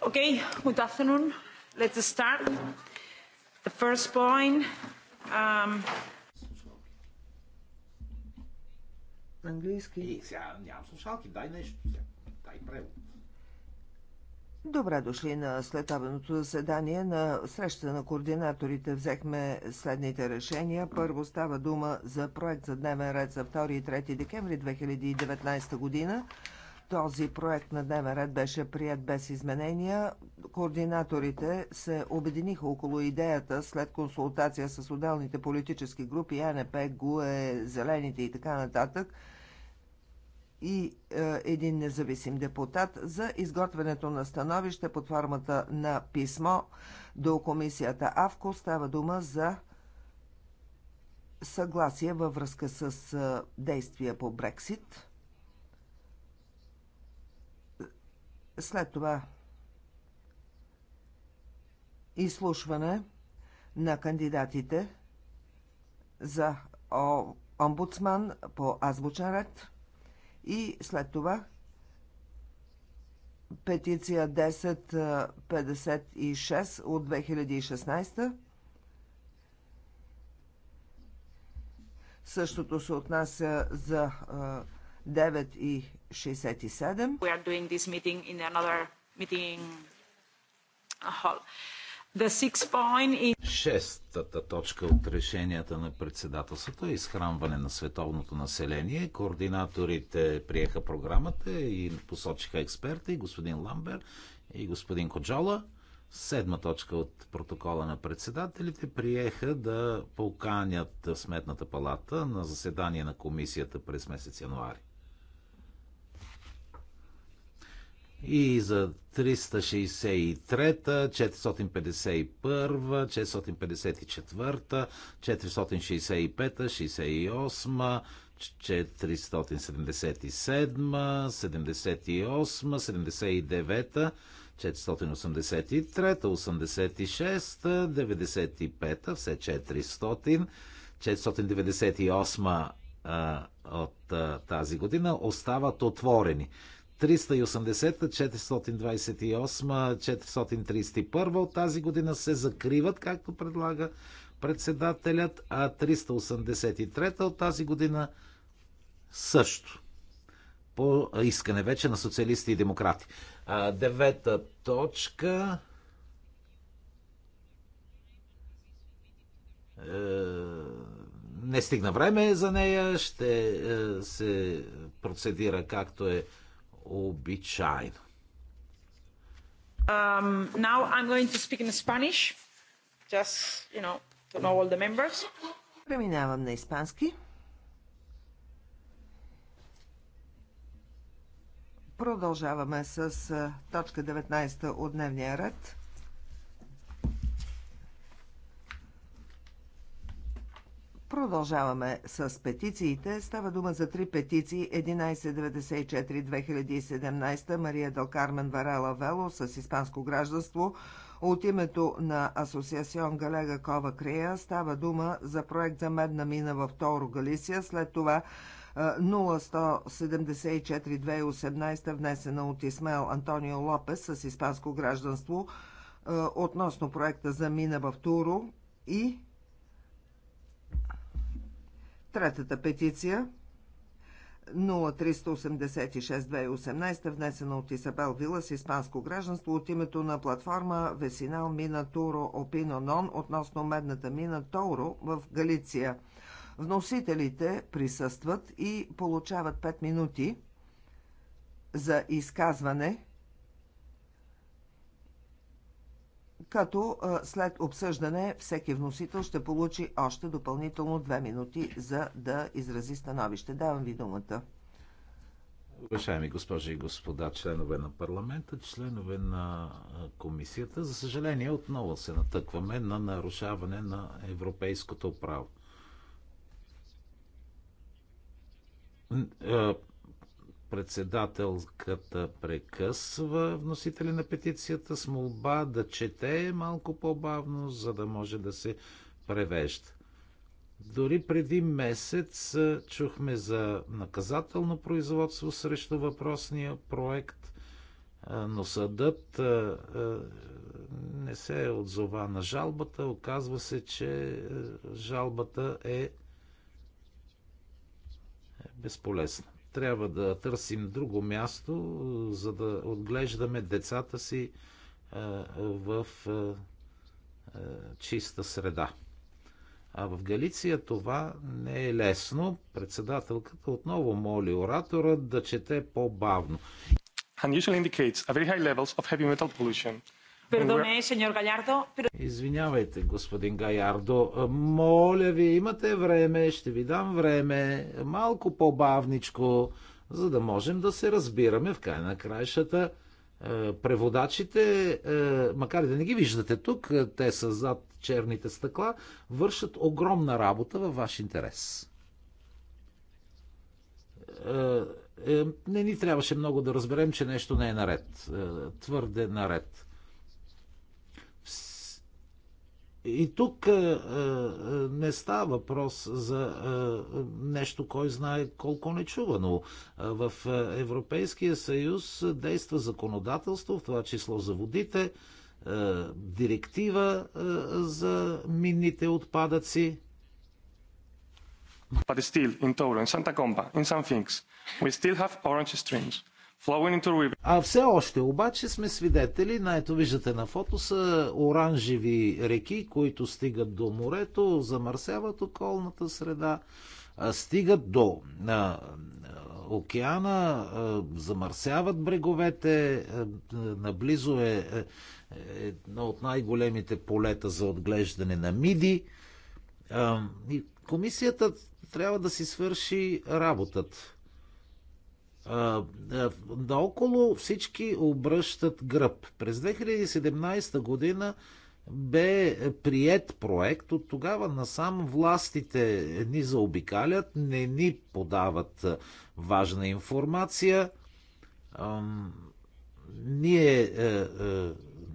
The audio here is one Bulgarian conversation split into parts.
Okay, good afternoon. Let's start. The first point. Um... Английски. И сега нямам слушалки, дай нещо. Дай превод. Добре дошли на следобедното заседание. На среща на координаторите взехме следните решения. Първо става дума за проект за дневен ред за 2 и 3 декември 2019 година. Този проект на дневен ред беше прият без изменения. Координаторите се обединиха около идеята след консултация с отделните политически групи, АНП, ГУЕ, Зелените и така нататък, и е, един независим депутат за изготвянето на становище под формата на писмо до комисията АВКО. Става дума за съгласие във връзка с е, действия по Брексит. След това изслушване на кандидатите за омбудсман по азбучен ред и след това петиция 1056 от 2016 Същото се отнася за 9 и 67. We are doing this meeting in another meeting hall. The sixth point is... Шестата точка от решенията на председателството е изхранване на световното население. Координаторите приеха програмата и посочиха експерта и господин Ламбер и господин Коджола. Седма точка от протокола на председателите приеха да поканят Сметната палата на заседание на комисията през месец януари. и за 363, 451, 454, 465, 68, 477, 78, 79, 483, 86, 95, все 400, 498 та от а, тази година остават отворени. 380, 428, 431 от тази година се закриват, както предлага председателят, а 383 от тази година също. По искане вече на социалисти и демократи. А, девета точка. Е, не стигна време за нея. Ще е, се процедира както е обичайно. Um, now I'm going to speak in Spanish, just, you know, to know all the members. Преминавам на испански. Продължаваме с точка 19 от дневния ред. Продължаваме с петициите. Става дума за три петиции 1194-2017 Мария Дел Кармен Варела Вело с испанско гражданство от името на Асоциацион Галега Кова Крея става дума за проект за медна мина в Торо, Галисия. След това 0174-2018, внесена от Исмел Антонио Лопес с испанско гражданство относно проекта за мина в Туро и Третата петиция 0386-2018, внесена от Исабел Вила с испанско гражданство от името на платформа Весинал Мина Туро Опино Нон относно медната мина Тоуро в Галиция. Вносителите присъстват и получават 5 минути за изказване – като след обсъждане всеки вносител ще получи още допълнително две минути за да изрази становище. Давам ви думата. Уважаеми госпожи и господа, членове на парламента, членове на комисията, за съжаление отново се натъкваме на нарушаване на европейското право Председателката прекъсва вносители на петицията с молба да чете малко по-бавно, за да може да се превежда. Дори преди месец чухме за наказателно производство срещу въпросния проект, но съдът не се е отзова на жалбата. Оказва се, че жалбата е, е безполезна. Трябва да търсим друго място, е, за да отглеждаме децата си е, в е, чиста среда. А в Галиция това не е лесно. Председателката отново моли оратора да чете по-бавно. Unusual indicates a very high levels of heavy metal pollution Пердоне, сеньор Галярдо. Извинявайте, господин Гаярдо. Моля ви, имате време, ще ви дам време. Малко по-бавничко, за да можем да се разбираме в край на краищата. Е, преводачите, е, макар и да не ги виждате тук, е, те са зад черните стъкла, вършат огромна работа във ваш интерес. Не ни трябваше много да разберем, че нещо не е наред. Твърде наред. И тук а, е, а, е, не става въпрос за а, е, нещо, кой знае колко не чува, нечувано. В Европейския съюз действа законодателство, в това число за водите, а, директива а, за минните отпадъци. But still in Toro, in Santa Comba, in some things, we still have orange streams. А все още обаче сме свидетели, на ето виждате на фото са оранжеви реки, които стигат до морето, замърсяват околната среда, стигат до а, океана, а, замърсяват бреговете, а, наблизо е, е едно от най-големите полета за отглеждане на миди. А, и комисията трябва да си свърши работата наоколо всички обръщат гръб. През 2017 година бе прият проект. От тогава насам властите ни заобикалят, не ни подават важна информация. Ние е, е,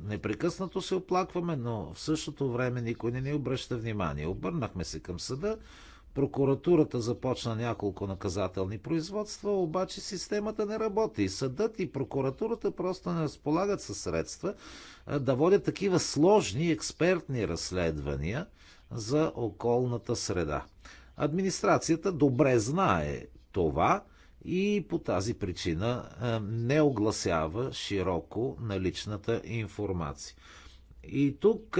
непрекъснато се оплакваме, но в същото време никой не ни обръща внимание. Обърнахме се към съда, Прокуратурата започна няколко наказателни производства, обаче системата не работи. Съдът и прокуратурата просто не разполагат със средства да водят такива сложни експертни разследвания за околната среда. Администрацията добре знае това и по тази причина не огласява широко наличната информация. И тук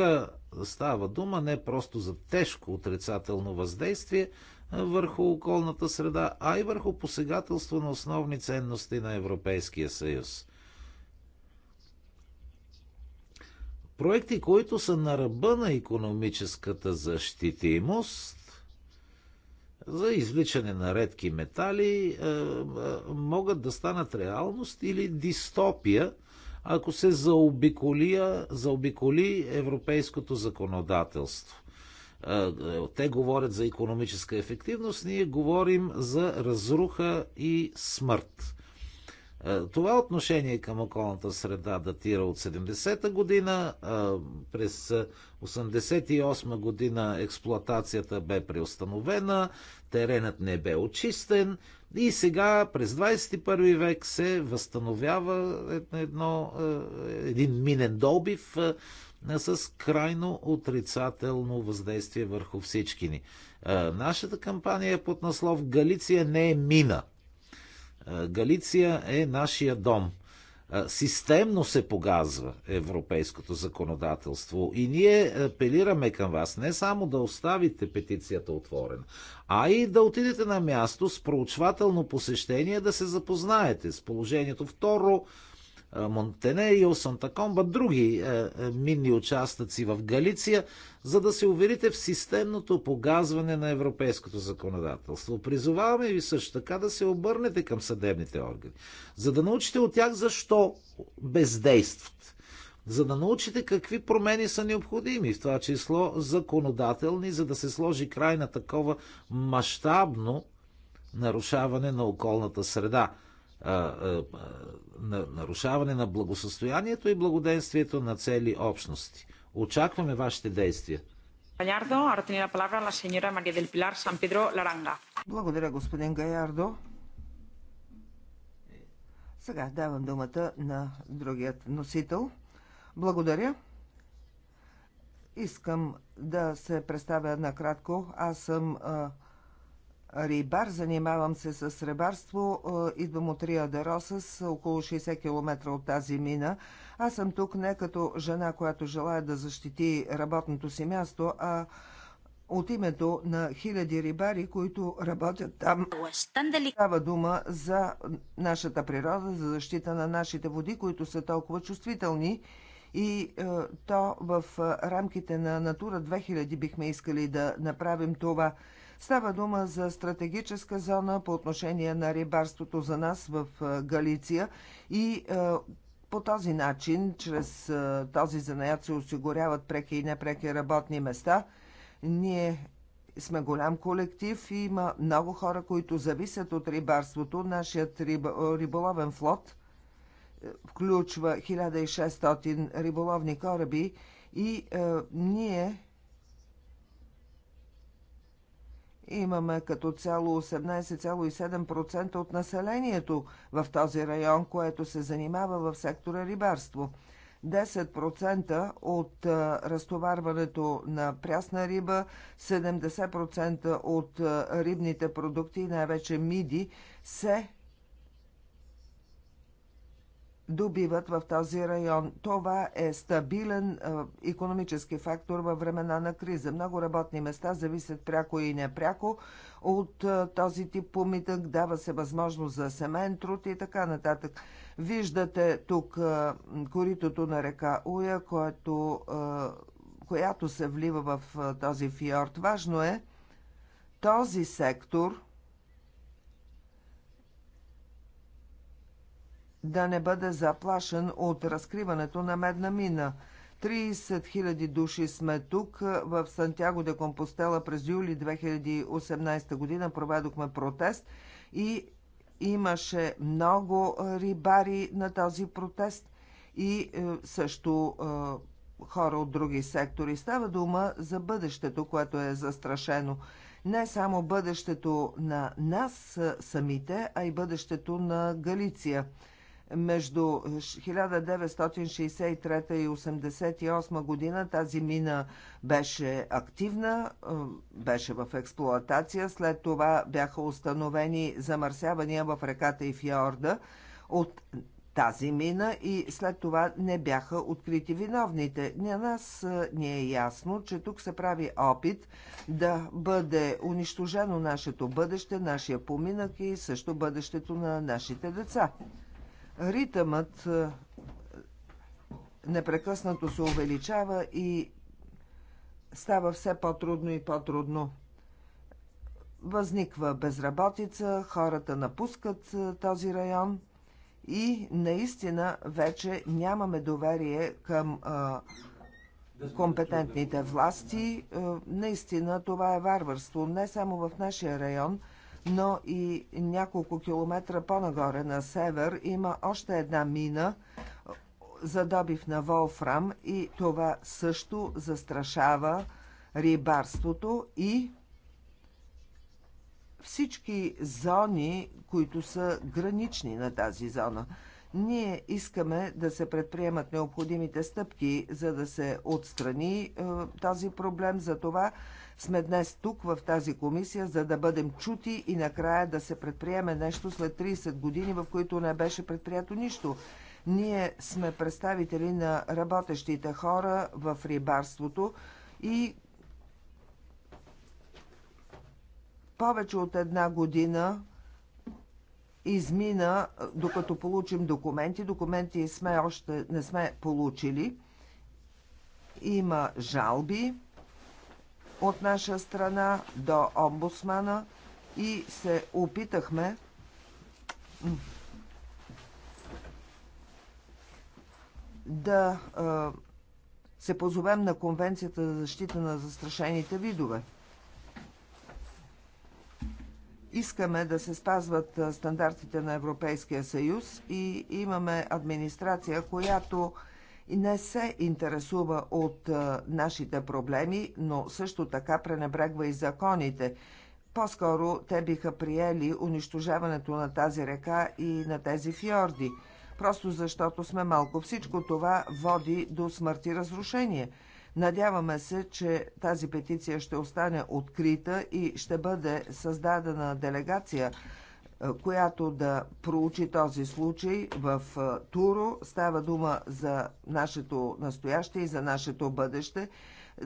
Става дума не просто за тежко отрицателно въздействие върху околната среда, а и върху посегателство на основни ценности на Европейския съюз. Проекти, които са на ръба на економическата защитимост, за извличане на редки метали, могат да станат реалност или дистопия ако се заобиколи, заобиколи европейското законодателство. Е, е, те говорят за економическа ефективност, ние говорим за разруха и смърт. Е, това отношение към околната среда датира от 70-та година. През 88 година експлоатацията бе преустановена теренът не бе очистен и сега през 21 век се възстановява едно, е, един минен добив е, с крайно отрицателно въздействие върху всички ни. Е, нашата кампания под наслов Галиция не е мина. Галиция е нашия дом – системно се погазва европейското законодателство. И ние апелираме към вас не само да оставите петицията отворена, а и да отидете на място с проучвателно посещение да се запознаете с положението. Второ, е, Монтенерио, Сантакомба, други е, е, минни участъци в Галиция, за да се уверите в системното погазване на европейското законодателство. Призоваваме ви също така да се обърнете към съдебните органи, за да научите от тях защо бездействат. За да научите какви промени са необходими, в това число законодателни, за да се сложи край на такова мащабно нарушаване на околната среда на нарушаване на благосъстоянието и благоденствието на цели общности. Очакваме вашите действия. Благодаря, господин Гаярдо. Сега давам думата на другият носител. Благодаря. Искам да се представя накратко. Аз съм а, рибар, занимавам се с рибарство, е, идвам от Рия де Росас, около 60 км от тази мина. Аз съм тук не като жена, която желая да защити работното си място, а от името на хиляди рибари, които работят там. Става дума за нашата природа, за защита на нашите води, които са толкова чувствителни и е, то в е, рамките на Натура 2000 бихме искали да направим това – Става дума за стратегическа зона по отношение на рибарството за нас в Галиция и по този начин, чрез този занаят се осигуряват преки и непреки работни места. Ние сме голям колектив и има много хора, които зависят от рибарството. Нашият риб... риболовен флот е, включва 1600 риболовни кораби и е, ние Имаме като цяло 18,7% от населението в този район, което се занимава в сектора рибарство. 10% от разтоварването на прясна риба, 70% от рибните продукти, най-вече миди, се добиват в този район. Това е стабилен а, економически фактор във времена на криза. Много работни места зависят пряко и непряко от а, този тип помитък. Дава се възможност за семейен труд и така нататък. Виждате тук а, коритото на река Уя, което, която се влива в този фиорд. Важно е този сектор – да не бъде заплашен от разкриването на медна мина. 30 000 души сме тук. В Сантяго де Компостела през юли 2018 година проведохме протест и имаше много рибари на този протест и е, също е, хора от други сектори. Става дума за бъдещето, което е застрашено. Не само бъдещето на нас е, самите, а и бъдещето на Галиция между 1963 и 1988 година тази мина беше активна, е, беше в експлоатация. След това бяха установени замърсявания в реката и фьорда от тази мина и след това не бяха открити виновните. На нас е, ни е ясно, че тук се прави опит да бъде унищожено нашето бъдеще, нашия поминък и също бъдещето на нашите деца ритъмът е, непрекъснато се увеличава и става все по-трудно и по-трудно. Възниква безработица, хората напускат е, този район и наистина вече нямаме доверие към а, е, компетентните власти. Наистина това е варварство не само в нашия район, но и няколко километра по-нагоре на север има още една мина за добив на Волфрам и това също застрашава рибарството и всички зони, които са гранични на тази зона. Ние искаме да се предприемат необходимите стъпки, за да се отстрани е, този проблем. За това сме днес тук в тази комисия, за да бъдем чути и накрая да се предприеме нещо след 30 години, в които не беше предприето нищо. Ние сме представители на работещите хора в рибарството и повече от една година измина, докато получим документи. Документи сме още не сме получили. Има жалби от наша страна до омбудсмана и се опитахме да се позовем на Конвенцията за защита на застрашените видове. Искаме да се спазват стандартите на Европейския съюз и имаме администрация, която не се интересува от нашите проблеми, но също така пренебрегва и законите. По-скоро те биха приели унищожаването на тази река и на тези фьорди, просто защото сме малко. Всичко това води до смърт и разрушение. Надяваме се, че тази петиция ще остане открита и ще бъде създадена делегация която да проучи този случай в Туро. Става дума за нашето настояще и за нашето бъдеще.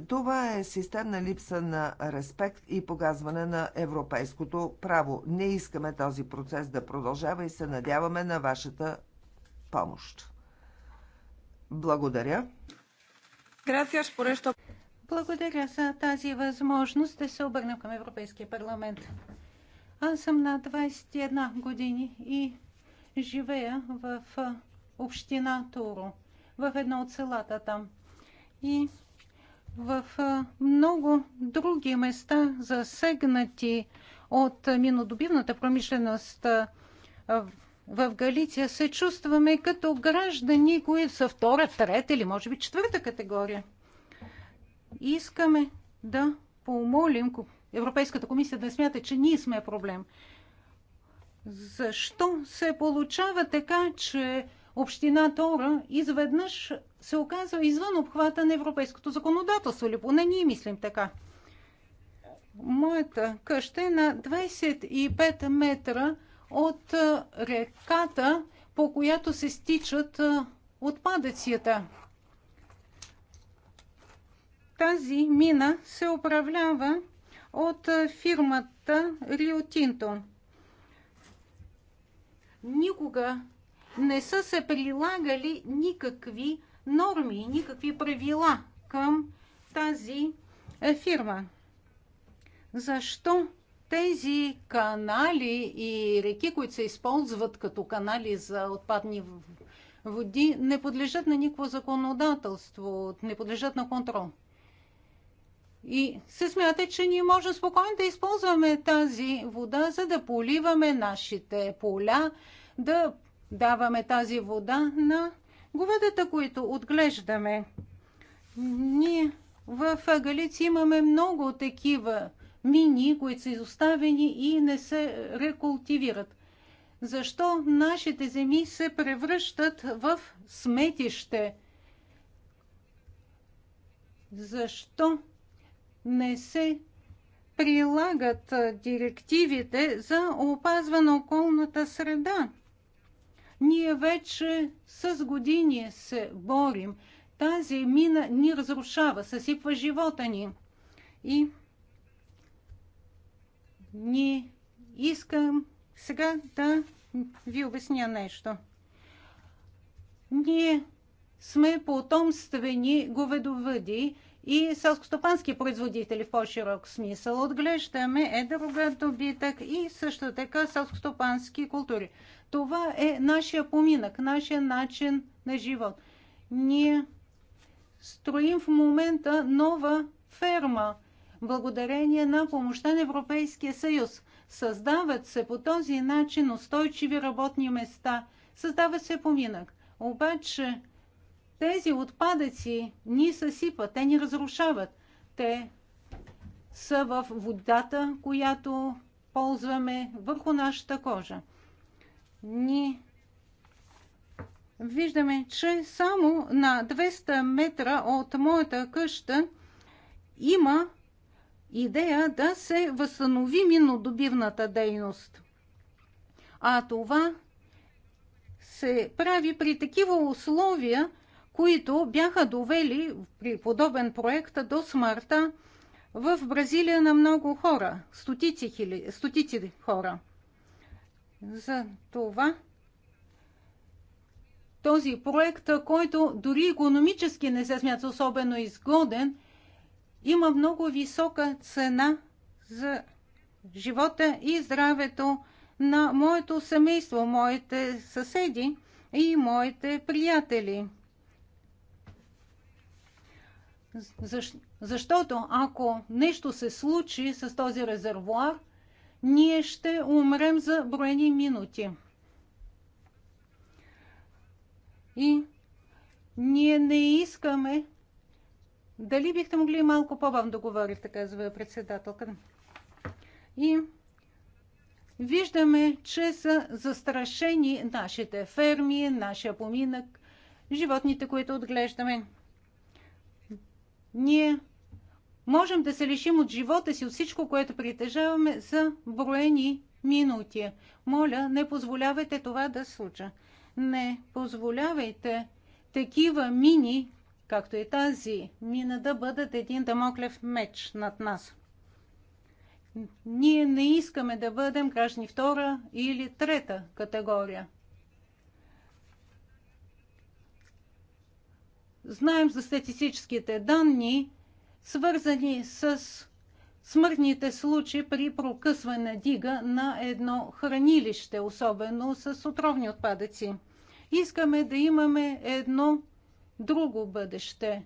Това е системна липса на респект и погазване на европейското право. Не искаме този процес да продължава и се надяваме на вашата помощ. Благодаря. Благодаря за тази възможност да се обърнем към Европейския парламент. Аз съм на 21 години и живея в община Туро, в едно от селата там. И в много други места, засегнати от минодобивната промишленост в Галиция, се чувстваме като граждани, които са втора, трета или може би четвърта категория. Искаме да помолим Европейската комисия да смята, че ние сме проблем. Защо се получава така, че община Тора изведнъж се оказва извън обхвата на европейското законодателство, или поне ние мислим така. Моята къща е на 25 метра от реката, по която се стичат отпадъците. Тази мина се управлява от е, фирмата Рио Тинто. Никога не са се прилагали никакви норми, никакви правила към тази е, фирма. Защо тези канали и реки, които се използват като канали за отпадни води, не подлежат на никакво законодателство, не подлежат на контрол? И се смята, че ние можем спокойно да използваме тази вода, за да поливаме нашите поля, да даваме тази вода на говедата, които отглеждаме. Ние в Галиция имаме много такива мини, които са изоставени и не се рекултивират. Защо нашите земи се превръщат в сметище? Защо не се прилагат директивите за опазване на околната среда. Ние вече с години се борим. Тази мина ни разрушава, съсипва живота ни. И ни искам сега да ви обясня нещо. Ние сме потомствени говедовъди, и селскостопански производители в по-широк смисъл. Отглеждаме едър добитък и също така селскостопански култури. Това е нашия поминък, нашия начин на живот. Ние строим в момента нова ферма, благодарение на помощта на Европейския съюз. Създават се по този начин устойчиви работни места, създава се поминък. Обаче тези отпадъци ни съсипат, те ни разрушават. Те са в водата, която ползваме върху нашата кожа. Ни виждаме, че само на 200 метра от моята къща има идея да се възстанови минодобивната дейност. А това се прави при такива условия, които бяха довели при подобен проект до смъртта в Бразилия на много хора, стотици, хили, стотици хора. За това този проект, който дори економически не се смята особено изгоден, има много висока цена за живота и здравето на моето семейство, моите съседи и моите приятели. Защото ако нещо се случи с този резервуар, ние ще умрем за броени минути. И ние не искаме. Дали бихте могли малко по-бавно да говорите, казва председателка. И виждаме, че са застрашени нашите ферми, нашия поминък, животните, които отглеждаме. Ние можем да се лишим от живота си, от всичко, което притежаваме за броени минути. Моля, не позволявайте това да случа. Не позволявайте такива мини, както и тази мина, да бъдат един дамоклев меч над нас. Ние не искаме да бъдем граждани втора или трета категория. Знаем за статистическите данни, свързани с смъртните случаи при прокъсване дига на едно хранилище, особено с отровни отпадъци. Искаме да имаме едно друго бъдеще.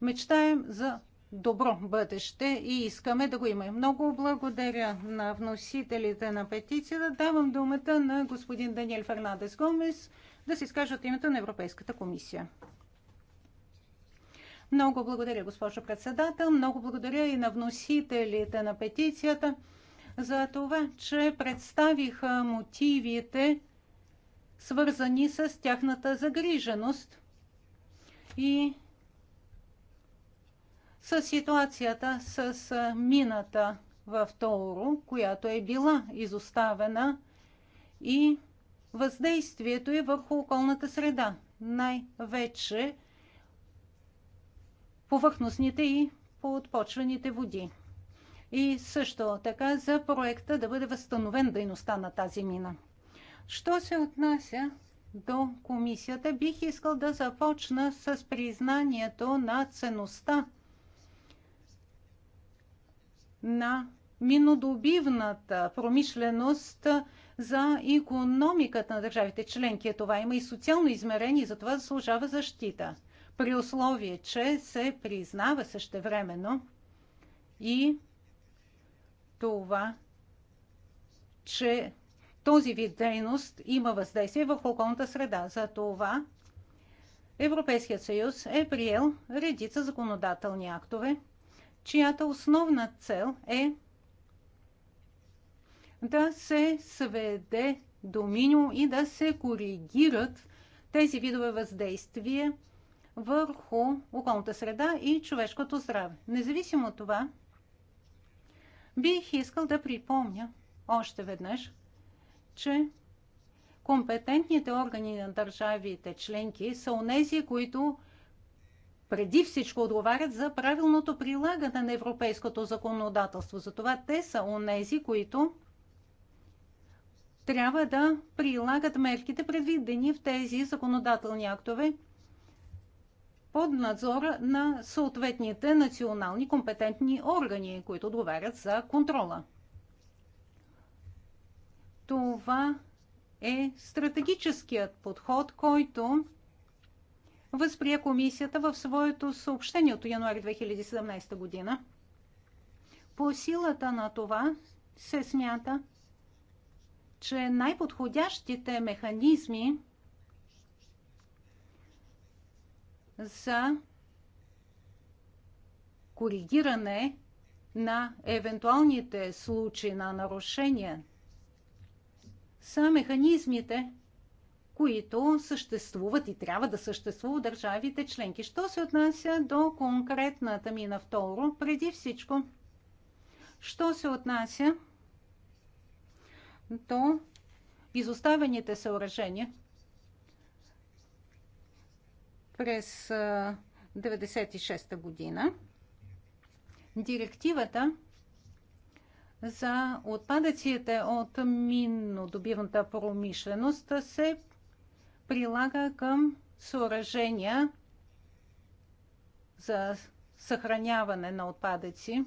Мечтаем за добро бъдеще и искаме да го има. Много благодаря на вносителите на петицията. Давам думата на господин Даниел Фернандес Гомес да се изкаже от името на Европейската комисия. Много благодаря, госпожо председател. Много благодаря и на вносителите на петицията за това, че представиха мотивите, свързани с тяхната загриженост и с ситуацията с мината в Торо, която е била изоставена и въздействието е върху околната среда, най-вече повърхностните и подпочвените води. И също така за проекта да бъде възстановен дейността на тази мина. Що се отнася до комисията, бих искал да започна с признанието на ценността на минодобивната промишленост за економиката на държавите членки. Това има и социално измерение и затова заслужава защита при условие, че се признава същевременно и това, че този вид дейност има въздействие върху околната среда. За това Европейският съюз е приел редица законодателни актове, чиято основна цел е да се сведе до минимум и да се коригират тези видове въздействия върху околната среда и човешкото здраве. Независимо от това, бих искал да припомня още веднъж, че компетентните органи на държавите членки са онези, които преди всичко отговарят за правилното прилагане на европейското законодателство. Затова те са онези, които трябва да прилагат мерките, предвидени в тези законодателни актове под надзора на съответните национални компетентни органи, които отговарят за контрола. Това е стратегическият подход, който възприе комисията в своето съобщение от януари 2017 година. По силата на това се смята, че най-подходящите механизми за коригиране на евентуалните случаи на нарушения са механизмите, които съществуват и трябва да съществуват държавите членки. Що се отнася до конкретната ми на второ, преди всичко, що се отнася до изоставените съоръжения – през 1996 година. Директивата за отпадъците от миннодобивната промишленост се прилага към съоръжения за съхраняване на отпадъци.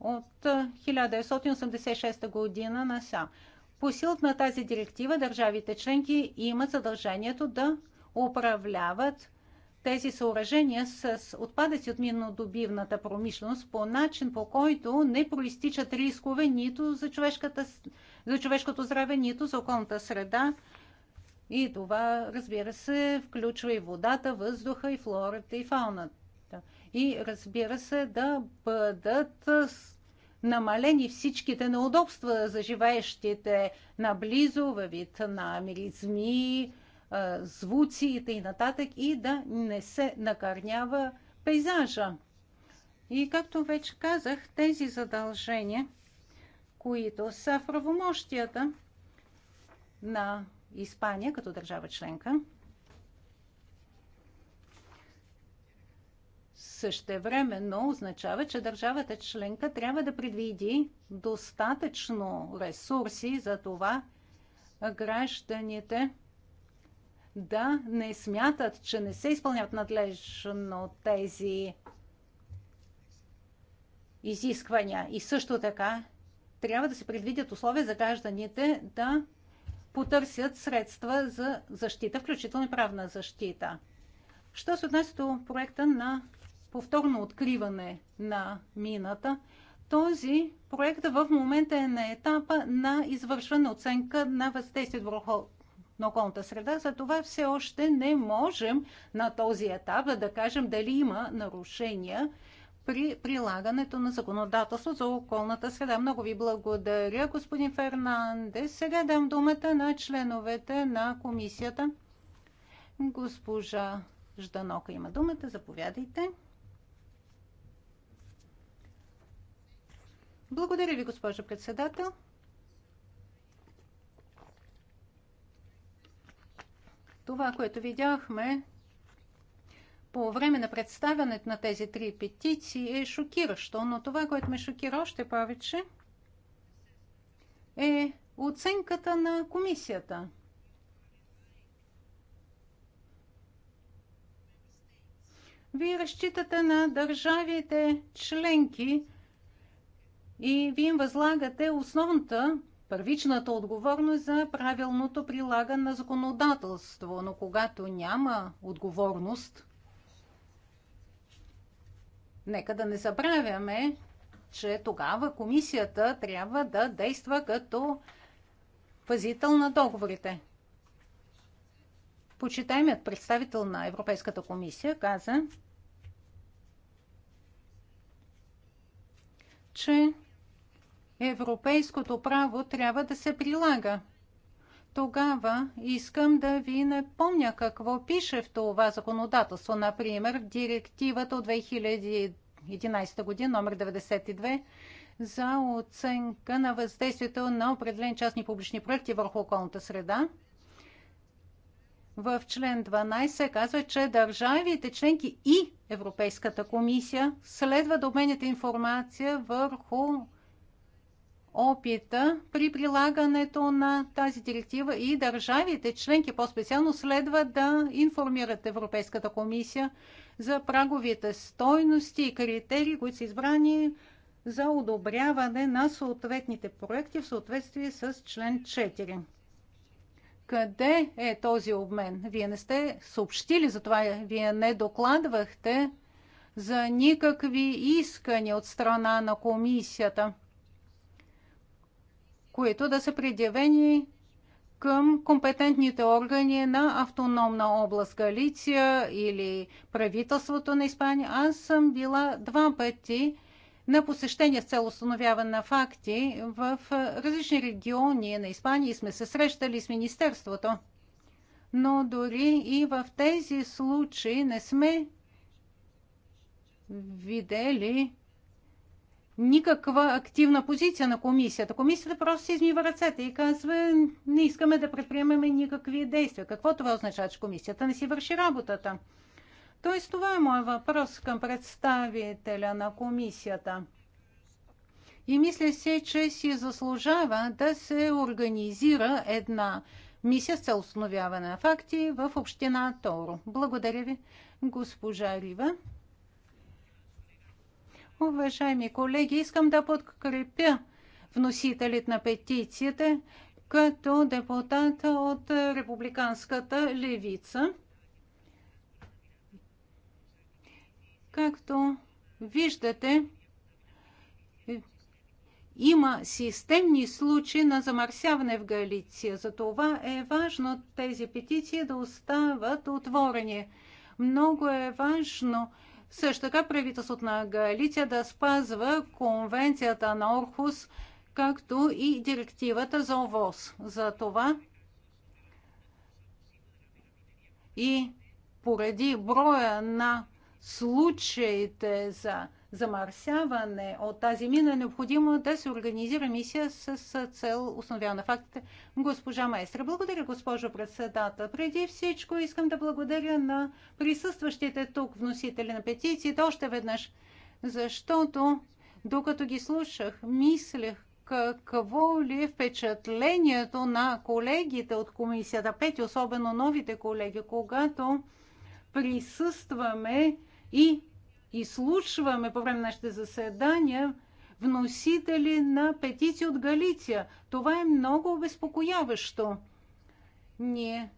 От 1986 година насам. По силата на тази директива държавите членки имат задължението да управляват тези съоръжения с отпадъци от миннодобивната промишленост по начин, по който не проистичат рискове нито за, човешката, за човешкото здраве, нито за околната среда. И това, разбира се, включва и водата, въздуха, и флората, и фауната. И разбира се, да бъдат намалени всичките неудобства за живеещите наблизо във вид на миризми, звуци и т.н. и да не се накърнява пейзажа. И както вече казах, тези задължения, които са в правомощията на Испания като държава членка, същевременно означава, че държавата членка трябва да предвиди достатъчно ресурси за това гражданите да не смятат, че не се изпълняват надлежно тези изисквания. И също така трябва да се предвидят условия за гражданите да потърсят средства за защита, включително и правна защита. Що се отнася до проекта на повторно откриване на мината. Този проект в момента е на етапа на извършване оценка на въздействието върху на околната среда, За това все още не можем на този етап да кажем дали има нарушения при прилагането на законодателство за околната среда. Много ви благодаря, господин Фернандес. Сега дам думата на членовете на комисията. Госпожа Жданока има думата. Заповядайте. Благодаря ви, госпожо председател. Това, което видяхме по време на представянето на тези три петиции е шокиращо, но това, което ме шокира още повече, е оценката на комисията. Вие разчитате на държавите членки и вие им възлагате основната, първичната отговорност за правилното прилагане на законодателство. Но когато няма отговорност, нека да не забравяме, че тогава комисията трябва да действа като пазител на договорите. Почитаемият представител на Европейската комисия каза, че европейското право трябва да се прилага. Тогава искам да ви напомня какво пише в това законодателство, например в директивата от 2011 година, номер 92, за оценка на въздействието на определени частни публични проекти върху околната среда. В член 12 се казва, че държавите членки и Европейската комисия следва да обменят информация върху опита при прилагането на тази директива и държавите членки по-специално следва да информират Европейската комисия за праговите стойности и критерии, които са избрани за одобряване на съответните проекти в съответствие с член 4. Къде е този обмен? Вие не сте съобщили затова, вие не докладвахте за никакви искания от страна на комисията които да са предявени към компетентните органи на автономна област Галиция или правителството на Испания. Аз съм била два пъти на посещение с цел установяване на факти в различни региони на Испания и сме се срещали с Министерството. Но дори и в тези случаи не сме видели никаква активна позиция на комисията. Комисията просто се измива ръцете и казва, не искаме да предприемаме никакви действия. Какво това означава, че комисията не си върши работата? Тоест, това е моят въпрос към представителя на комисията. И мисля се, че си заслужава да се организира една мисия с цел установяване на факти в община Торо. Благодаря ви, госпожа Рива. Уважаеми колеги, искам да подкрепя вносителите на петицията като депутат от републиканската левица. Както виждате, има системни случаи на замърсяване в Галиция. Затова е важно тези петиции да остават отворени. Много е важно също така правителството на Галиция да спазва конвенцията на Орхус, както и директивата за ОВОз. За това и поради броя на случаите за замърсяване от тази мина, е необходимо да се организира мисия с, цел установяване на фактите. Госпожа Майстра, благодаря, госпожо председател. Преди всичко искам да благодаря на присъстващите тук вносители на петициите още веднъж, защото докато ги слушах, мислех какво ли е впечатлението на колегите от комисията, пети, особено новите колеги, когато присъстваме и изслушваме по време на нашите заседания вносители на петиции от Галиция. Това е много обезпокояващо. Ние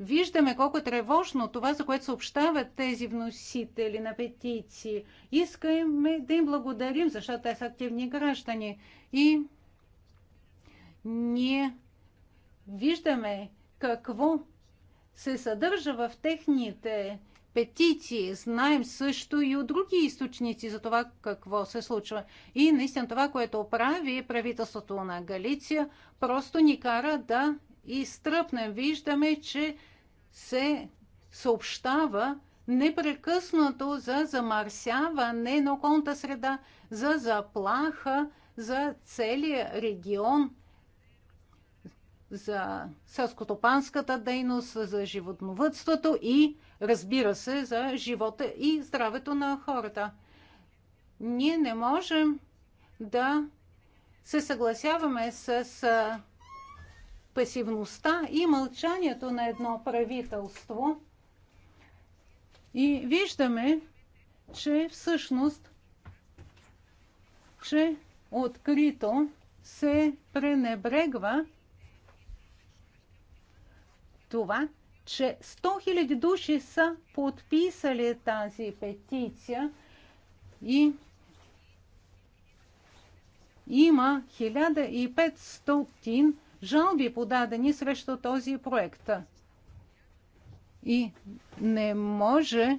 виждаме колко е тревожно това, за което съобщават тези вносители на петиции. Искаме да им благодарим, защото те са активни граждани. И ние виждаме какво се съдържа в техните петиции. Знаем също и от други източници за това какво се случва. И наистина това, което прави правителството на Галиция, просто ни кара да изтръпнем. Виждаме, че се съобщава непрекъснато за замърсяване на околната среда, за заплаха за целия регион, за селскотопанската дейност, за животновътството и разбира се, за живота и здравето на хората. Ние не можем да се съгласяваме с пасивността и мълчанието на едно правителство. И виждаме, че всъщност, че открито се пренебрегва това, че 100 000 души са подписали тази петиция и има 1500 жалби подадени срещу този проект. И не може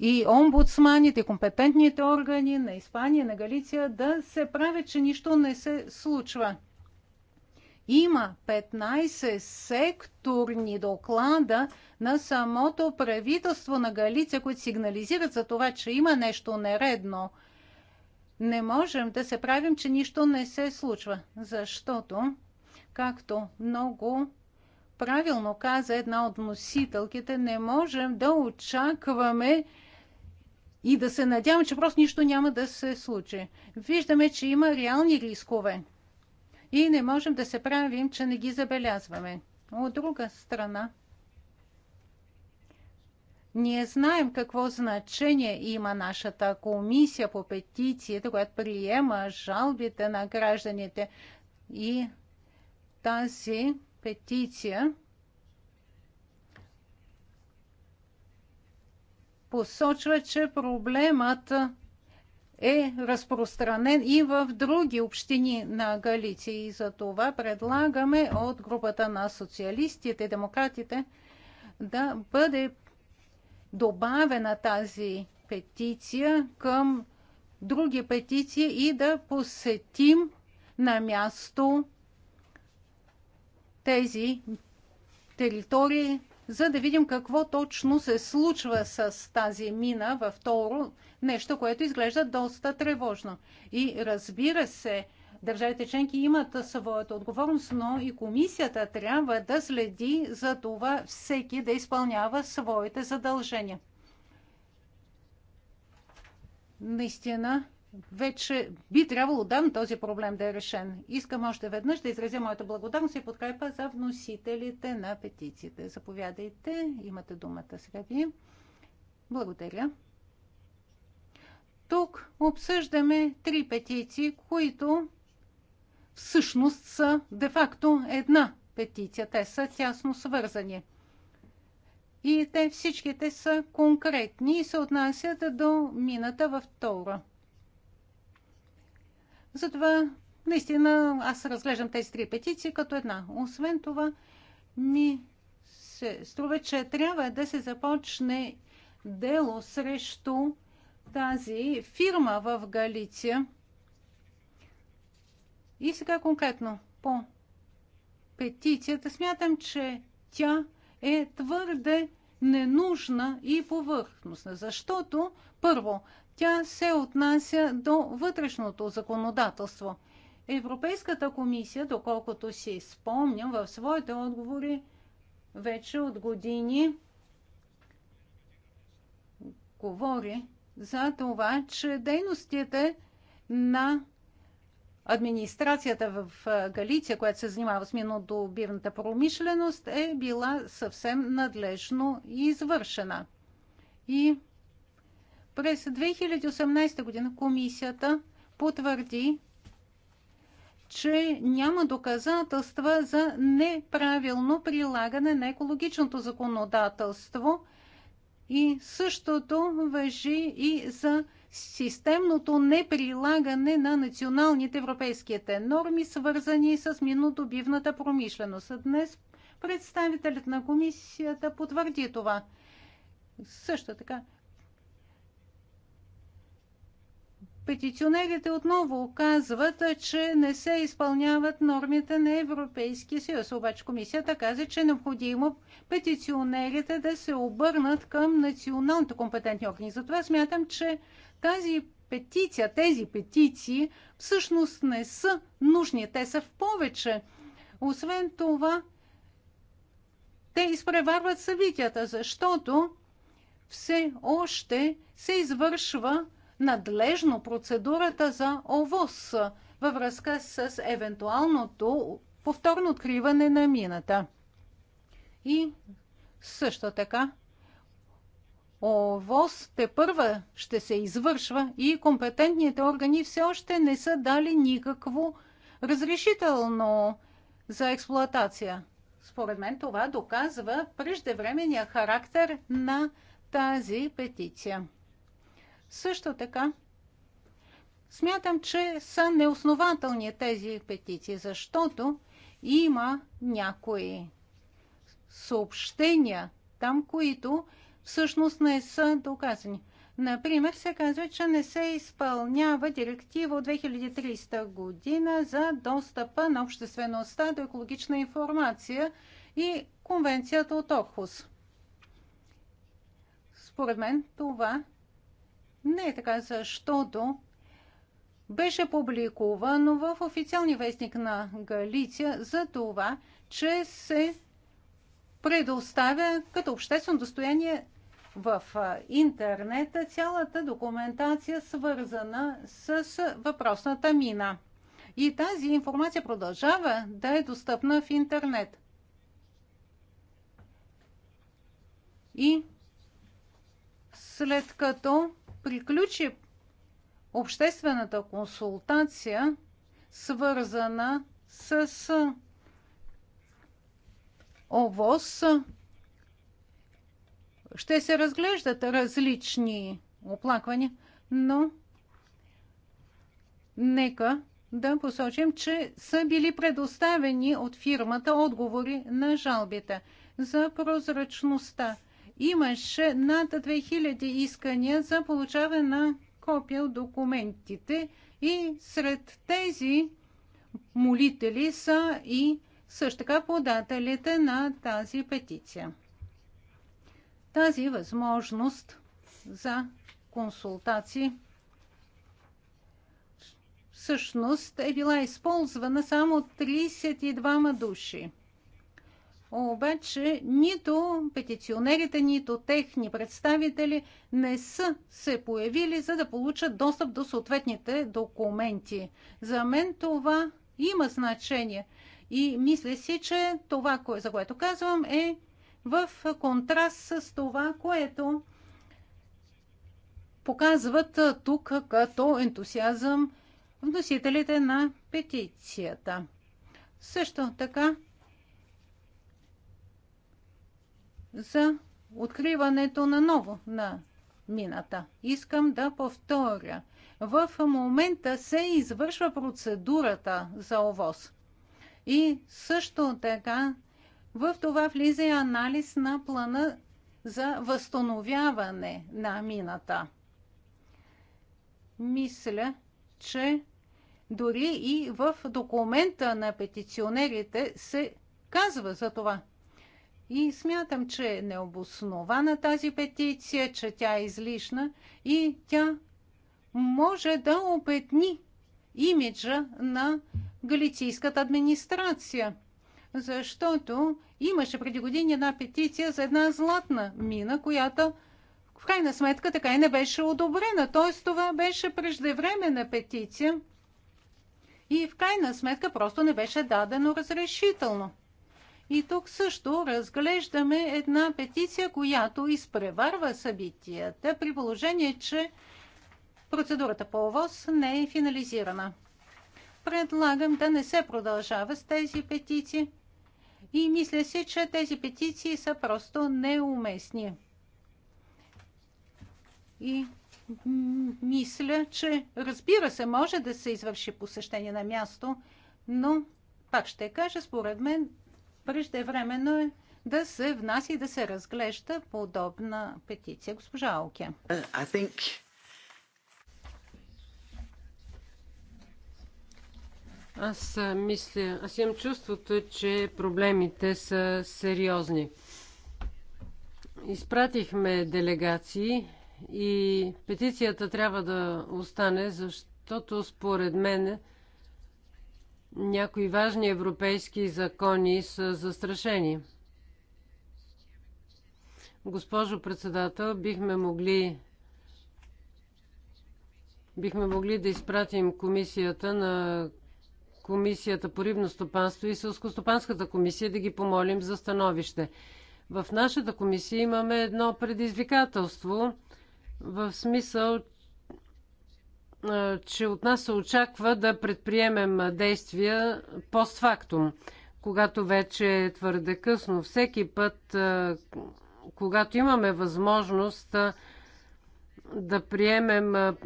и омбудсманите, компетентните органи на Испания, на Галиция да се правят, че нищо не се случва. Има 15 секторни доклада на самото правителство на Галиция, които сигнализират за това, че има нещо нередно. Не можем да се правим, че нищо не се случва, защото, както много правилно каза една от носителките, не можем да очакваме и да се надяваме, че просто нищо няма да се случи. Виждаме, че има реални рискове и не можем да се правим, че не ги забелязваме. От друга страна, ние знаем какво значение има нашата комисия по петициите, която приема жалбите на гражданите. И тази петиция посочва, че проблемът е разпространен и в други общини на Галиция. И за това предлагаме от групата на социалистите и демократите да бъде добавена тази петиция към други петиции и да посетим на място тези територии, за да видим какво точно се случва с тази мина във второ, нещо, което изглежда доста тревожно. И разбира се, държавите членки имат своята отговорност, но и комисията трябва да следи за това всеки да изпълнява своите задължения. Наистина, вече би трябвало да този проблем да е решен. Искам още веднъж да изразя моята благодарност и подкрепа за вносителите на петициите. Заповядайте, имате думата сега ви. Благодаря. Тук обсъждаме три петиции, които всъщност са де-факто една петиция. Те са тясно свързани. И те всичките са конкретни и се отнасят до мината във втора. Затова, наистина, аз разглеждам тези три петиции като една. Освен това, ми се струва, че трябва да се започне дело срещу тази фирма в Галиция. И сега конкретно по петицията смятам, че тя е твърде ненужна и повърхностна, защото първо тя се отнася до вътрешното законодателство. Европейската комисия, доколкото си спомням, в своите отговори вече от години говори за това, че дейностите на администрацията в Галиция, която се занимава с минодобивната промишленост, е била съвсем надлежно извършена. И през 2018 година комисията потвърди, че няма доказателства за неправилно прилагане на екологичното законодателство и същото въжи и за системното неприлагане на националните европейските норми, свързани с минодобивната промишленост. Днес представителят на комисията потвърди това. Също така Петиционерите отново казват, че не се изпълняват нормите на Европейския съюз. Обаче комисията каза, че е необходимо петиционерите да се обърнат към националните компетентни органи. Затова смятам, че тази петиция, тези петиции всъщност не са нужни. Те са в повече. Освен това, те изпреварват събитията, защото все още се извършва надлежно процедурата за ОВОС във връзка с евентуалното повторно откриване на мината. И също така ОВОС те първа ще се извършва и компетентните органи все още не са дали никакво разрешително за експлоатация. Според мен това доказва преждевременния характер на тази петиция. Също така, смятам, че са неоснователни тези петиции, защото има някои съобщения там, които всъщност не са доказани. Например, се казва, че не се изпълнява директива от 2300 година за достъпа на обществеността до екологична информация и конвенцията от Орхус. Според мен това не е така, защото беше публикувано в официалния вестник на Галиция за това, че се предоставя като обществено достояние в интернет цялата документация, свързана с въпросната мина. И тази информация продължава да е достъпна в интернет. И след като приключи обществената консултация, свързана с ОВОС. Ще се разглеждат различни оплаквания, но нека да посочим, че са били предоставени от фирмата отговори на жалбите за прозрачността. Имаше над 2000 искания за получаване на копия от документите и сред тези молители са и също така подателите на тази петиция. Тази възможност за консултации всъщност е била използвана само от 32 души обаче нито петиционерите, нито техни представители не са се появили, за да получат достъп до съответните документи. За мен това има значение. И мисля си, че това, за което казвам, е в контраст с това, което показват тук като ентусиазъм вносителите на петицията. Също така за откриването на ново на мината. Искам да повторя. В момента се извършва процедурата за овоз. И също така в това влиза и анализ на плана за възстановяване на мината. Мисля, че дори и в документа на петиционерите се казва за това – и смятам, че е необоснована тази петиция, че тя е излишна и тя може да опетни имиджа на галицийската администрация. Защото имаше преди години една петиция за една златна мина, която в крайна сметка така и не беше одобрена. Т.е. това беше преждевременна петиция и в крайна сметка просто не беше дадено разрешително. И тук също разглеждаме една петиция, която изпреварва събитията, при положение, че процедурата по ОВОз не е финализирана. Предлагам да не се продължава с тези петиции и мисля си, че тези петиции са просто неуместни. И мисля, че разбира се, може да се извърши посещение на място, но пак ще кажа, според мен преждевременно е да се внася и да се разглежда подобна петиция. Госпожа Алке. Uh, аз мисля, аз имам чувството, че проблемите са сериозни. Изпратихме делегации и петицията трябва да остане, защото според мен някои важни европейски закони са застрашени. Госпожо председател, бихме могли бихме могли да изпратим комисията на Комисията по рибно стопанство и сълскостопанската комисия да ги помолим за становище. В нашата комисия имаме едно предизвикателство в смисъл, че от нас се очаква да предприемем действия постфактум, когато вече е твърде късно. Всеки път, когато имаме възможност да приемем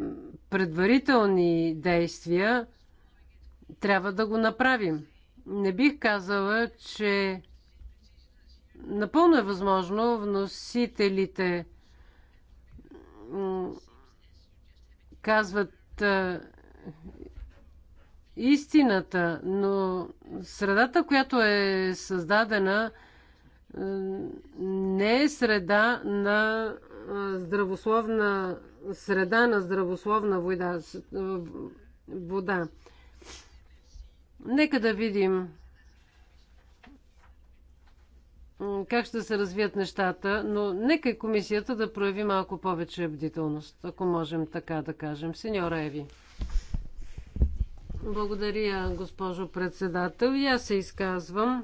предварителни действия, трябва да го направим. Не бих казала, че напълно е възможно вносителите казват е, истината, но средата, която е създадена, е, не е среда на е, здравословна среда на здравословна вода. Нека да видим как ще се развият нещата, но нека и комисията да прояви малко повече бдителност, ако можем така да кажем. Сеньора Еви. Благодаря, госпожо председател. И аз се изказвам,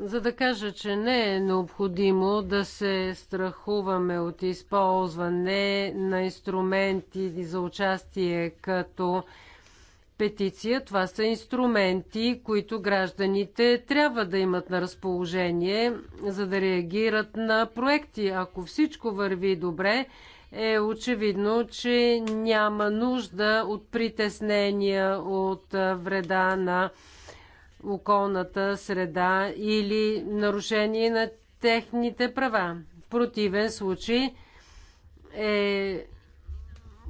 за да кажа, че не е необходимо да се страхуваме от използване на инструменти за участие като петиция. Това са инструменти, които гражданите трябва да имат на разположение, за да реагират на проекти. Ако всичко върви добре, е очевидно, че няма нужда от притеснения от вреда на околната среда или нарушение на техните права. В противен случай е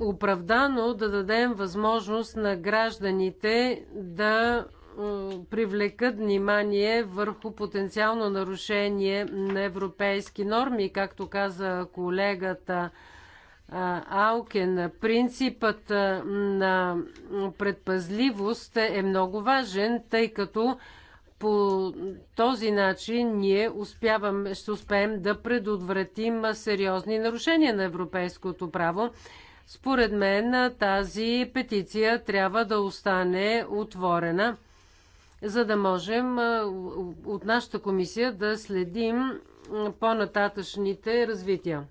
оправдано да дадем възможност на гражданите да привлекат внимание върху потенциално нарушение на европейски норми, както каза колегата Алкен. Принципът на предпазливост е много важен, тъй като по този начин ние успяваме, ще успеем да предотвратим сериозни нарушения на европейското право. Според мен тази петиция трябва да остане отворена, за да можем от нашата комисия да следим по-нататъчните развития.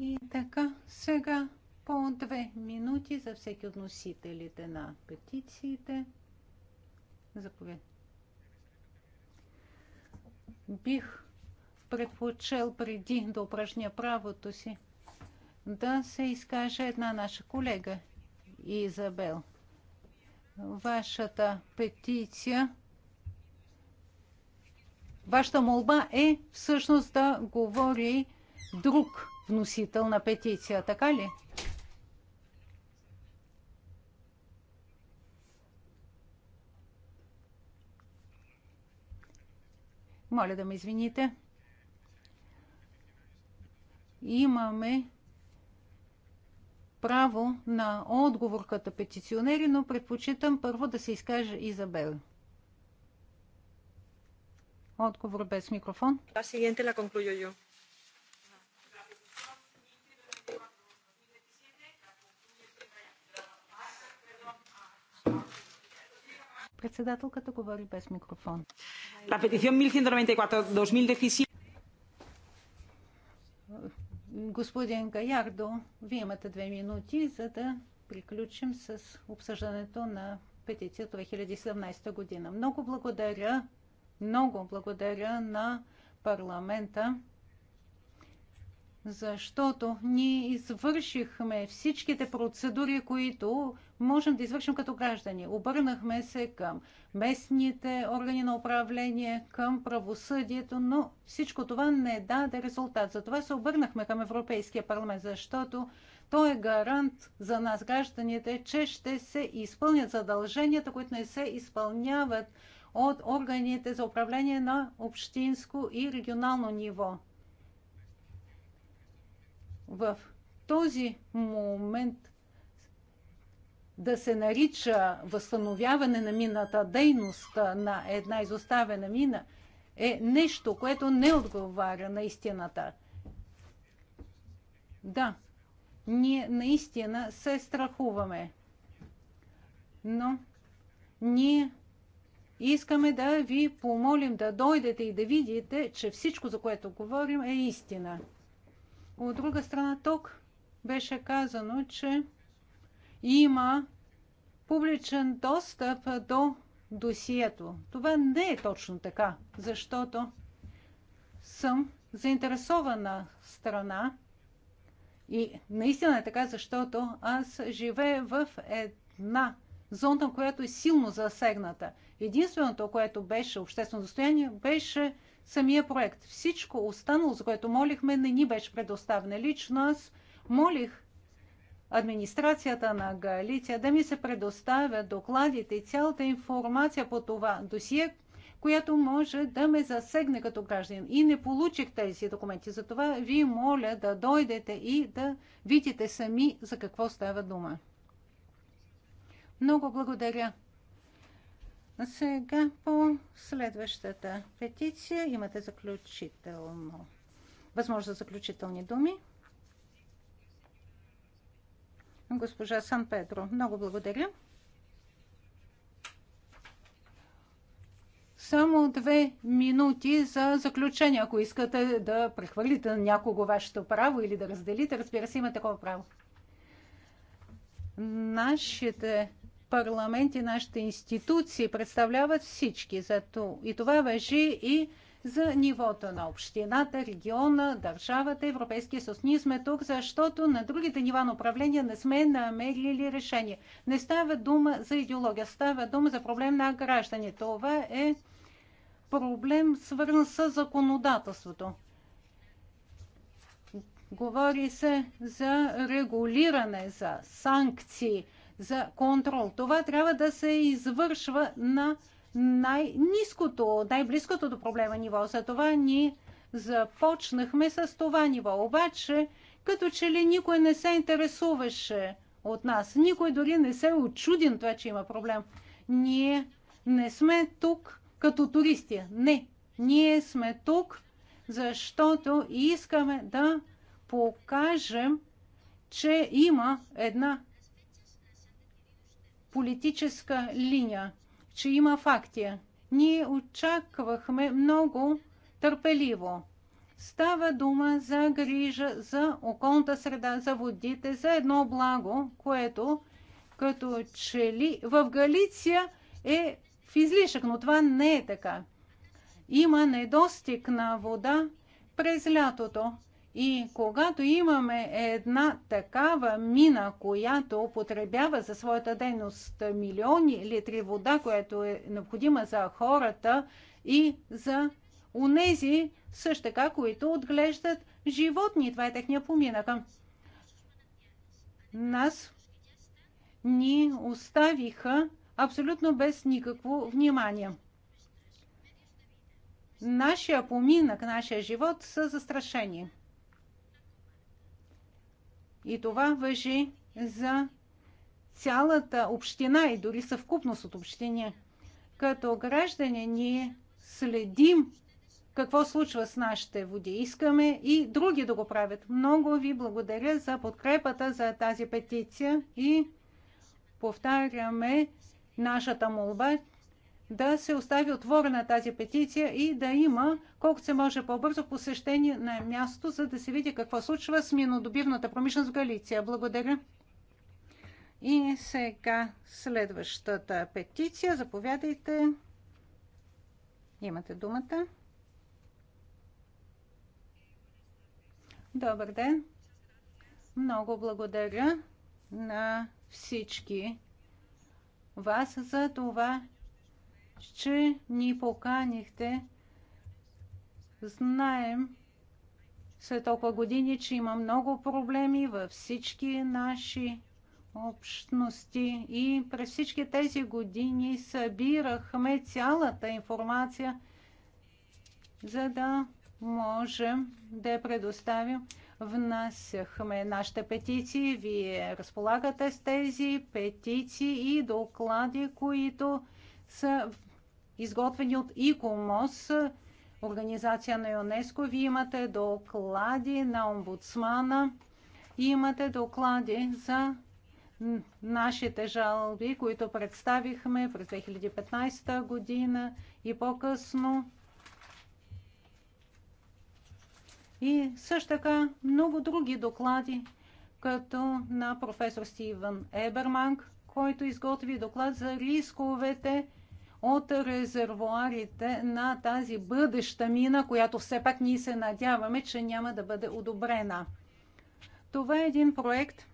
И така, сега по две минути за всеки от носителите на петициите. Заповед. Бих предпочел преди да упражня правото си да се изкаже една наша колега, Изабел. Вашата петиция, вашата молба е всъщност да говори друг вносител на петиция, така ли? Моля да ме извините. Имаме право на отговор като петиционери, но предпочитам първо да се изкаже Изабел. Отговор без микрофон. La siguiente la concluyo yo. Председателката говори без микрофон. La petición 1194-2017 Господин Гаярдо, вие имате две минути, за да приключим с обсъждането на петиция 2017 година. Много благодаря, много благодаря на парламента защото ние извършихме всичките процедури, които можем да извършим като граждани. Обърнахме се към местните органи на управление, към правосъдието, но всичко това не даде резултат. Затова се обърнахме към Европейския парламент, защото той е гарант за нас, гражданите, че ще се изпълнят задълженията, които не се изпълняват от органите за управление на общинско и регионално ниво в този момент да се нарича възстановяване на мината дейност на една изоставена мина е нещо, което не отговаря на истината. Да, ние наистина се страхуваме, но ние искаме да ви помолим да дойдете и да видите, че всичко, за което говорим, е истина. От друга страна, тук беше казано, че има публичен достъп до досието. Това не е точно така, защото съм заинтересована страна и наистина е така, защото аз живея в една зона, която е силно засегната. Единственото, което беше обществено достояние, беше самия проект. Всичко останало, за което молихме, не ни беше предоставено. Лично аз молих администрацията на Галиция да ми се предоставят докладите и цялата информация по това досие, която може да ме засегне като гражданин. И не получих тези документи. Затова ви моля да дойдете и да видите сами за какво става дума. Много благодаря сега по следващата петиция имате заключително. Възможно за заключителни думи. Госпожа Сан Педро, много благодаря. Само две минути за заключение, ако искате да прехвърлите на някого вашето право или да разделите, разбира се, има такова право. Нашите парламент и нашите институции представляват всички. Зато и това въжи и за нивото на общината, региона, държавата, Европейския съюз. Ние сме тук, защото на другите нива на управление не сме намерили решение. Не става дума за идеология, става дума за проблем на граждани. Това е проблем свързан с законодателството. Говори се за регулиране, за санкции – за контрол. Това трябва да се извършва на най-низкото, най-близкото до проблема ниво. За това ние започнахме с това ниво. Обаче, като че ли никой не се интересуваше от нас. Никой дори не се е очуден това, че има проблем. Ние не сме тук като туристи. Не. Ние сме тук, защото искаме да покажем, че има една политическа линия, че има факти. Ние очаквахме много търпеливо. Става дума за грижа за околната среда, за водите, за едно благо, което като че ли в Галиция е в излишък, но това не е така. Има недостиг на вода през лятото. И когато имаме една такава мина, която употребява за своята дейност милиони литри вода, която е необходима за хората и за унези също така, които отглеждат животни. Това е техния поминък. Нас ни оставиха абсолютно без никакво внимание. Нашия поминък, нашия живот са застрашени. И това въжи за цялата община и дори съвкупност от общини. Като граждане ние следим какво случва с нашите води. Искаме и други да го правят. Много ви благодаря за подкрепата за тази петиция и повтаряме нашата молба, да се остави отворена тази петиция и да има колкото се може по-бързо посещение на място, за да се види какво случва с минодобивната промишленост в Галиция. Благодаря. И сега следващата петиция. Заповядайте. Имате думата. Добър ден. Много благодаря на всички вас за това, че ни поканихте. Знаем след толкова години, че има много проблеми във всички наши общности и през всички тези години събирахме цялата информация, за да можем да я предоставим. Внасяхме нашите петиции, вие разполагате с тези петиции и доклади, които са изготвени от ИКОМОС, организация на ЮНЕСКО. Вие имате доклади на омбудсмана, имате доклади за нашите жалби, които представихме през 2015 година и по-късно. И също така много други доклади, като на професор Стивън Еберманг, който изготви доклад за рисковете от резервуарите на тази бъдеща мина, която все пак ние се надяваме, че няма да бъде одобрена. Това е един проект,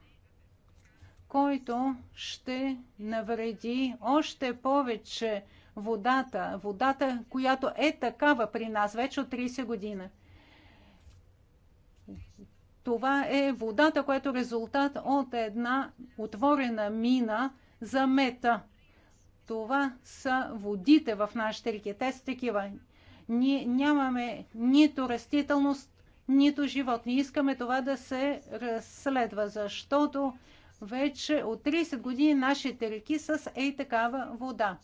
който ще навреди още повече водата, водата, която е такава при нас вече от 30 години. Това е водата, която е резултат от една отворена мина за мета – това са водите в нашите реки. Те са такива. Ние нямаме нито растителност, нито живот. Не Искаме това да се разследва, защото вече от 30 години нашите реки са с ей такава вода.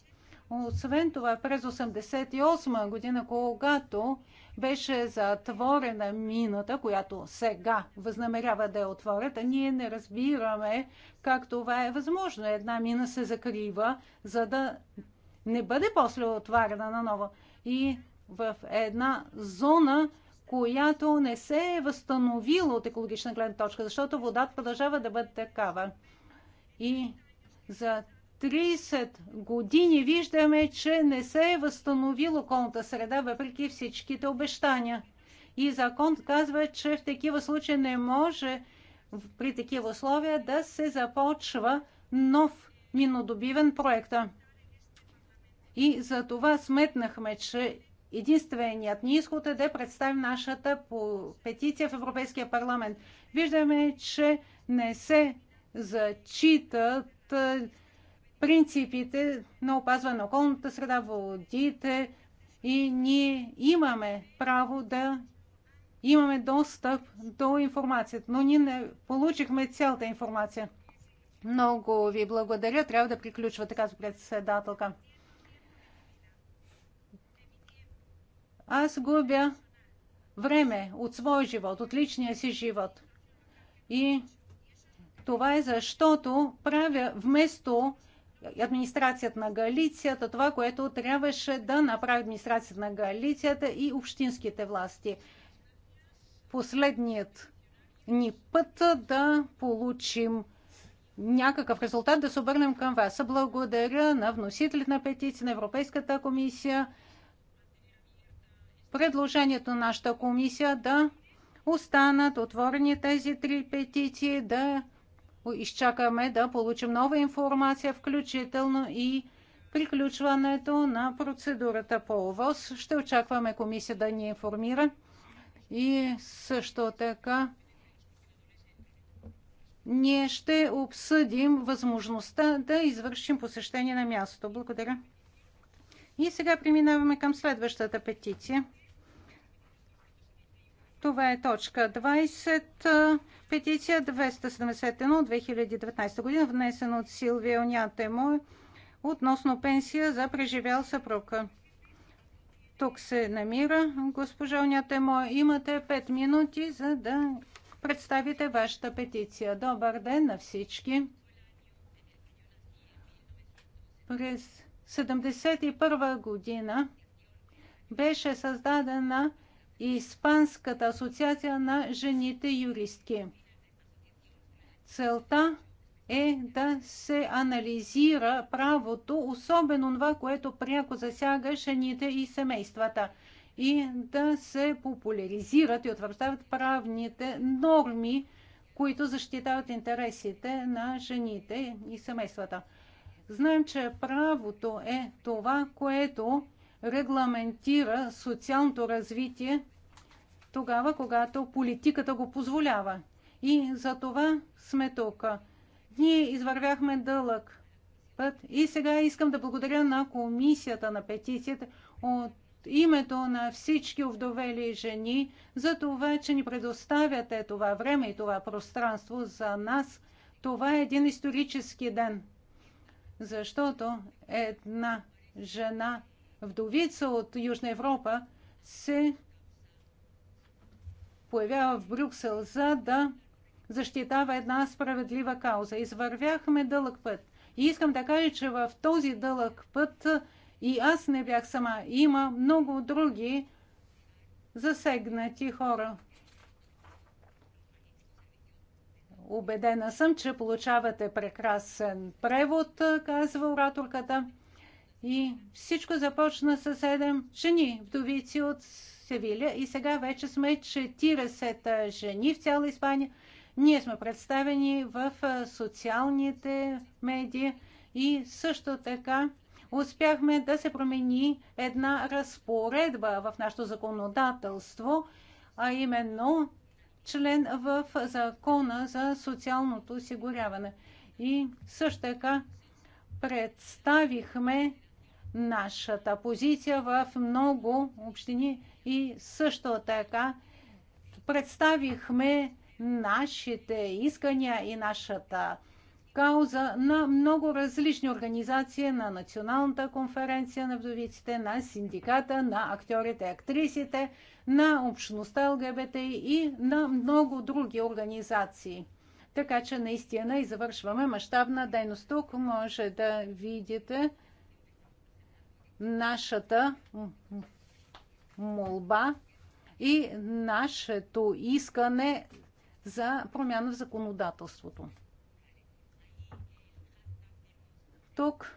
Освен това, през 1988 година, когато беше затворена мината, която сега възнамерява да я е отворят, а ние не разбираме как това е възможно. Една мина се закрива, за да не бъде после отварена наново. И в една зона, която не се е възстановила от екологична гледна точка, защото водата продължава да бъде такава. И за 30 години виждаме, че не се е възстановила околната среда, въпреки всичките обещания. И закон казва, че в такива случаи не може при такива условия да се започва нов минодобивен проект. И за това сметнахме, че единственият ни изход е да представим нашата петиция в Европейския парламент. Виждаме, че не се зачитат е, принципите на опазване на околната среда, водите и ние имаме право да имаме достъп до информацията, но ние не получихме цялата информация. Много ви благодаря. Трябва да приключва така с председателка. Аз губя време от своя живот, от личния си живот. И това е защото правя вместо администрацията на Галицията, това, което трябваше да направи администрацията на Галицията и общинските власти. Последният ни път да получим някакъв резултат, да се обърнем към вас. Благодаря на вносителите на петиции на Европейската комисия. Предложението на нашата комисия да останат отворени тези три петиции, да изчакаме да получим нова информация, включително и приключването на процедурата по ОВОС. Ще очакваме комисия да ни информира и също така ние ще обсъдим възможността да извършим посещение на място. Благодаря. И сега преминаваме към следващата петиция. Това е точка 20, петиция 271 от 2019 година, внесена от Силвия Унятемо относно пенсия за преживял съпруга. Тук се намира госпожа Онятемо. Имате 5 минути, за да представите вашата петиция. Добър ден на всички! През 1971 година беше създадена Испанската асоциация на жените юристки. Целта е да се анализира правото, особено това, което пряко засяга жените и семействата, и да се популяризират и утвърждават правните норми, които защитават интересите на жените и семействата. Знаем, че правото е това, което регламентира социалното развитие тогава, когато политиката го позволява. И за това сме тук. Ние извървяхме дълъг път и сега искам да благодаря на комисията на петицията от името на всички овдовели жени за това, че ни предоставяте това време и това пространство за нас. Това е един исторически ден, защото една жена, вдовица от Южна Европа, се появява в Брюксел, за да защитава една справедлива кауза. Извървяхме дълъг път. И искам да кажа, че в този дълъг път и аз не бях сама. Има много други засегнати хора. Убедена съм, че получавате прекрасен превод, казва ораторката. И всичко започна с седем жени, вдовици от Севиля и сега вече сме 40 жени в цяла Испания. Ние сме представени в социалните медии и също така успяхме да се промени една разпоредба в нашето законодателство, а именно член в закона за социалното осигуряване. И също така представихме нашата позиция в много общини и също така представихме нашите искания и нашата кауза на много различни организации, на Националната конференция на вдовиците, на синдиката, на актьорите и актрисите, на общността ЛГБТ и на много други организации. Така че наистина и завършваме мащабна дейност. Тук може да видите нашата молба и нашето искане за промяна в законодателството. Тук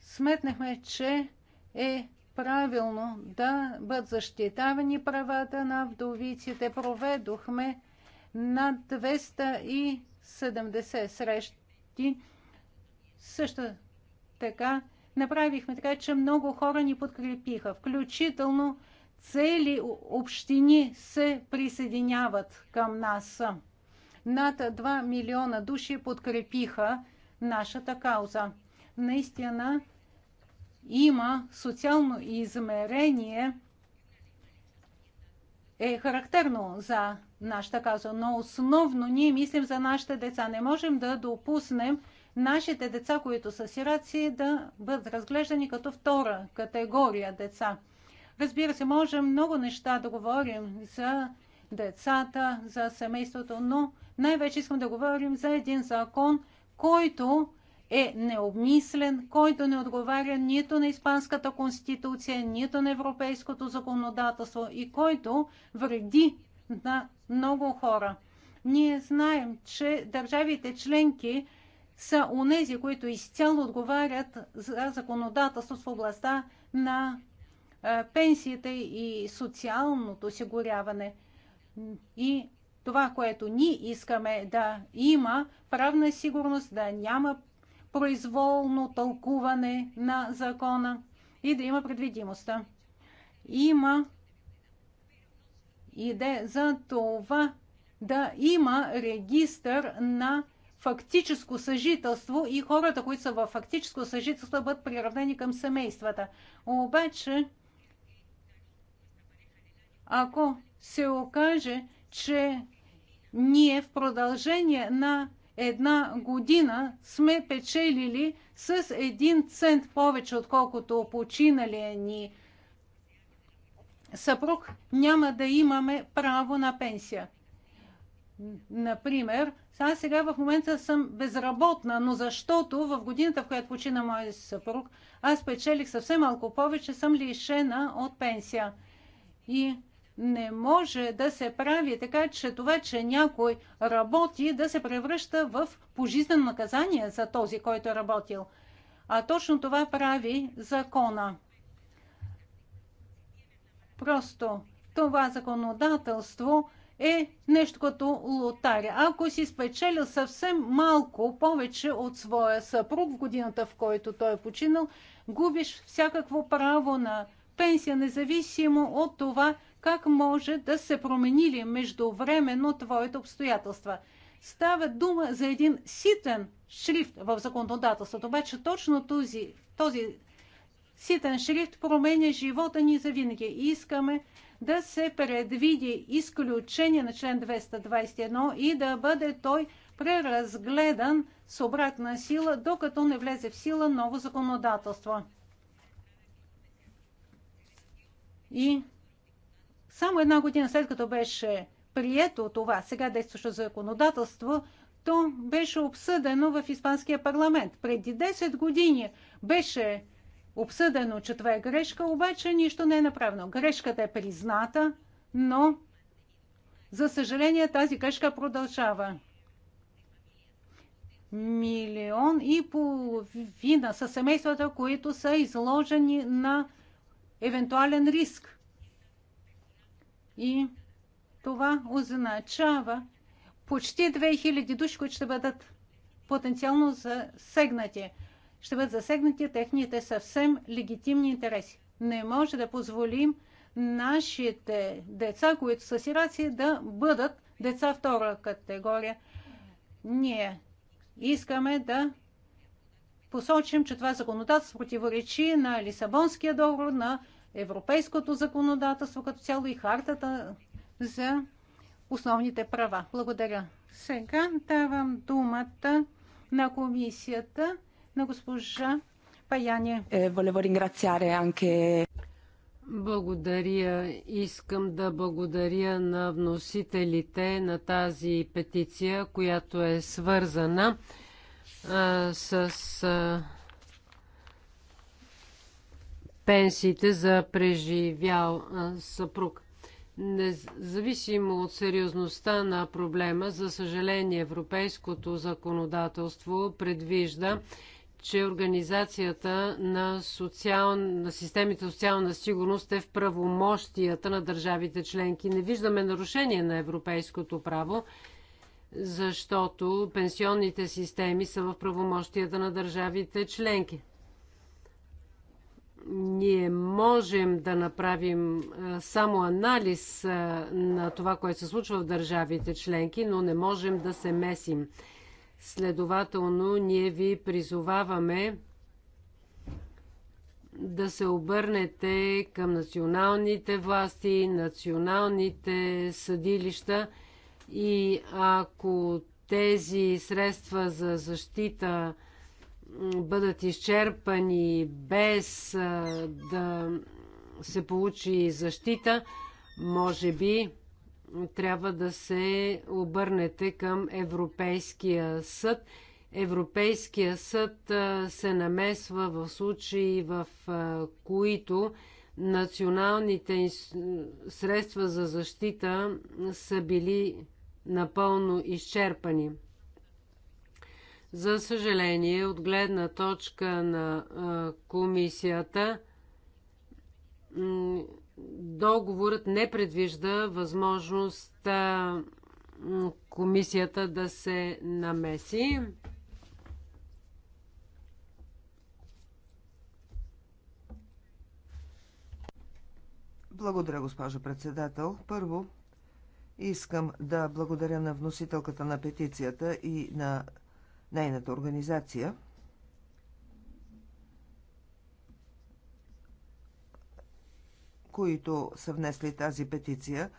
сметнахме, че е правилно да бъдат защитавани правата на вдовиците. Проведохме над 270 срещи. Също така направихме така, че много хора ни подкрепиха, включително цели общини се присъединяват към нас. Над 2 милиона души подкрепиха нашата кауза. Наистина има социално измерение, е характерно за нашата кауза, но основно ние мислим за нашите деца. Не можем да допуснем нашите деца, които са сираци, да бъдат разглеждани като втора категория деца. Разбира се, може много неща да говорим за децата, за семейството, но най-вече искам да говорим за един закон, който е необмислен, който не отговаря нито на Испанската конституция, нито на европейското законодателство и който вреди на много хора. Ние знаем, че държавите членки са онези, които изцяло отговарят за законодателство в областта на е, пенсиите и социалното осигуряване. И това, което ние искаме да има правна сигурност, да няма произволно тълкуване на закона и да има предвидимостта. Има идея за това да има регистър на фактическо съжителство и хората, които са в фактическо съжителство, бъдат приравнени към семействата. Обаче, ако се окаже, че ние в продължение на една година сме печелили с един цент повече, отколкото починали ни съпруг, няма да имаме право на пенсия. Например, аз сега в момента съм безработна, но защото в годината, в която почина моя съпруг, аз печелих съвсем малко повече, съм лишена от пенсия. И не може да се прави така, че това, че някой работи, да се превръща в пожизнено наказание за този, който е работил. А точно това прави закона. Просто това законодателство е нещо като лотария. Ако си спечелил съвсем малко повече от своя съпруг в годината, в който той е починал, губиш всякакво право на пенсия, независимо от това как може да се променили междувременно твоите обстоятелства. Става дума за един ситен шрифт в законодателството, обаче точно този, този ситен шрифт променя живота ни завинаги. Искаме да се предвиди изключение на член 221 и да бъде той преразгледан с обратна сила, докато не влезе в сила ново законодателство. И само една година след като беше прието това сега действащо законодателство, то беше обсъдено в Испанския парламент. Преди 10 години беше обсъдено, че това е грешка, обаче нищо не е направено. Грешката е призната, но за съжаление тази грешка продължава. Милион и половина са семействата, които са изложени на евентуален риск. И това означава почти 2000 души, които ще бъдат потенциално засегнати ще бъдат засегнати техните съвсем легитимни интереси. Не може да позволим нашите деца, които са сираци, да бъдат деца втора категория. Ние искаме да посочим, че това законодателство противоречи на Лисабонския договор, на европейското законодателство като цяло и хартата за основните права. Благодаря. Сега давам думата на комисията на госпожа Паяни. Е, благодаря. Искам да благодаря на вносителите на тази петиция, която е свързана а, с а, пенсиите за преживял а, съпруг. Независимо от сериозността на проблема, за съжаление, европейското законодателство предвижда че организацията на, социал... на системите социална сигурност е в правомощията на държавите членки. Не виждаме нарушение на европейското право, защото пенсионните системи са в правомощията на държавите членки. Ние можем да направим само анализ на това, което се случва в държавите членки, но не можем да се месим. Следователно, ние ви призоваваме да се обърнете към националните власти, националните съдилища и ако тези средства за защита бъдат изчерпани без да се получи защита, може би трябва да се обърнете към Европейския съд. Европейския съд се намесва в случаи, в които националните средства за защита са били напълно изчерпани. За съжаление, от гледна точка на комисията, договорът не предвижда възможност комисията да се намеси. Благодаря, госпожо председател. Първо, искам да благодаря на вносителката на петицията и на нейната организация. които са внесли тази петиция,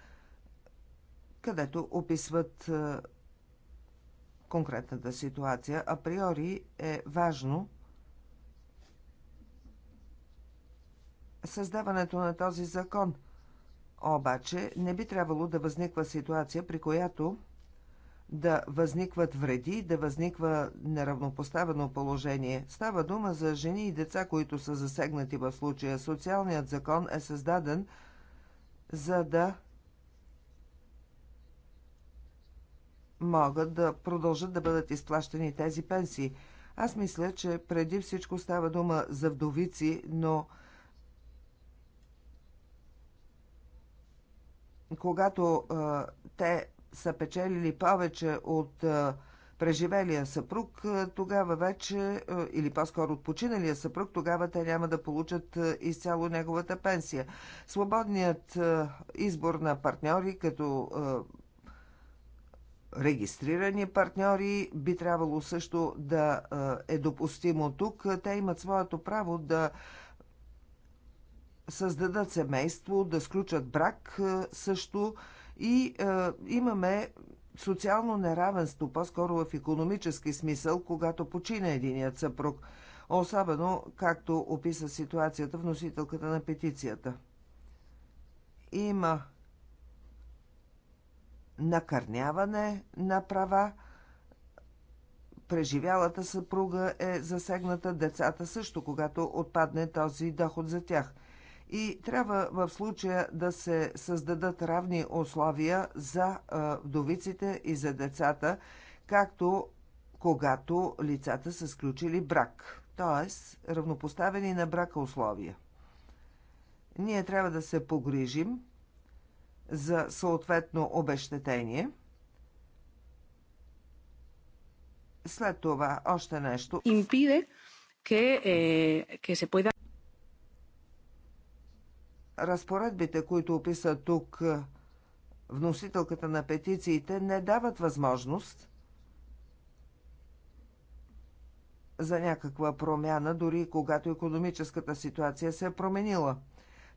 където описват е, конкретната ситуация. Априори е важно създаването на този закон. Обаче не би трябвало да възниква ситуация, при която да възникват вреди, да възниква неравнопоставено положение. Става дума за жени и деца, които са засегнати в случая. Социалният закон е създаден за да могат да продължат да бъдат изплащани тези пенсии. Аз мисля, че преди всичко става дума за вдовици, но когато а, те са печелили повече от преживелия съпруг, тогава вече, или по-скоро от починалия съпруг, тогава те няма да получат изцяло неговата пенсия. Свободният избор на партньори като регистрирани партньори би трябвало също да е допустимо тук. Те имат своето право да създадат семейство, да сключат брак също и е, имаме социално неравенство, по-скоро в економически смисъл, когато почина единият съпруг, особено както описа ситуацията вносителката на петицията. Има накърняване на права, преживялата съпруга е засегната, децата също, когато отпадне този доход за тях – и трябва в случая да се създадат равни условия за вдовиците и за децата, както когато лицата са сключили брак, т.е. равнопоставени на брака условия. Ние трябва да се погрижим за съответно обещетение. След това още нещо. Импиде. que, eh, que se pueda разпоредбите, които описа тук е, вносителката на петициите, не дават възможност за някаква промяна, дори когато економическата ситуация се е променила.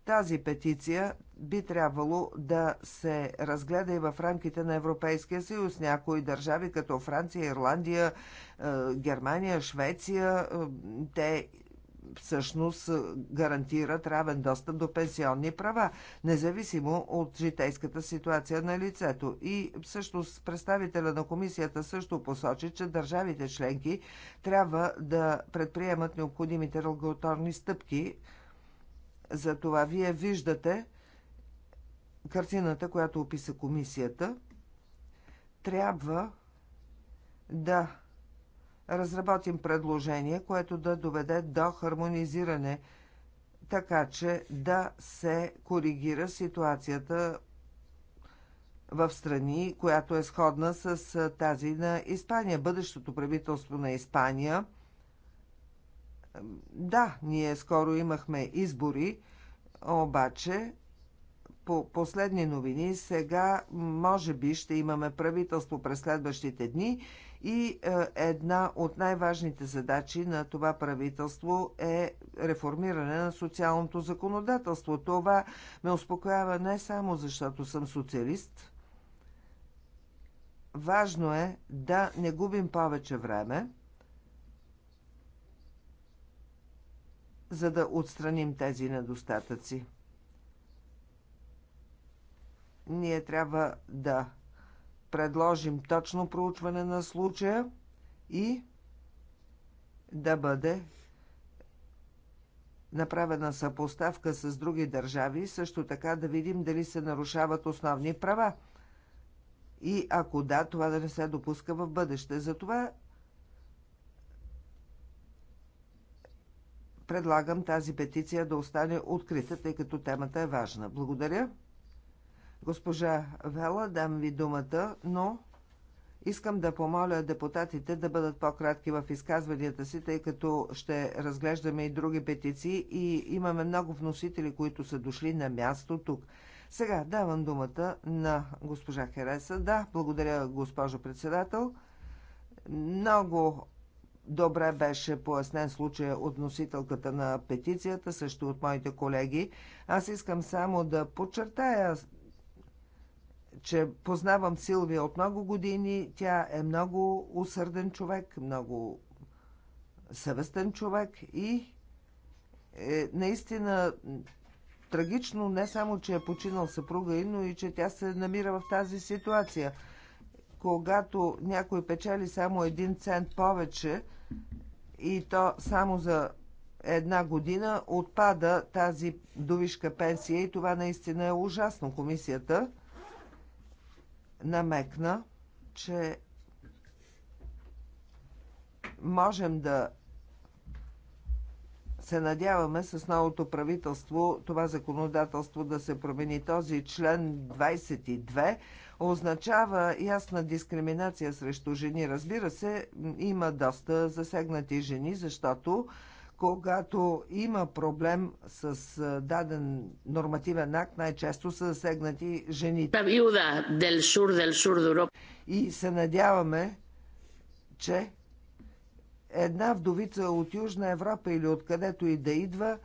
Тази петиция би трябвало да се разгледа и в рамките на Европейския съюз. Някои държави, като Франция, Ирландия, е, Германия, Швеция, е, те всъщност гарантират равен достъп до пенсионни права, независимо от житейската ситуация на лицето. И всъщност представителя на комисията също посочи, че държавите членки трябва да предприемат необходимите регулаторни стъпки. За това вие виждате картината, която описа комисията. Трябва да разработим предложение, което да доведе до хармонизиране, така че да се коригира ситуацията в страни, която е сходна с тази на Испания. Бъдещото правителство на Испания. Да, ние скоро имахме избори, обаче по последни новини сега може би ще имаме правителство през следващите дни и е, една от най-важните задачи на това правителство е реформиране на социалното законодателство. Това ме успокоява не само защото съм социалист. Важно е да не губим повече време, за да отстраним тези недостатъци. Ние трябва да предложим точно проучване на случая и да бъде направена съпоставка с други държави, също така да видим дали се нарушават основни права. И ако да, това да не се допуска в бъдеще. Затова предлагам тази петиция да остане открита, тъй като темата е важна. Благодаря. Госпожа Вела, дам ви думата, но искам да помоля депутатите да бъдат по-кратки в изказванията си, тъй като ще разглеждаме и други петиции и имаме много вносители, които са дошли на място тук. Сега давам думата на госпожа Хереса. Да, благодаря, госпожо председател. Много добре беше пояснен случая от носителката на петицията, също от моите колеги. Аз искам само да подчертая че познавам Силвия от много години. Тя е много усърден човек, много съвестен човек и е наистина трагично не само, че е починал съпруга и, но и че тя се намира в тази ситуация. Когато някой печели само един цент повече и то само за една година, отпада тази довишка пенсия и това наистина е ужасно. Комисията намекна, че можем да се надяваме с новото правителство това законодателство да се промени. Този член 22 означава ясна дискриминация срещу жени. Разбира се, има доста засегнати жени, защото когато има проблем с даден нормативен акт, най-често са засегнати жените. И се надяваме, че една вдовица от Южна Европа или откъдето и да идва,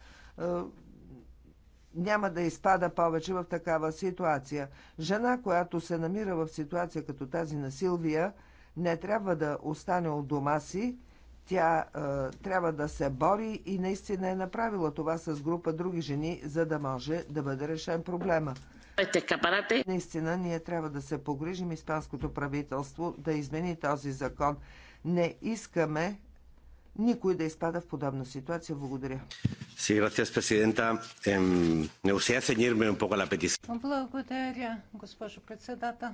няма да изпада повече в такава ситуация. Жена, която се намира в ситуация като тази на Силвия, не трябва да остане от дома си, тя е, трябва да се бори и наистина е направила това с група други жени, за да може да бъде решен проблема. Наистина ние трябва да се погрижим испанското правителство да измени този закон. Не искаме никой да изпада в подобна ситуация. Благодаря. Sí, gracias, presidenta. Me gustaría ceñirme un poco a la petición. Благодаря, госпожо председател.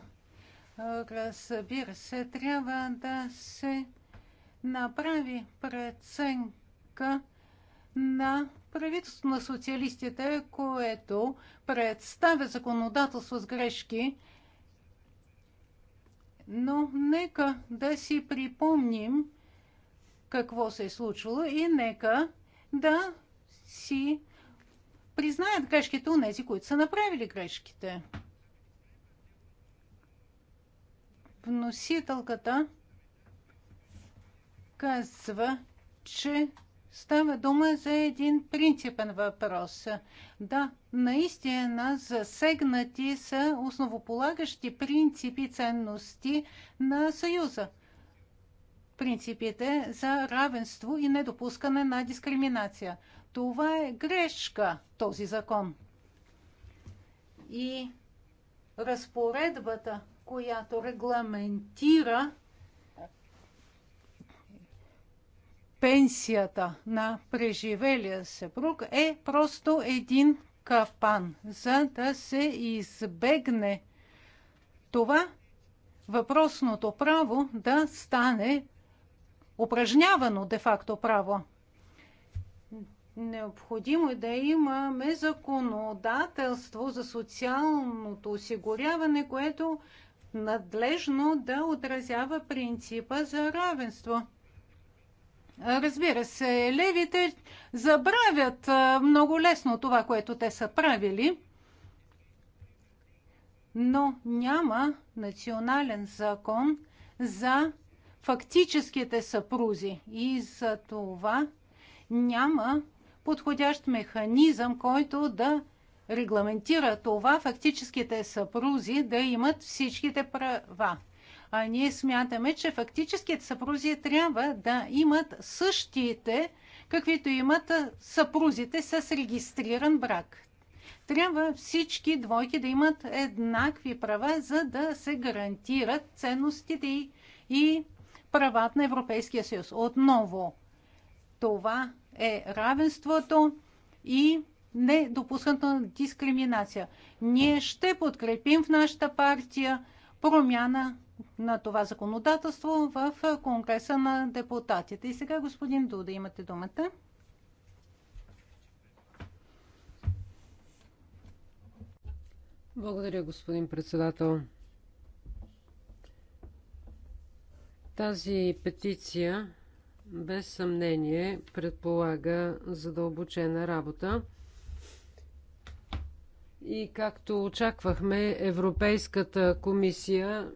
Разбира се, трябва да се направи преценка на правителството на социалистите, което представя законодателство с грешки, но нека да си припомним какво се е случило и нека да си признаят грешките у нези, които са направили грешките. Вносителката казва, че става дума за един принципен въпрос. Да, наистина засегнати са основополагащи принципи ценности на Съюза. Принципите за равенство и недопускане на дискриминация. Това е грешка, този закон. И разпоредбата, която регламентира пенсията на преживелия съпруг е просто един капан, за да се избегне това въпросното право да стане упражнявано де-факто право. Необходимо е да имаме законодателство за социалното осигуряване, което надлежно да отразява принципа за равенство – Разбира се, левите забравят много лесно това, което те са правили, но няма национален закон за фактическите съпрузи и за това няма подходящ механизъм, който да регламентира това фактическите съпрузи да имат всичките права. А ние смятаме, че фактическите съпрузи трябва да имат същите, каквито имат съпрузите с регистриран брак. Трябва всички двойки да имат еднакви права, за да се гарантират ценностите и, и правата на Европейския съюз. Отново, това е равенството и недопускането на дискриминация. Ние ще подкрепим в нашата партия промяна на това законодателство в Конгреса на депутатите. И сега, господин Дуда, имате думата. Благодаря, господин председател. Тази петиция без съмнение предполага задълбочена работа. И както очаквахме, Европейската комисия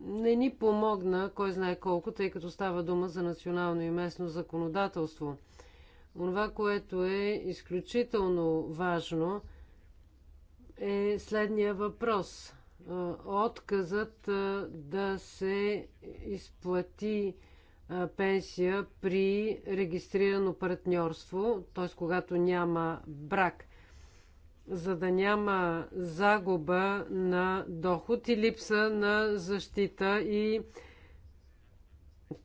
не ни помогна, кой знае колко, тъй като става дума за национално и местно законодателство. Това, което е изключително важно, е следния въпрос. Отказът да се изплати пенсия при регистрирано партньорство, т.е. когато няма брак – за да няма загуба на доход и липса на защита и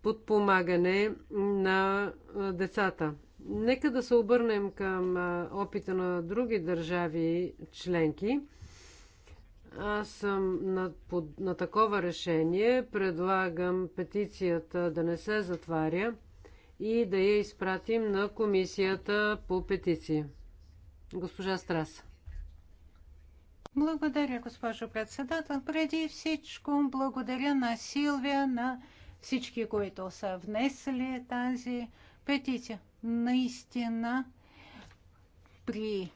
подпомагане на децата. Нека да се обърнем към опита на други държави членки. Аз съм на, под, на такова решение. Предлагам петицията да не се затваря и да я изпратим на комисията по петиции. Госпожа Страс. Благодаря, госпожо председател. Преди всичко благодаря на Силвия, на всички, които са внесли тази петиция. Наистина, при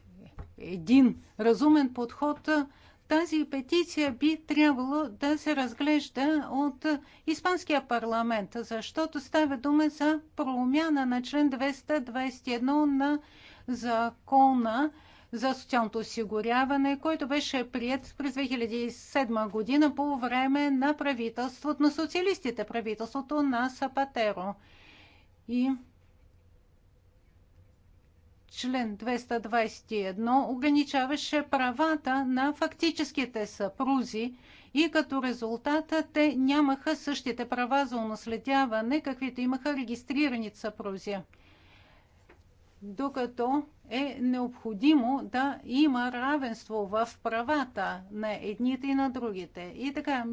един разумен подход, тази петиция би трябвало да се разглежда от Испанския парламент, защото става дума за промяна на член 221 на закона за социалното осигуряване, който беше прият през 2007 година по време на правителството на социалистите, правителството на Сапатеро. И член 221 ограничаваше правата на фактическите съпрузи и като резултат те нямаха същите права за унаследяване, каквито имаха регистрираните съпрузи. Докато е необходимо да има равенство в правата на едните и на другите. И така,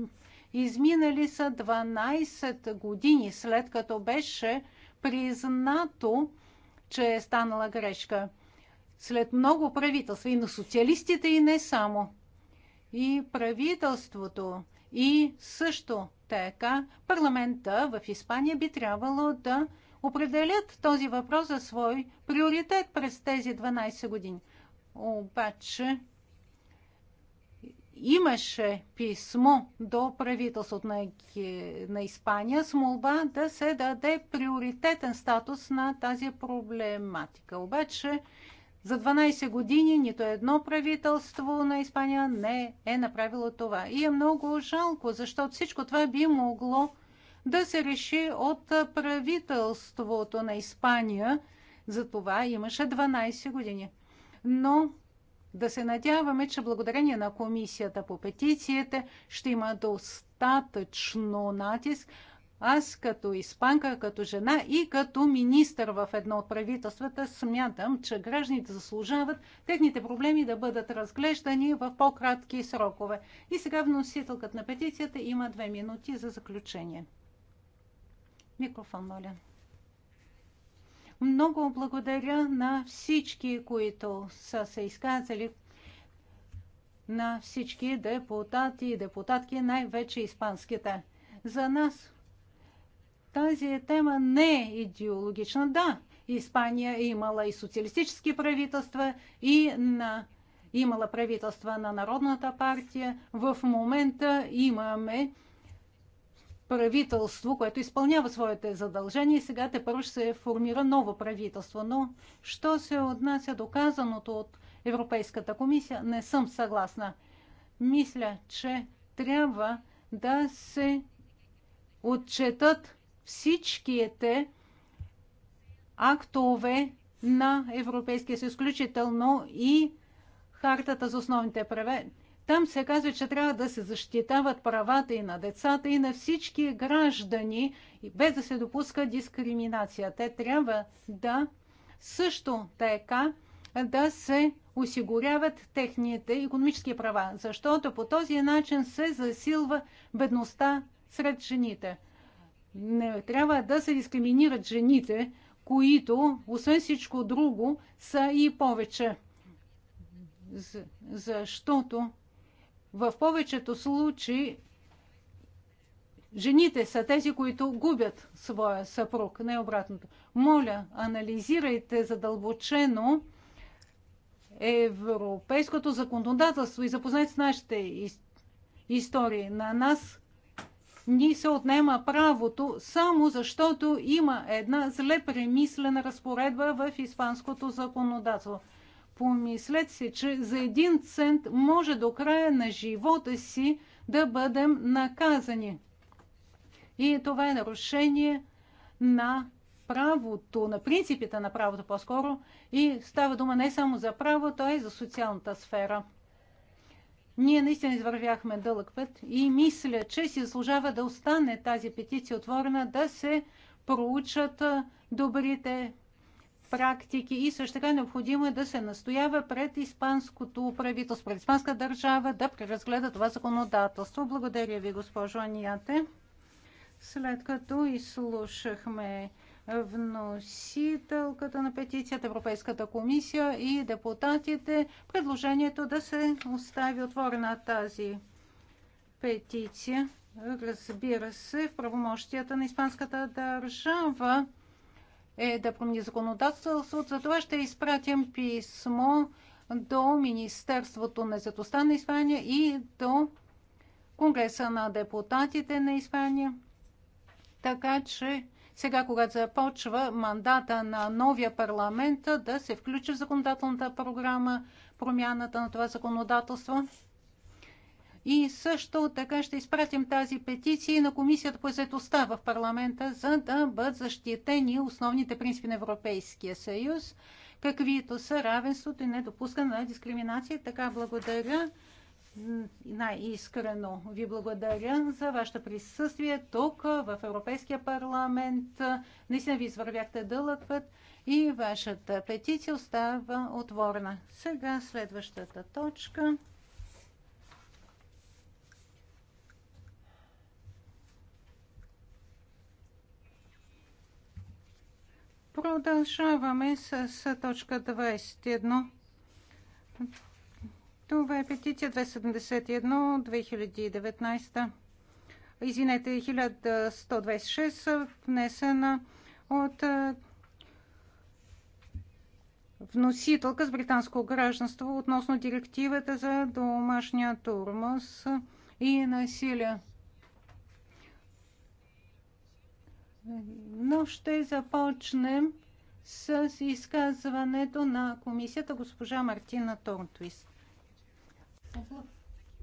изминали са 12 години след като беше признато, че е станала грешка. След много правителства и на социалистите, и не само. И правителството, и също така парламента в Испания би трябвало да определят този въпрос за свой приоритет през тези 12 години. Обаче имаше писмо до правителството на, на Испания с молба да се даде приоритетен статус на тази проблематика. Обаче за 12 години нито едно правителство на Испания не е направило това. И е много жалко, защото всичко това би могло да се реши от правителството на Испания. За това имаше 12 години. Но да се надяваме, че благодарение на комисията по петициите ще има достатъчно натиск. Аз като испанка, като жена и като министър в едно от правителствата смятам, че гражданите заслужават техните проблеми да бъдат разглеждани в по-кратки срокове. И сега вносителкът на петицията има две минути за заключение. Микрофон, моля. Много благодаря на всички, които са се изказали, на всички депутати и депутатки, най-вече испанските. За нас тази тема не е идеологична. Да, Испания е имала и социалистически правителства, и на имала правителства на Народната партия. В момента имаме правителство, което изпълнява своите задължения и сега те първо ще се формира ново правителство. Но що се отнася до казаното от Европейската комисия, не съм съгласна. Мисля, че трябва да се отчетат всичките актове на Европейския съюз, включително и Хартата за основните права, там се казва, че трябва да се защитават правата и на децата, и на всички граждани, без да се допуска дискриминация. Те трябва да също така да се осигуряват техните економически права, защото по този начин се засилва бедността сред жените. Не трябва да се дискриминират жените, които, освен всичко друго, са и повече. Защото в повечето случаи жените са тези, които губят своя съпруг, не обратното. Моля, анализирайте задълбочено европейското законодателство и запознайте с нашите истории. На нас ни се отнема правото, само защото има една зле премислена разпоредба в испанското законодателство. Помислете си, че за един цент може до края на живота си да бъдем наказани. И това е нарушение на правото, на принципите на правото по-скоро. И става дума не само за правото, а е и за социалната сфера. Ние наистина извървяхме дълъг път и мисля, че си заслужава да остане тази петиция отворена, да се проучат добрите практики и също така е необходимо е да се настоява пред испанското правителство, пред испанска държава да преразгледа това законодателство. Благодаря ви, госпожо Анияте. След като изслушахме вносителката на петицията, Европейската комисия и депутатите, предложението да се остави отворена тази петиция. Разбира се, в правомощията на испанската държава е да промени законодателството. За това ще изпратим писмо до Министерството на заедостта на Испания и до Конгреса на депутатите на Испания. Така че сега, когато започва мандата на новия парламент, да се включи в законодателната програма промяната на това законодателство. И също така ще изпратим тази петиция на Комисията по заедостта в парламента, за да бъдат защитени основните принципи на Европейския съюз, каквито са равенството и недопускане на дискриминация. Така благодаря. Най-искрено ви благодаря за вашето присъствие тук в Европейския парламент. Наистина ви извървяхте дълъг път и вашата петиция остава отворена. Сега следващата точка. Продължаваме с, точка 21. Това е петиция 271-2019. Извинете, 1126, внесена от вносителка с британско гражданство относно директивата за домашния турмоз и насилие. но ще започнем с изказването на комисията госпожа Мартина Тортвис.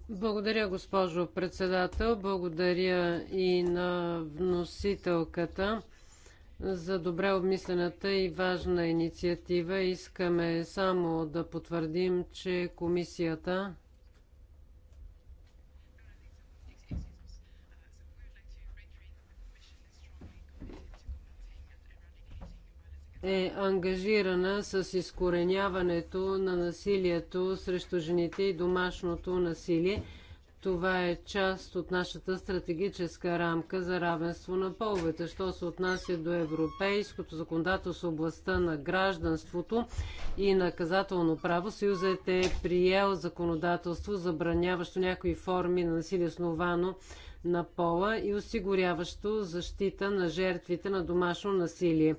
Благодаря, госпожо председател. Благодаря и на вносителката за добре обмислената и важна инициатива. Искаме само да потвърдим, че комисията е ангажирана с изкореняването на насилието срещу жените и домашното насилие. Това е част от нашата стратегическа рамка за равенство на половете. Що се отнася до европейското законодателство в областта на гражданството и наказателно право, Съюзът е приел законодателство, забраняващо някои форми на насилие основано на пола и осигуряващо защита на жертвите на домашно насилие.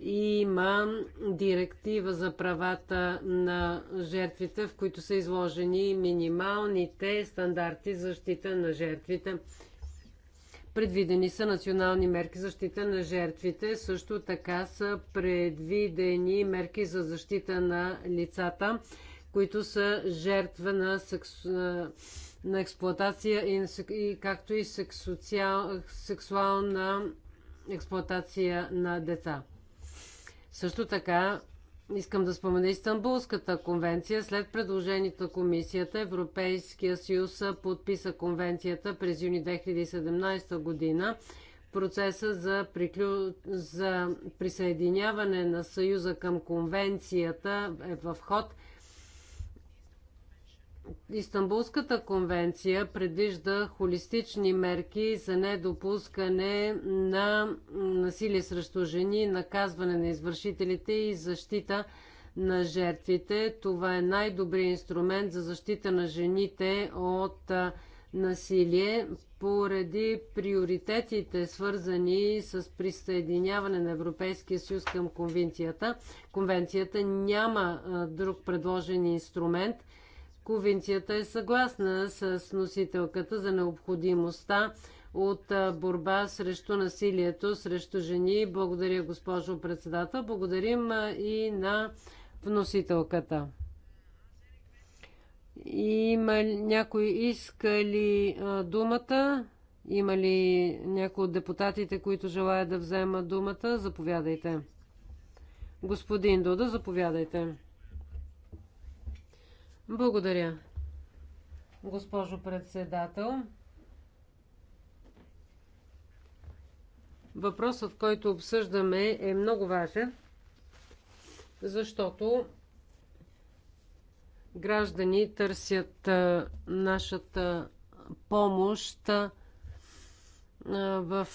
Има директива за правата на жертвите, в които са изложени минималните стандарти за защита на жертвите. Предвидени са национални мерки за защита на жертвите, също така са предвидени мерки за защита на лицата, които са жертва на, секс... на експлоатация и, както и сексуал... сексуална експлоатация на деца. Също така искам да спомена Истанбулската конвенция. След предложението на комисията Европейския съюз подписа конвенцията през юни 2017 година. Процеса за, приклю... за присъединяване на Съюза към конвенцията е в ход – Истанбулската конвенция предвижда холистични мерки за недопускане на насилие срещу жени, наказване на извършителите и защита на жертвите. Това е най-добрият инструмент за защита на жените от насилие. Поради приоритетите, свързани с присъединяване на Европейския съюз към конвенцията, конвенцията няма друг предложен инструмент Ковенцията е съгласна с носителката за необходимостта от борба срещу насилието срещу жени. Благодаря, госпожо председател. Благодарим и на вносителката. Има ли някой иска ли думата? Има ли някой от депутатите, които желаят да вземат думата? Заповядайте. Господин Дуда, заповядайте. Благодаря, госпожо председател. Въпросът, който обсъждаме, е много важен, защото граждани търсят нашата помощ в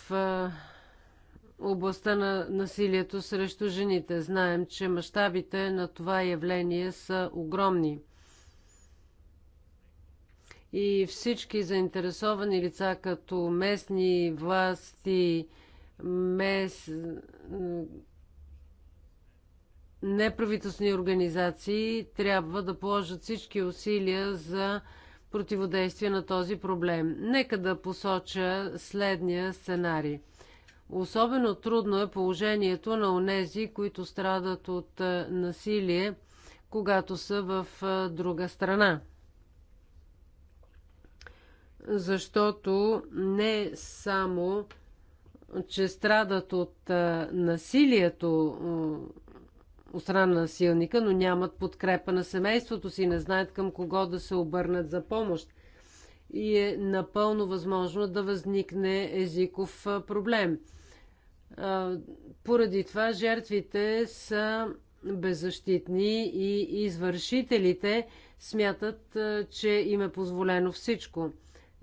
областта на насилието срещу жените. Знаем, че мащабите на това явление са огромни и всички заинтересовани лица, като местни власти, мест, неправителствени организации, трябва да положат всички усилия за противодействие на този проблем. Нека да посоча следния сценарий. Особено трудно е положението на онези, които страдат от насилие, когато са в друга страна защото не само, че страдат от насилието от страна на насилника, но нямат подкрепа на семейството си, не знаят към кого да се обърнат за помощ. И е напълно възможно да възникне езиков проблем. Поради това жертвите са беззащитни и извършителите смятат, че им е позволено всичко.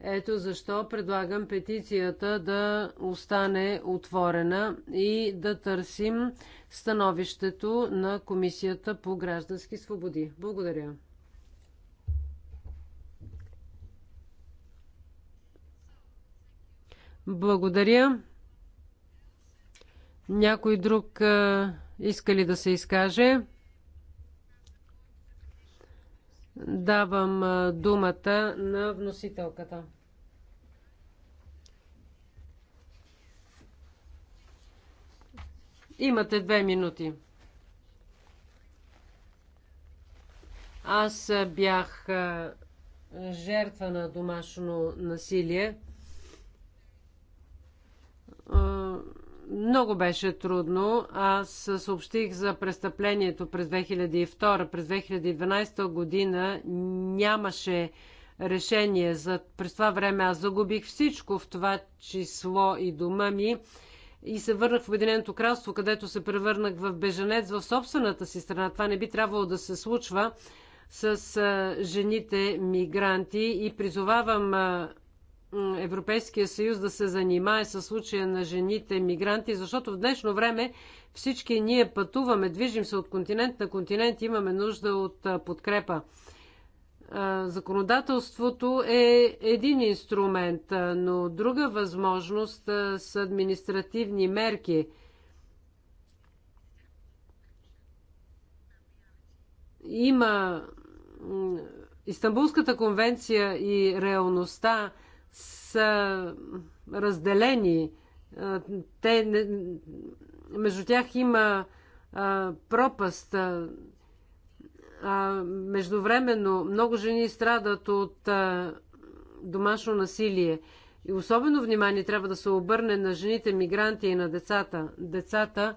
Ето защо предлагам петицията да остане отворена и да търсим становището на Комисията по граждански свободи. Благодаря. Благодаря. Някой друг иска ли да се изкаже? Давам думата на вносителката. Имате две минути. Аз бях жертва на домашно насилие. Много беше трудно. Аз съобщих за престъплението през 2002. През 2012 година нямаше решение. За... През това време аз загубих всичко, в това число и дома ми. И се върнах в Обединеното кралство, където се превърнах в беженец в собствената си страна. Това не би трябвало да се случва с жените мигранти. И призовавам Европейския съюз да се занимае с случая на жените мигранти, защото в днешно време всички ние пътуваме, движим се от континент на континент, имаме нужда от подкрепа. Законодателството е един инструмент, но друга възможност са административни мерки. Има Истанбулската конвенция и реалността – са разделени. Те, между тях има пропаст. междувременно много жени страдат от домашно насилие. И особено внимание трябва да се обърне на жените мигранти и на децата. Децата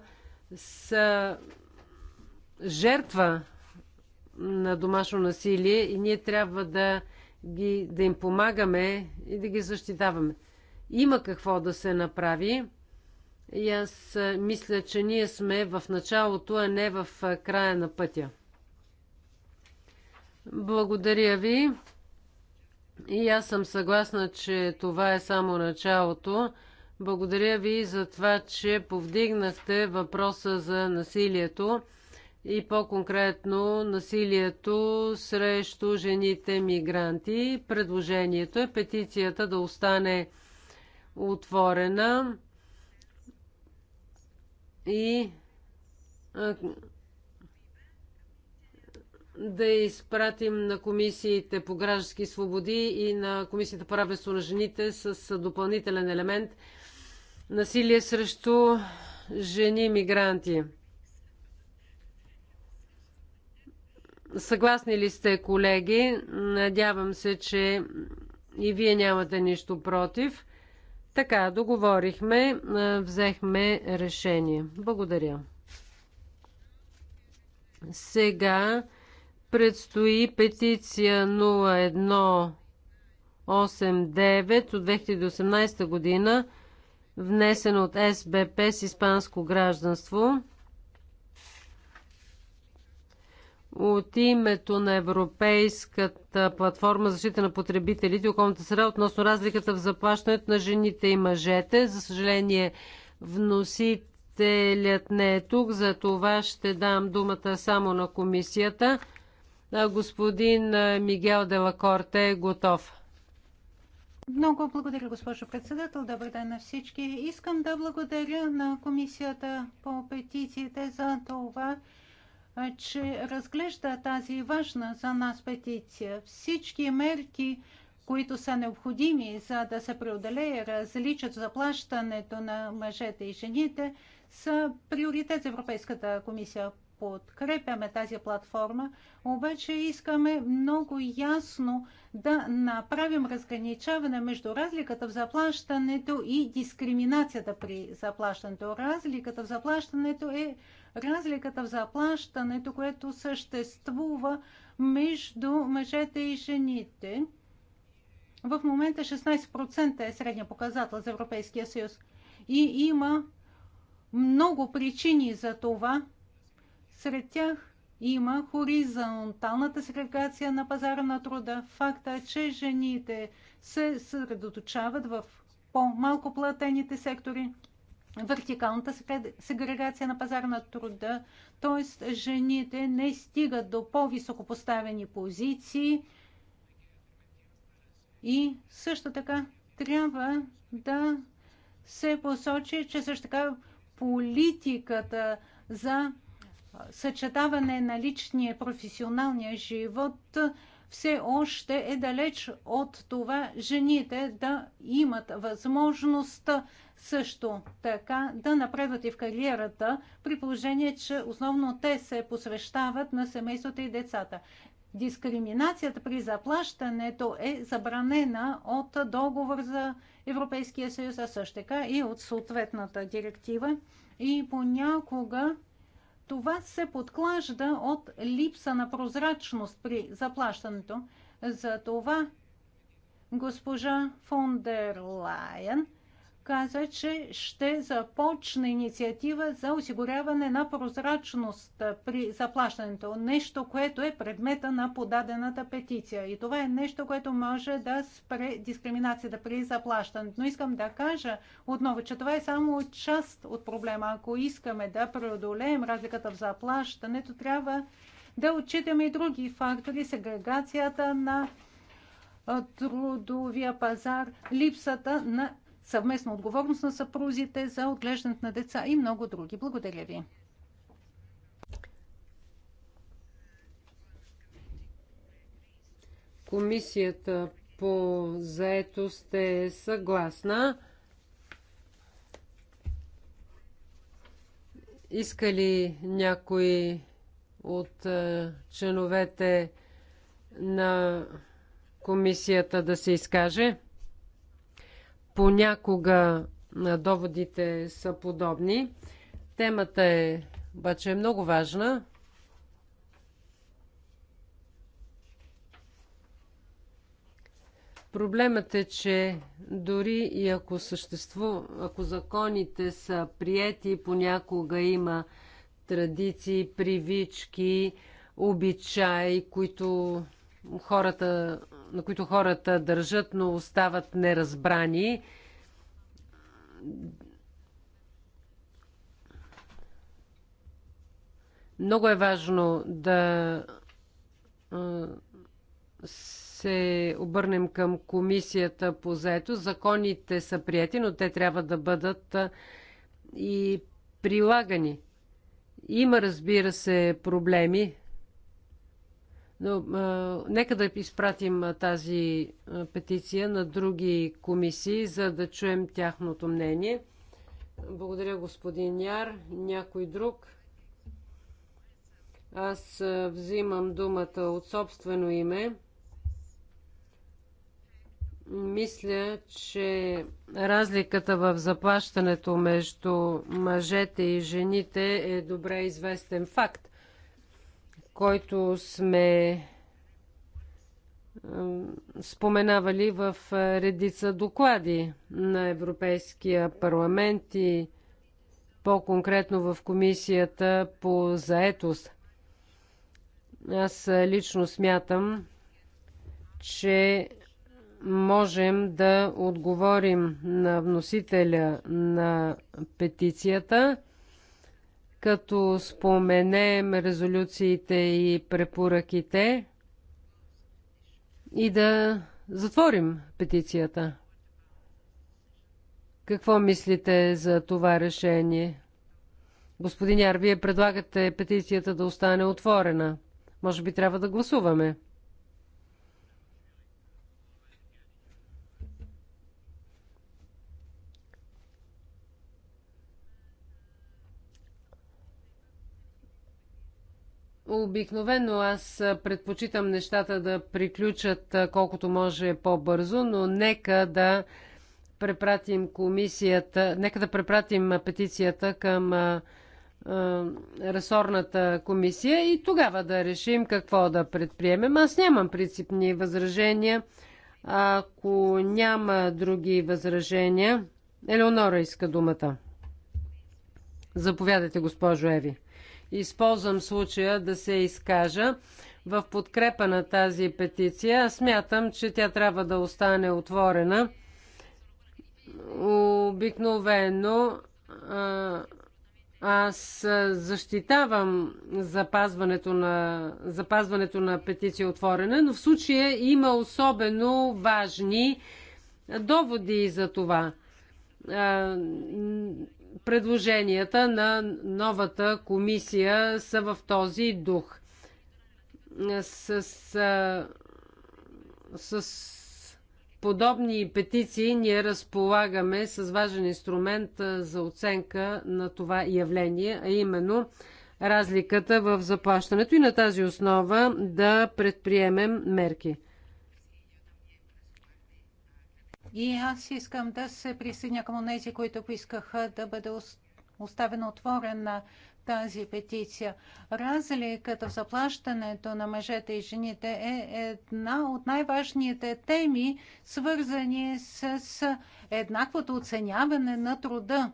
са жертва на домашно насилие и ние трябва да ги, да им помагаме и да ги защитаваме. Има какво да се направи. И аз мисля, че ние сме в началото, а не в края на пътя. Благодаря ви. И аз съм съгласна, че това е само началото. Благодаря ви за това, че повдигнахте въпроса за насилието и по-конкретно насилието срещу жените мигранти. Предложението е петицията да остане отворена и да изпратим на комисиите по граждански свободи и на комисията по равенство на жените с допълнителен елемент насилие срещу жени мигранти. Съгласни ли сте, колеги? Надявам се, че и вие нямате нищо против. Така, договорихме, взехме решение. Благодаря. Сега предстои петиция 0189 от 2018 година, внесена от СБП с испанско гражданство. от името на Европейската платформа за защита на потребителите и околната среда относно разликата в заплащането на жените и мъжете. За съжаление, вносителят не е тук, за това ще дам думата само на комисията. Господин Мигел Делакорте е готов. Много благодаря, госпожо председател. Добър ден на всички. Искам да благодаря на комисията по петициите за това, че разглежда тази важна за нас петиция. Всички мерки, които са необходими, за да се преодолее различието за плащането на мъжете и жените, са приоритет за Европейската комисия. Подкрепяме тази платформа, обаче искаме много ясно да направим разграничаване между разликата в заплащането и дискриминацията при заплащането. Разликата в заплащането е разликата в заплащането, което съществува между мъжете и жените. В момента 16% е средния показател за Европейския съюз. И има много причини за това. Сред тях има хоризонталната сегрегация на пазара на труда, факта, е, че жените се съсредоточават в по-малко платените сектори, вертикалната сегрегация на пазара на труда, т.е. жените не стигат до по-високо поставени позиции и също така трябва да се посочи, че също така политиката за съчетаване на личния и професионалния живот все още е далеч от това жените да имат възможност също така да напредват и в кариерата, при положение, че основно те се посвещават на семейството и децата. Дискриминацията при заплащането е забранена от договор за Европейския съюз, а също така и от съответната директива. И понякога това се подклажда от липса на прозрачност при заплащането. За това госпожа фон дер Лайен – каза, че ще започне инициатива за осигуряване на прозрачност при заплащането. Нещо, което е предмета на подадената петиция. И това е нещо, което може да спре дискриминацията при заплащането. Но искам да кажа отново, че това е само част от проблема. Ако искаме да преодолеем разликата в заплащането, трябва да отчитаме и други фактори, сегрегацията на трудовия пазар, липсата на съвместна отговорност на съпрузите за отглеждането на деца и много други. Благодаря ви. Комисията по заетост е съгласна. Иска ли някой от е, членовете на комисията да се изкаже? Понякога доводите са подобни. Темата е обаче е много важна. Проблемът е, че дори и ако съществу, ако законите са приети, понякога има традиции, привички, обичаи, които хората, на които хората държат, но остават неразбрани. Много е важно да се обърнем към комисията по заето. Законите са прияти, но те трябва да бъдат и прилагани. Има, разбира се, проблеми. Но, а, нека да изпратим а, тази а, петиция на други комисии, за да чуем тяхното мнение. Благодаря, господин Яр. Някой друг? Аз а, взимам думата от собствено име. Мисля, че разликата в заплащането между мъжете и жените е добре известен факт който сме споменавали в е, редица доклади на Европейския парламент и по-конкретно в Комисията по заетост. Аз е, лично смятам, че можем да отговорим на вносителя на петицията – като споменем резолюциите и препоръките и да затворим петицията. Какво мислите за това решение? Господин Яр, вие предлагате петицията да остане отворена. Може би трябва да гласуваме. Обикновено аз предпочитам нещата да приключат колкото може по-бързо, но нека да препратим комисията, нека да препратим петицията към а, а, ресорната комисия и тогава да решим какво да предприемем. Аз нямам принципни възражения. Ако няма други възражения, Елеонора иска думата. Заповядайте, госпожо Еви използвам случая да се изкажа в подкрепа на тази петиция. Смятам, че тя трябва да остане отворена. Обикновено аз защитавам запазването на, запазването на петиция отворена, но в случая има особено важни доводи за това предложенията на новата комисия са в този дух. С, с, с подобни петиции ние разполагаме с важен инструмент за оценка на това явление, а именно разликата в заплащането и на тази основа да предприемем мерки. И аз искам да се присъединя към тези, които поискаха да бъде оставена отворена тази петиция. Разликата в заплащането на мъжете и жените е една от най-важните теми, свързани с еднаквото оценяване на труда.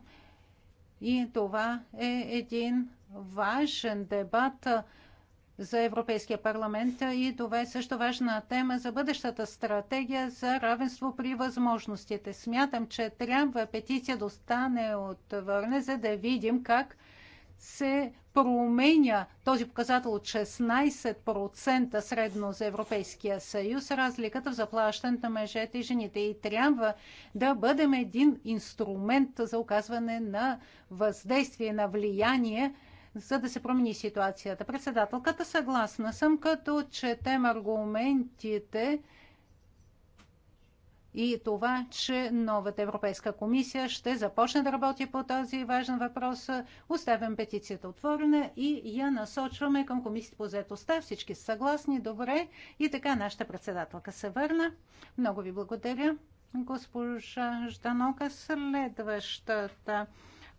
И това е един важен дебат, за Европейския парламент и това е също важна тема за бъдещата стратегия за равенство при възможностите. Смятам, че трябва петиция да остане отвърне, за да видим как се променя този показател от 16% средно за Европейския съюз, разликата в заплащането на мъжете и жените. И трябва да бъдем един инструмент за оказване на въздействие, на влияние за да се промени ситуацията. Председателката съгласна съм, като четем аргументите и това, че новата Европейска комисия ще започне да работи по този важен въпрос. Оставям петицията отворена и я насочваме към комисията по заедостта. Всички са съгласни, добре. И така нашата председателка се върна. Много ви благодаря, госпожа Жданока. Следващата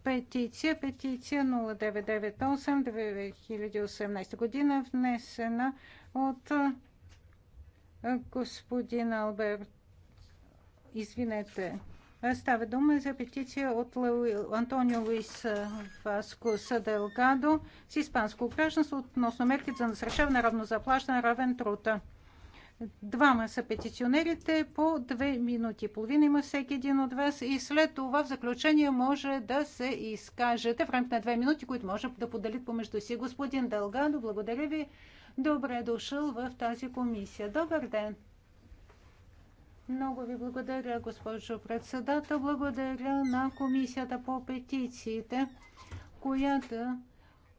петиция, петиция 0998-2018 година, внесена от господин Алберт. Извинете, Става дума за петиция от Антонио Луис Васко Саделгадо с испанско гражданство относно мерките за насрещаване равно заплащане, равен труд. Двама са петиционерите, по две минути и половина има всеки един от вас и след това в заключение може да се изкажете в рамките на две минути, които може да поделят помежду си. Господин Дългадо, благодаря ви. Добре дошъл в тази комисия. Добър ден! Много ви благодаря, госпожо председател. Благодаря на комисията по петициите, която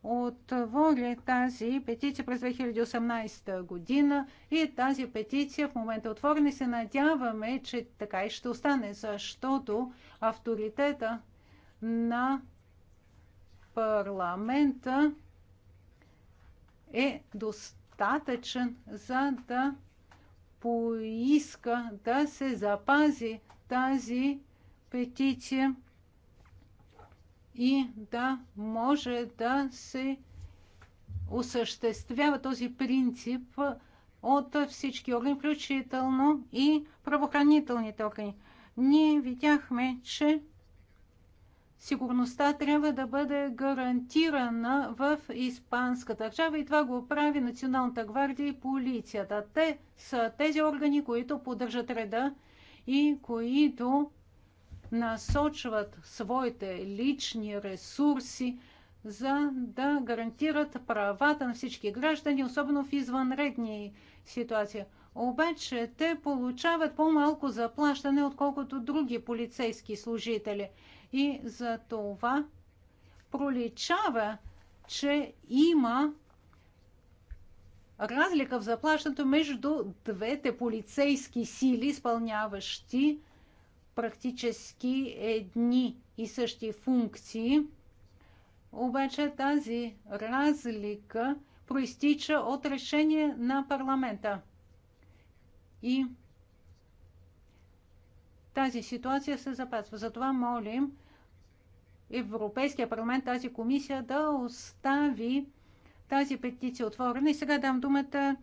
от Воли тази петиция през 2018 година и тази петиция в момента е отворена и се надяваме, че така и ще остане, защото авторитета на парламента е достатъчен, за да поиска да се запази тази петиция и да може да се осъществява този принцип от всички органи, включително и правоохранителните органи. Ние видяхме, че сигурността трябва да бъде гарантирана в испанската държава и това го прави Националната гвардия и полицията. Те са тези органи, които поддържат реда и които насочват своите лични ресурси, за да гарантират правата на всички граждани, особено в извънредни ситуации. Обаче те получават по-малко заплащане, отколкото други полицейски служители. И за това проличава, че има разлика в заплащането между двете полицейски сили, изпълняващи практически едни и същи функции. Обаче тази разлика проистича от решение на парламента. И тази ситуация се запазва. Затова молим Европейския парламент, тази комисия да остави тази петиция отворена. И сега дам думата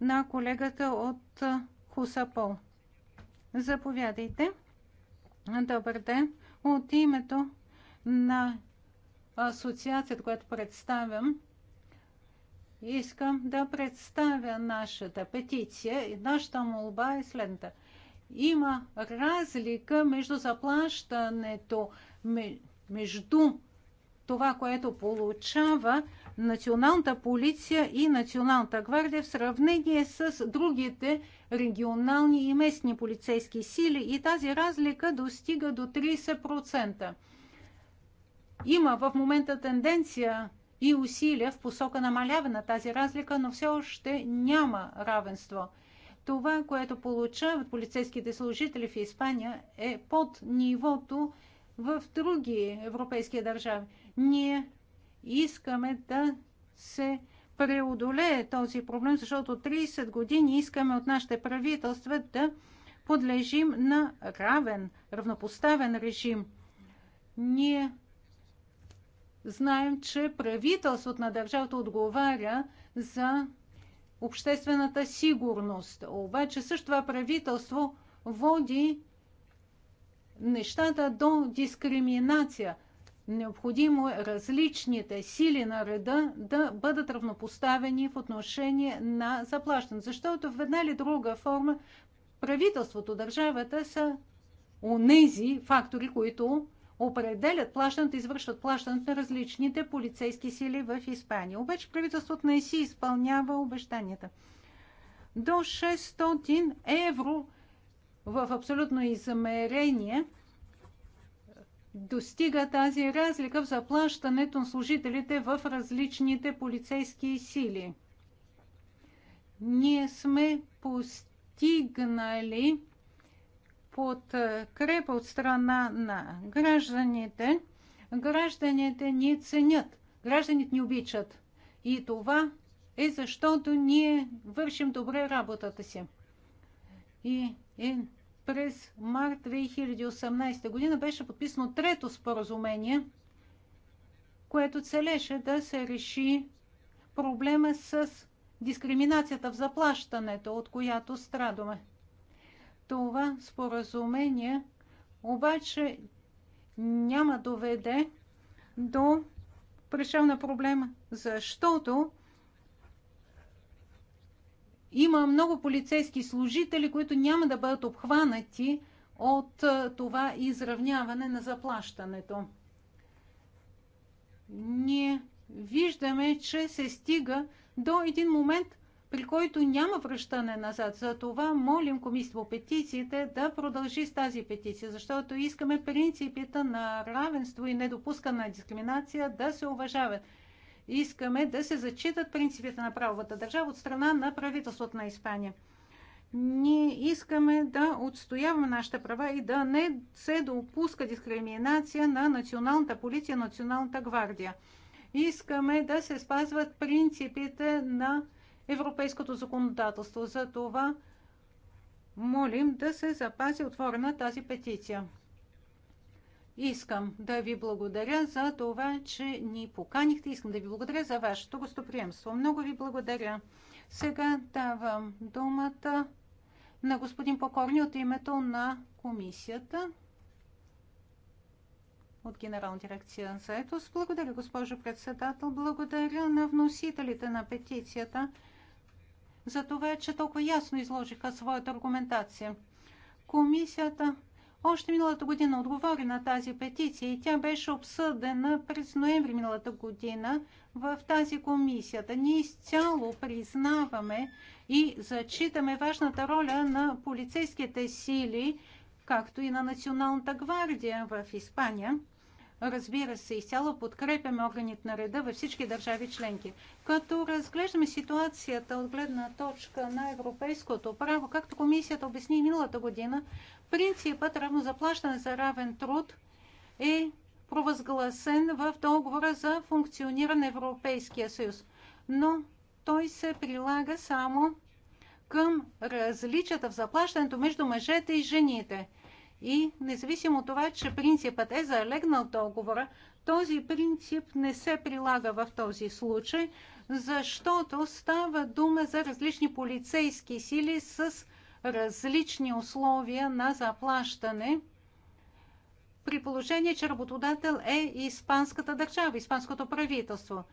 на колегата от Хусапол. Заповядайте. Добър ден. От името на асоциацията, която представям, искам да представя нашата петиция и нашата молба е следната. Има разлика между заплащането между това, което получава националната полиция и националната гвардия в сравнение с другите регионални и местни полицейски сили и тази разлика достига до 30%. Има в момента тенденция и усилия в посока намаляване на тази разлика, но все още няма равенство. Това, което получават полицейските служители в Испания е под нивото в други европейски държави. Ние Искаме да се преодолее този проблем, защото 30 години искаме от нашите правителства да подлежим на равен, равнопоставен режим. Ние знаем, че правителството на държавата отговаря за обществената сигурност. Обаче също това правителство води нещата до дискриминация. Необходимо е различните сили на реда да бъдат равнопоставени в отношение на заплащане, защото в една или друга форма правителството, държавата са онези фактори, които определят плащането, извършват плащането на различните полицейски сили в Испания. Обаче правителството не си изпълнява обещанията. До 600 евро в абсолютно измерение – достига тази разлика в заплащането на служителите в различните полицейски сили. Ние сме постигнали подкрепа от страна на гражданите. Гражданите ни ценят, гражданите ни обичат. И това е защото ние вършим добре работата си. И, и е през март 2018 година беше подписано трето споразумение, което целеше да се реши проблема с дискриминацията в заплащането, от която страдаме. Това споразумение обаче няма доведе до решаване на проблема, защото има много полицейски служители, които няма да бъдат обхванати от това изравняване на заплащането. Ние виждаме, че се стига до един момент, при който няма връщане назад. За това молим комисията по петициите да продължи с тази петиция, защото искаме принципите на равенство и недопускане на дискриминация да се уважават искаме да се зачитат принципите на правовата държава от страна на правителството на Испания. Ние искаме да отстояваме нашите права и да не се допуска дискриминация на националната полиция, националната гвардия. Искаме да се спазват принципите на европейското законодателство. За това молим да се запази отворена тази петиция. Искам да ви благодаря за това, че ни поканихте. Искам да ви благодаря за вашето гостоприемство. Много ви благодаря. Сега давам думата на господин Покорни от името на комисията от Генерална дирекция за етос. Благодаря, госпожо председател. Благодаря на вносителите на петицията за това, че толкова ясно изложиха своята аргументация. Комисията още миналата година отговори на тази петиция и тя беше обсъдена през ноември миналата година в тази комисията. Ние изцяло признаваме и зачитаме важната роля на полицейските сили, както и на Националната гвардия в Испания – Разбира се, изцяло подкрепяме органите на реда във всички държави членки. Като разглеждаме ситуацията от гледна точка на европейското право, както комисията обясни миналата година, принципът равно заплащане за равен труд е провъзгласен в договора за функциониране на Европейския съюз. Но той се прилага само към различията в заплащането между мъжете и жените – и независимо от това, че принципът е залегнал договора, този принцип не се прилага в този случай, защото става дума за различни полицейски сили с различни условия на заплащане, при положение, че работодател е испанската държава, испанското правителство.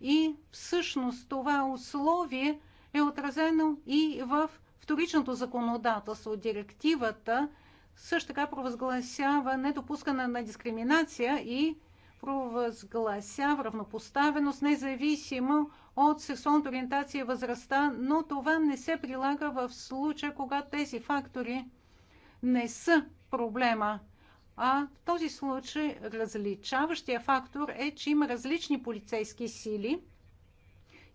И всъщност това условие е отразено и в вторичното законодателство, директивата – също така провъзгласява недопускане на дискриминация и провъзгласява равнопоставеност, независимо от сексуалната ориентация и възрастта, но това не се прилага в случая, когато тези фактори не са проблема. А в този случай различаващия фактор е, че има различни полицейски сили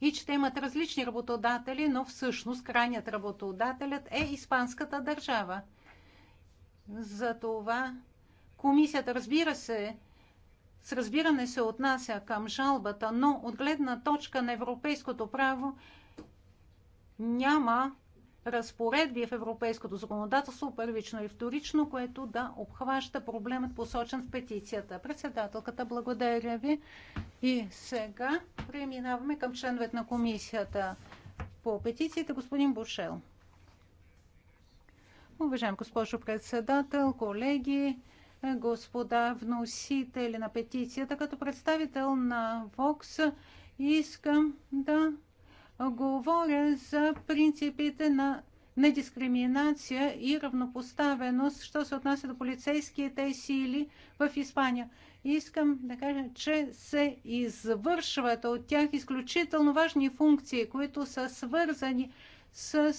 и че те имат различни работодатели, но всъщност крайният работодателят е испанската държава. За това комисията, разбира се, с разбиране се отнася към жалбата, но от гледна точка на европейското право няма разпоредби в европейското законодателство, първично и вторично, което да обхваща проблемът посочен в петицията. Председателката, благодаря ви. И сега преминаваме към членовете на комисията по петициите. Господин Бушел. Уважаем госпожо председател, колеги, господа вносители на петицията, като представител на ВОКС искам да говоря за принципите на недискриминация и равнопоставеност, що се отнася до полицейските сили в Испания. Искам да кажа, че се извършват от тях изключително важни функции, които са свързани с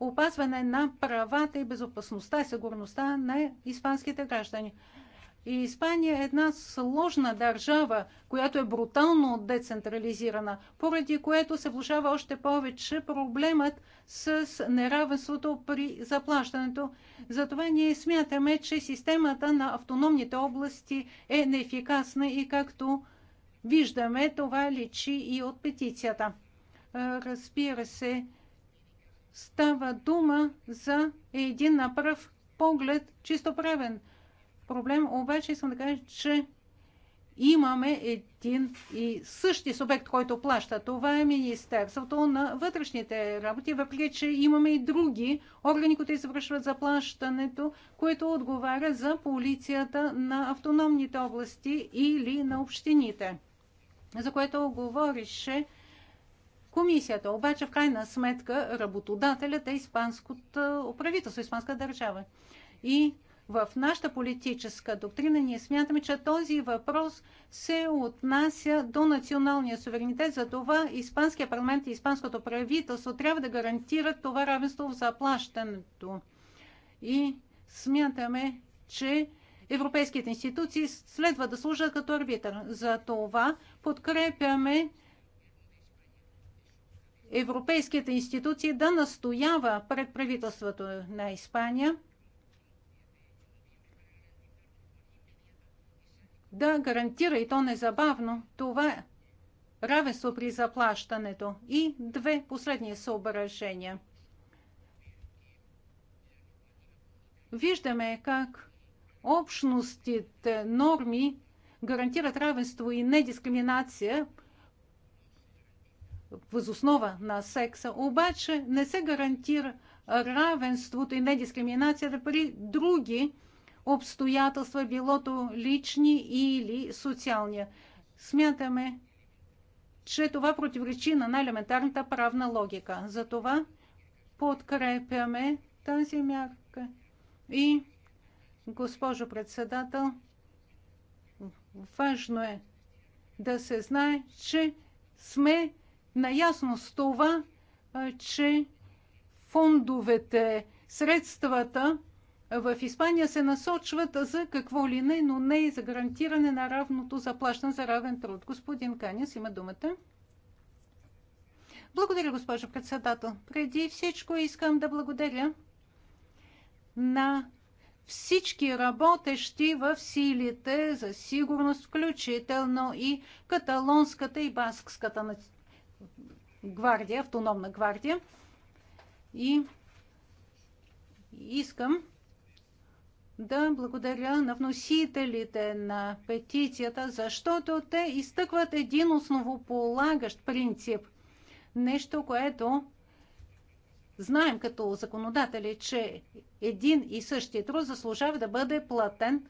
опазване на правата и безопасността и сигурността на испанските граждани. И Испания е една сложна държава, която е брутално децентрализирана, поради което се влушава още повече проблемът с неравенството при заплащането. Затова ние смятаме, че системата на автономните области е неефикасна и както виждаме, това личи и от петицията. Разбира се, става дума за един на пръв поглед чисто правен проблем, обаче искам да кажа, че имаме един и същи субект, който плаща. Това е Министерството на вътрешните работи, въпреки че имаме и други органи, които извършват заплащането, които отговарят за полицията на автономните области или на общините, за което говорише комисията. Обаче, в крайна сметка, работодателят е испанското правителство, испанска държава. И в нашата политическа доктрина ние смятаме, че този въпрос се отнася до националния суверенитет. За това Испанския парламент и Испанското правителство трябва да гарантират това равенство в заплащането. И смятаме, че европейските институции следва да служат като арбитър. За това подкрепяме европейските институции да настоява пред правителството на Испания да гарантира и то незабавно това равенство при заплащането. И две последни съображения. Виждаме как общностите норми гарантират равенство и недискриминация – възоснова на секса, обаче не се гарантира равенството и недискриминацията при други обстоятелства, било то лични или социални. Смятаме, че това противоречи на най-елементарната правна логика. Затова подкрепяме тази мярка. И, госпожо председател, важно е да се знае, че сме наясно с това, че фондовете, средствата в Испания се насочват за какво ли не, но не и за гарантиране на равното заплащане за равен труд. Господин Канис има думата. Благодаря, госпожо председател. Преди всичко искам да благодаря на всички работещи в силите за сигурност, включително и каталонската и баскската гвардия, автономна гвардия. И искам да благодаря на вносителите на петицията, защото те изтъкват един основополагащ принцип. Нещо, което знаем като законодатели, че един и същи труд заслужава да бъде платен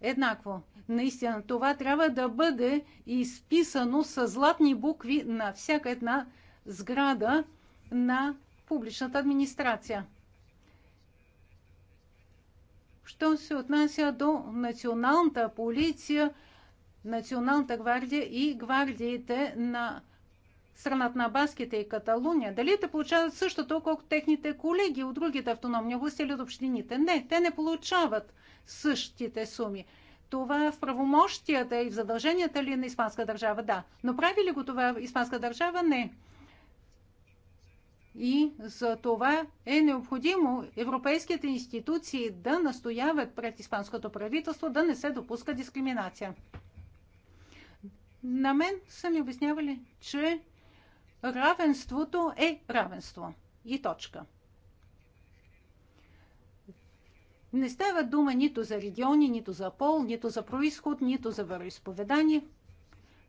еднакво. Наистина, това трябва да бъде изписано с златни букви на всяка една сграда на публичната администрация. Що се отнася до националната полиция, националната гвардия и гвардиите на страната на Баските и Каталуния, дали те получават същото, колкото техните колеги от другите автономни области или от общините? Не, те не получават същите суми. Това е в правомощията и в задълженията ли е на испанска държава? Да. Но прави ли го това испанска държава? Не. И за това е необходимо европейските институции да настояват пред испанското правителство да не се допуска дискриминация. На мен са ми обяснявали, че Равенството е равенство. И точка. Не става дума нито за региони, нито за пол, нито за происход, нито за вероисповедание.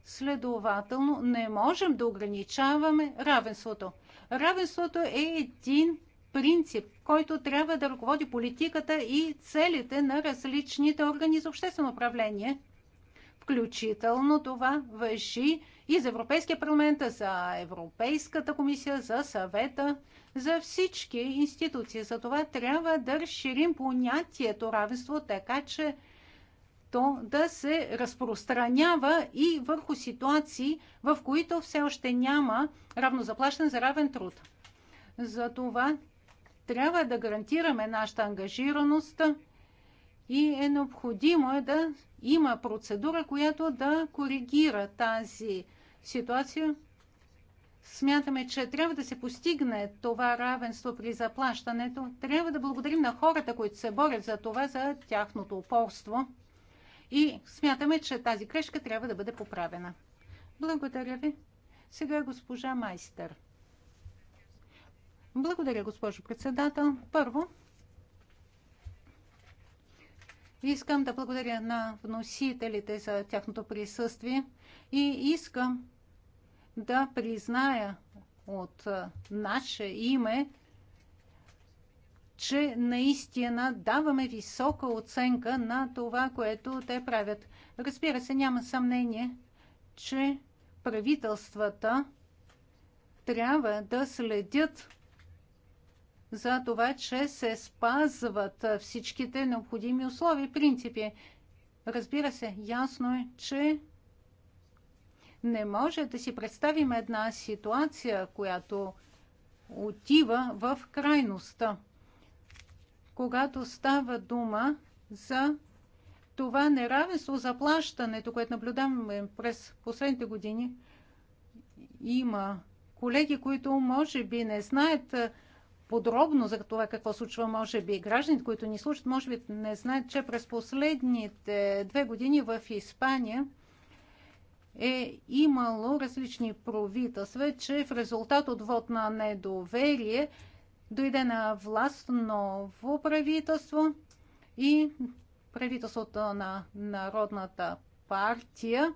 Следователно, не можем да ограничаваме равенството. Равенството е един принцип, който трябва да ръководи политиката и целите на различните органи за обществено управление. Включително това въжи и за Европейския парламент, за Европейската комисия, за съвета, за всички институции. За това трябва да разширим понятието равенство, така че то да се разпространява и върху ситуации, в които все още няма равнозаплащен за равен труд. За това трябва да гарантираме нашата ангажираност и е необходимо е да има процедура, която да коригира тази ситуация, смятаме, че трябва да се постигне това равенство при заплащането. Трябва да благодарим на хората, които се борят за това, за тяхното упорство. И смятаме, че тази грешка трябва да бъде поправена. Благодаря ви. Сега госпожа Майстер. Благодаря, госпожо председател. Първо, искам да благодаря на вносителите за тяхното присъствие и искам да призная от наше име, че наистина даваме висока оценка на това, което те правят. Разбира се, няма съмнение, че правителствата трябва да следят за това, че се спазват всичките необходими условия и принципи. Разбира се, ясно е, че не може да си представим една ситуация, която отива в крайността. Когато става дума за това неравенство за плащането, което наблюдаваме през последните години, има колеги, които може би не знаят подробно за това какво случва, може би гражданите, които ни слушат, може би не знаят, че през последните две години в Испания е имало различни правителства, че в резултат от вод на недоверие дойде на власт ново правителство и правителството на Народната партия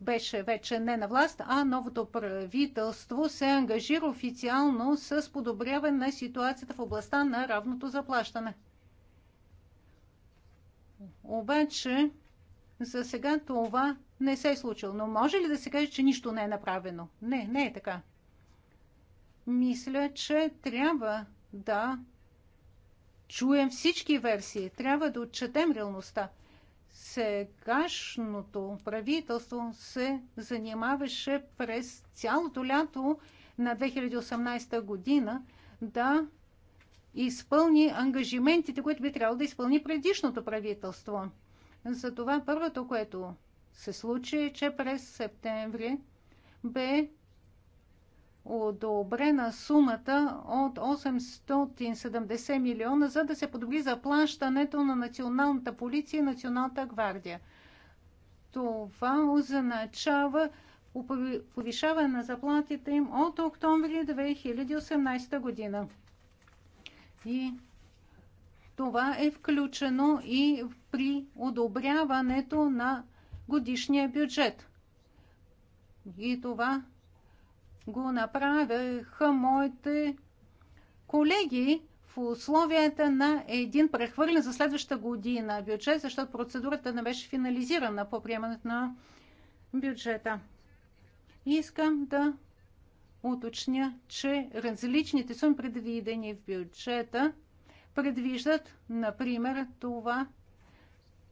беше вече не на власт, а новото правителство се ангажира официално с подобряване на ситуацията в областта на равното заплащане. Обаче, за сега това не се е случило. Но може ли да се каже, че нищо не е направено? Не, не е така. Мисля, че трябва да чуем всички версии, трябва да отчетем реалността. Сегашното правителство се занимаваше през цялото лято на 2018 година да изпълни ангажиментите, които би трябвало да изпълни предишното правителство. Затова първото, което се случи, че през септември бе одобрена сумата от 870 милиона, за да се подобри заплащането на националната полиция и националната гвардия. Това означава повишаване на заплатите им от октомври 2018 година. И това е включено и при одобряването на годишния бюджет. И това го направиха моите колеги в условията на един прехвърлен за следващата година бюджет, защото процедурата не беше финализирана по приемането на бюджета. Искам да уточня, че различните суми, предвидени в бюджета, предвиждат, например, това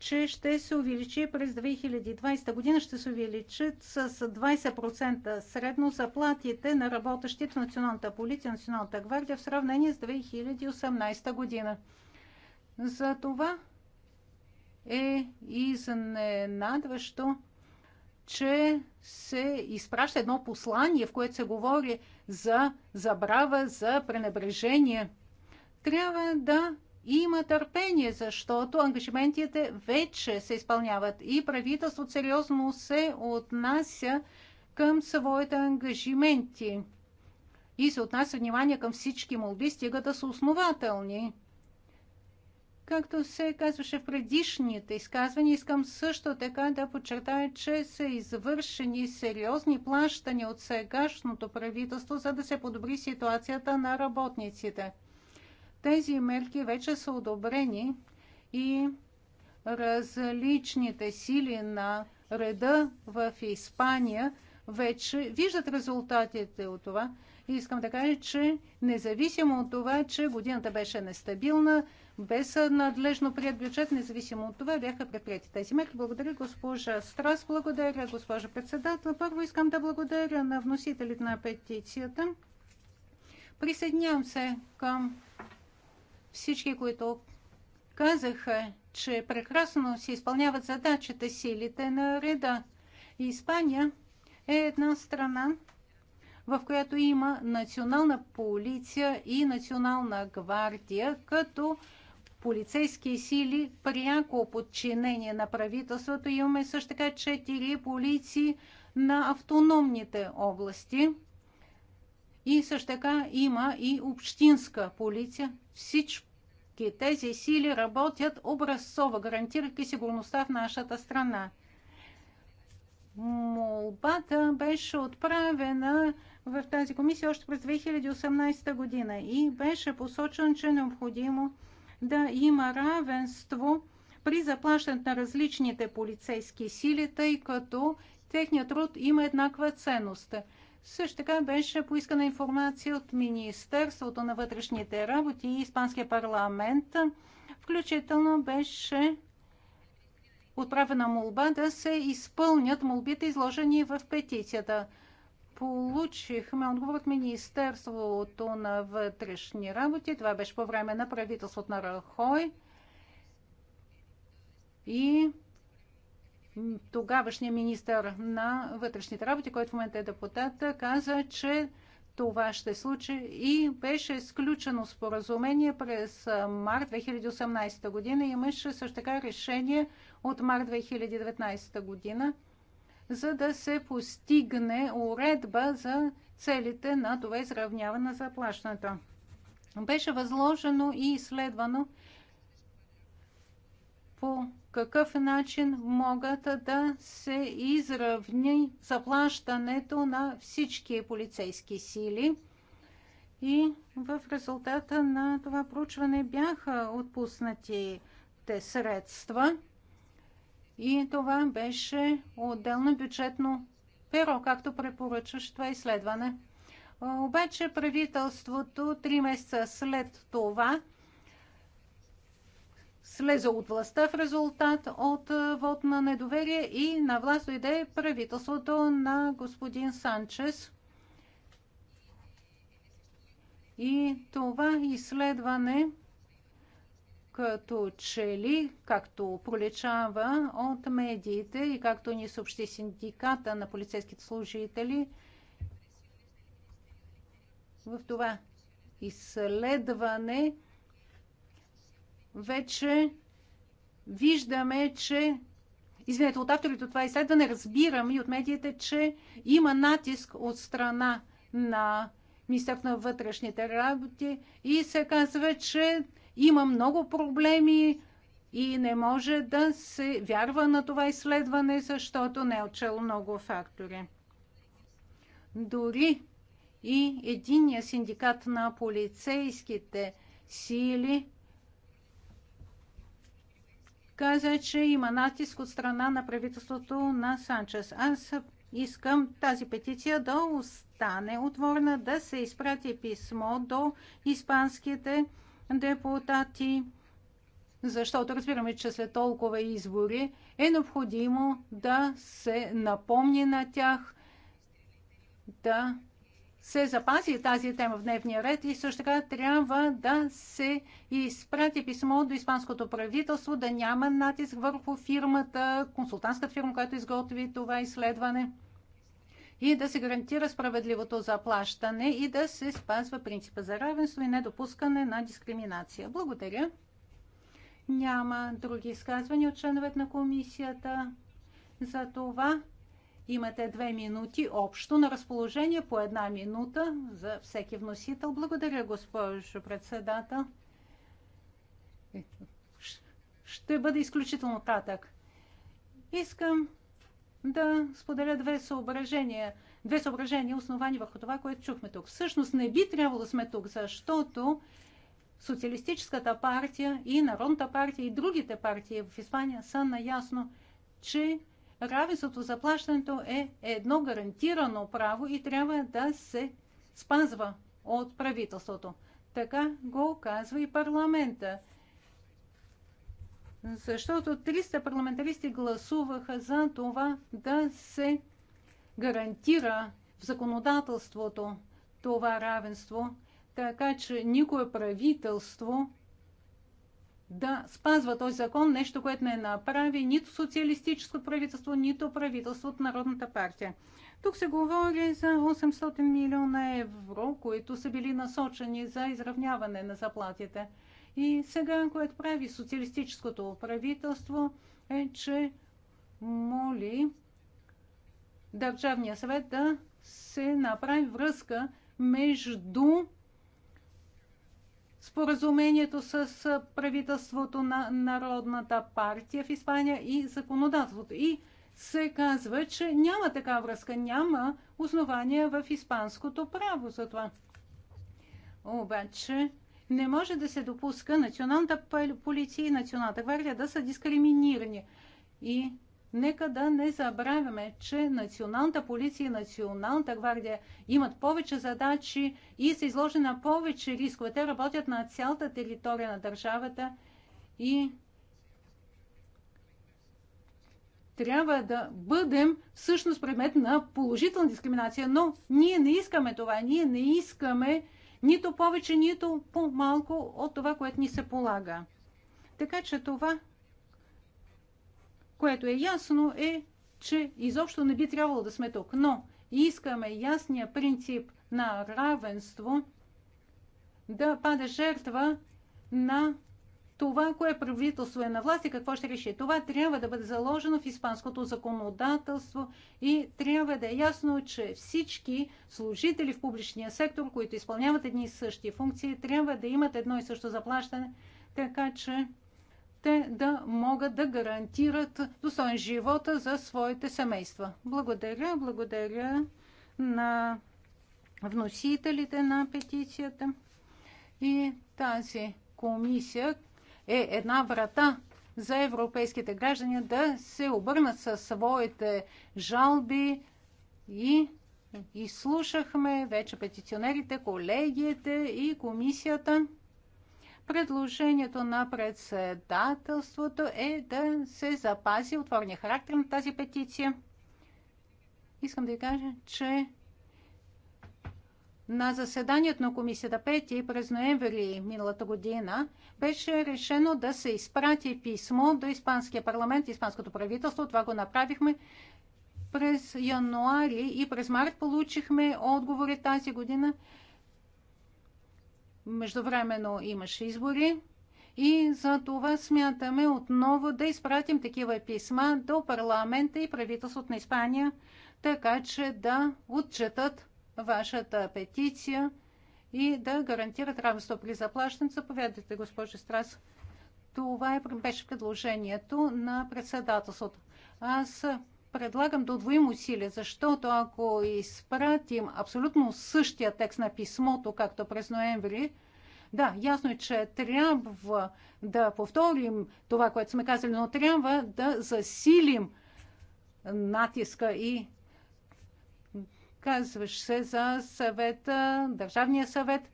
че ще се увеличи през 2020 година, ще се увеличат с 20% средно заплатите на работещите в Националната полиция, Националната гвардия в сравнение с 2018 година. За това е изненадващо, че се изпраща едно послание, в което се говори за забрава, за пренебрежение. Трябва да има търпение, защото ангажиментите вече се изпълняват и правителството сериозно се отнася към своите ангажименти и се отнася внимание към всички молби, стига да са основателни. Както се казваше в предишните изказвания, искам също така да подчертая, че са извършени сериозни плащания от сегашното правителство, за да се подобри ситуацията на работниците – тези мерки вече са одобрени и различните сили на реда в Испания вече виждат резултатите от това. И искам да кажа, че независимо от това, че годината беше нестабилна, без надлежно прият бюджет, независимо от това, бяха предприяти тези мерки. Благодаря, госпожа Страс. Благодаря, госпожа председател. Първо искам да благодаря на вносителите на петицията. Присъединявам се към всички, които казаха, че прекрасно се изпълняват задачите, силите на реда. И Испания е една страна, в която има национална полиция и национална гвардия, като полицейски сили пряко подчинение на правителството. Имаме също така четири полиции на автономните области. И също така има и общинска полиция. Всички тези сили работят образцово, гарантирайки сигурността в нашата страна. Молбата беше отправена в тази комисия още през 2018 година и беше посочен, че е необходимо да има равенство при заплащането на различните полицейски сили, тъй като техният труд има еднаква ценност. Също така беше поискана информация от Министерството на вътрешните работи и Испанския парламент. Включително беше отправена молба да се изпълнят молбите, изложени в петицията. Получихме отговор от Министерството на вътрешни работи. Това беше по време на правителството на Рахой. И тогавашния министър на вътрешните работи, който в момента е депутат, каза, че това ще случи и беше сключено споразумение през март 2018 година. Имаше също така решение от март 2019 година, за да се постигне уредба за целите на това изравняване на заплащането. Беше възложено и изследвано по какъв начин могат да се изравни заплащането на всички полицейски сили. И в резултата на това проучване бяха отпуснати те средства. И това беше отделно бюджетно перо, както препоръчваш това изследване. Обаче правителството три месеца след това слезе от властта в резултат от вод на недоверие и на власт дойде правителството на господин Санчес. И това изследване като че ли, както проличава от медиите и както ни съобщи синдиката на полицейските служители, в това изследване вече виждаме, че Извинете, от авторите от това изследване разбирам и от медиите, че има натиск от страна на Министерството на вътрешните работи и се казва, че има много проблеми и не може да се вярва на това изследване, защото не е отчело много фактори. Дори и единия синдикат на полицейските сили – каза, че има натиск от страна на правителството на Санчес. Аз искам тази петиция да остане отворена, да се изпрати писмо до испанските депутати, защото разбираме, че след толкова избори е необходимо да се напомни на тях да се запази тази тема в дневния ред и също така трябва да се изпрати писмо до испанското правителство, да няма натиск върху фирмата, консултантската фирма, която изготви това изследване и да се гарантира справедливото заплащане и да се спазва принципа за равенство и недопускане на дискриминация. Благодаря. Няма други изказвания от членовете на комисията. За това Имате две минути общо на разположение по една минута за всеки вносител. Благодаря, госпожо председател. Ще бъде изключително кратък. Искам да споделя две съображения. Две съображения, основани върху това, което чухме тук. Всъщност не би трябвало да сме тук, защото Социалистическата партия и Народната партия и другите партии в Испания са наясно, че равенството за плащането е едно гарантирано право и трябва да се спазва от правителството. Така го казва и парламента. Защото 300 парламентаристи гласуваха за това да се гарантира в законодателството това равенство, така че никое правителство да спазва този закон, нещо, което не направи нито социалистическо правителство, нито правителство от Народната партия. Тук се говори за 800 милиона евро, които са били насочени за изравняване на заплатите. И сега, което прави социалистическото правителство, е, че моли Държавния съвет да се направи връзка между споразумението с правителството на Народната партия в Испания и законодателството. И се казва, че няма така връзка, няма основания в испанското право за това. Обаче не може да се допуска националната полиция и националната гвардия да са дискриминирани. И Нека да не забравяме, че националната полиция и националната гвардия имат повече задачи и са изложени на повече рискове. Те работят на цялата територия на държавата и трябва да бъдем всъщност предмет на положителна дискриминация, но ние не искаме това. Ние не искаме нито повече, нито по-малко от това, което ни се полага. Така че това което е ясно, е, че изобщо не би трябвало да сме тук. Но искаме ясния принцип на равенство да пада жертва на това, кое правителство е на власт и какво ще реши. Това трябва да бъде заложено в испанското законодателство и трябва да е ясно, че всички служители в публичния сектор, които изпълняват едни и същи функции, трябва да имат едно и също заплащане, така че те да могат да гарантират достоен живота за своите семейства. Благодаря, благодаря на вносителите на петицията. И тази комисия е една врата за европейските граждани да се обърнат със своите жалби и изслушахме вече петиционерите, колегите и комисията. Предложението на председателството е да се запази отворния характер на тази петиция. Искам да ви кажа, че на заседанието на комисията 5 през ноември миналата година беше решено да се изпрати писмо до Испанския парламент, Испанското правителство. Това го направихме през януари и през март получихме отговори тази година. Междувременно имаше избори и за това смятаме отново да изпратим такива писма до парламента и правителството на Испания, така че да отчетат вашата петиция и да гарантират равенство при заплащане. Заповядайте, госпожо Страс. Това е, беше предложението на председателството. Аз предлагам да отвоим усилия, защото ако изпратим абсолютно същия текст на писмото, както през ноември, да, ясно е, че трябва да повторим това, което сме казали, но трябва да засилим натиска и казваш се за съвета, Държавния съвет,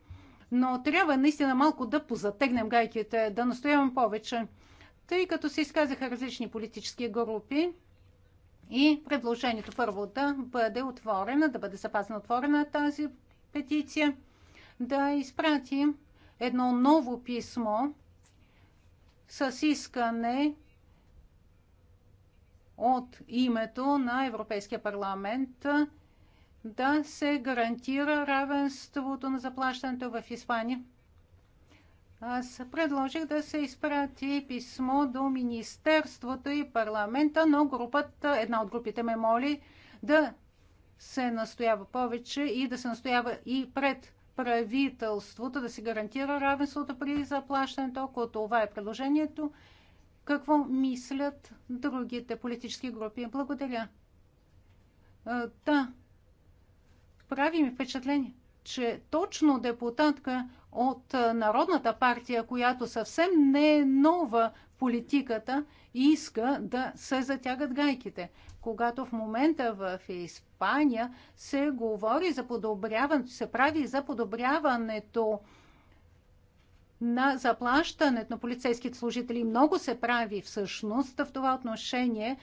но трябва наистина малко да позатегнем гайките, да настояваме повече. Тъй като се изказаха различни политически групи, и предложението първо да бъде отворена, да бъде запазена отворена тази петиция, да изпратим едно ново писмо с искане от името на Европейския парламент да се гарантира равенството на заплащането в Испания аз предложих да се изпрати писмо до Министерството и парламента, но групата, една от групите ме моли да се настоява повече и да се настоява и пред правителството да се гарантира равенството при заплащането, ако това е предложението. Какво мислят другите политически групи? Благодаря. Е, да, прави ми впечатление, че точно депутатка от Народната партия, която съвсем не е нова в политиката иска да се затягат гайките. Когато в момента в Испания се говори за подобряването, се прави за подобряването на заплащането на полицейските служители. Много се прави всъщност в това отношение,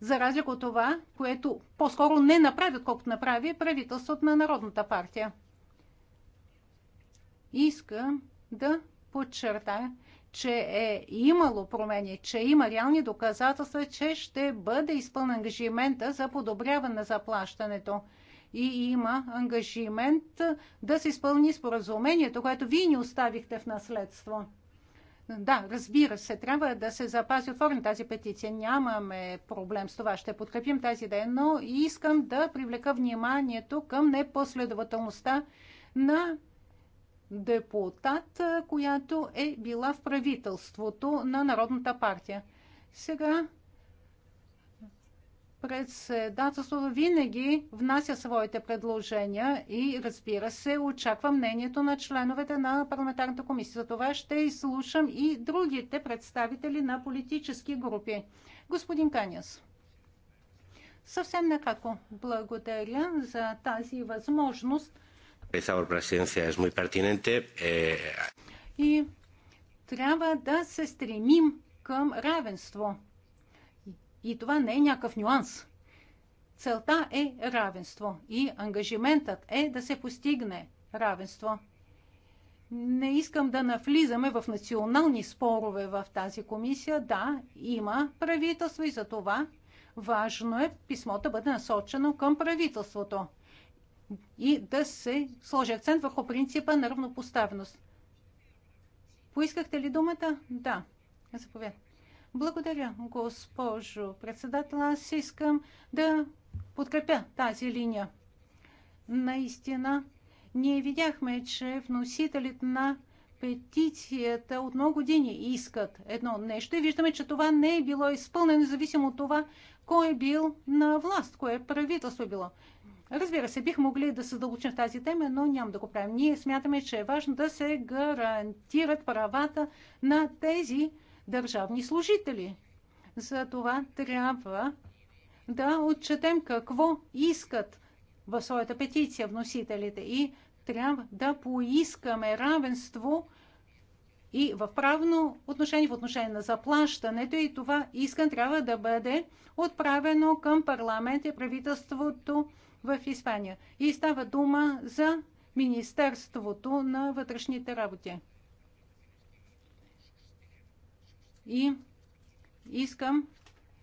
за разлика от това, което по-скоро не направи, отколкото направи правителството на Народната партия. Искам да подчертая, че е имало промени, че има реални доказателства, че ще бъде изпълнен ангажимента за подобряване на заплащането. И има ангажимент да се изпълни споразумението, което вие ни оставихте в наследство. Да, разбира се, трябва да се запази отворена тази петиция. Нямаме проблем с това. Ще подкрепим тази идея, но искам да привлека вниманието към непоследователността на депутат, която е била в правителството на Народната партия. Сега председателството винаги внася своите предложения и, разбира се, очаква мнението на членовете на парламентарната комисия. За това ще изслушам и другите представители на политически групи. Господин Каняс. Съвсем накратко благодаря за тази възможност – Eh, и трябва да се стремим към равенство. И това не е някакъв нюанс. Целта е равенство и ангажиментът е да се постигне равенство. Не искам да навлизаме в национални спорове в тази комисия. Да, има правителство и за това важно е писмото да бъде насочено към правителството и да се сложи акцент върху принципа на равнопоставеност. Поискахте ли думата? Да. Заповядайте. Благодаря, госпожо председател. Аз искам да подкрепя тази линия. Наистина, ние видяхме, че вносителите на петицията от много години искат едно нещо и виждаме, че това не е било изпълнено, независимо от това, кой е бил на власт, кое правителство е било. Разбира се, бих могли да се задълбочим в тази тема, но няма да го правим. Ние смятаме, че е важно да се гарантират правата на тези държавни служители. За това трябва да отчетем какво искат в своята петиция вносителите и трябва да поискаме равенство и в правно отношение, в отношение на заплащането и това искан трябва да бъде отправено към парламент и правителството в Испания. И става дума за Министерството на вътрешните работи. И искам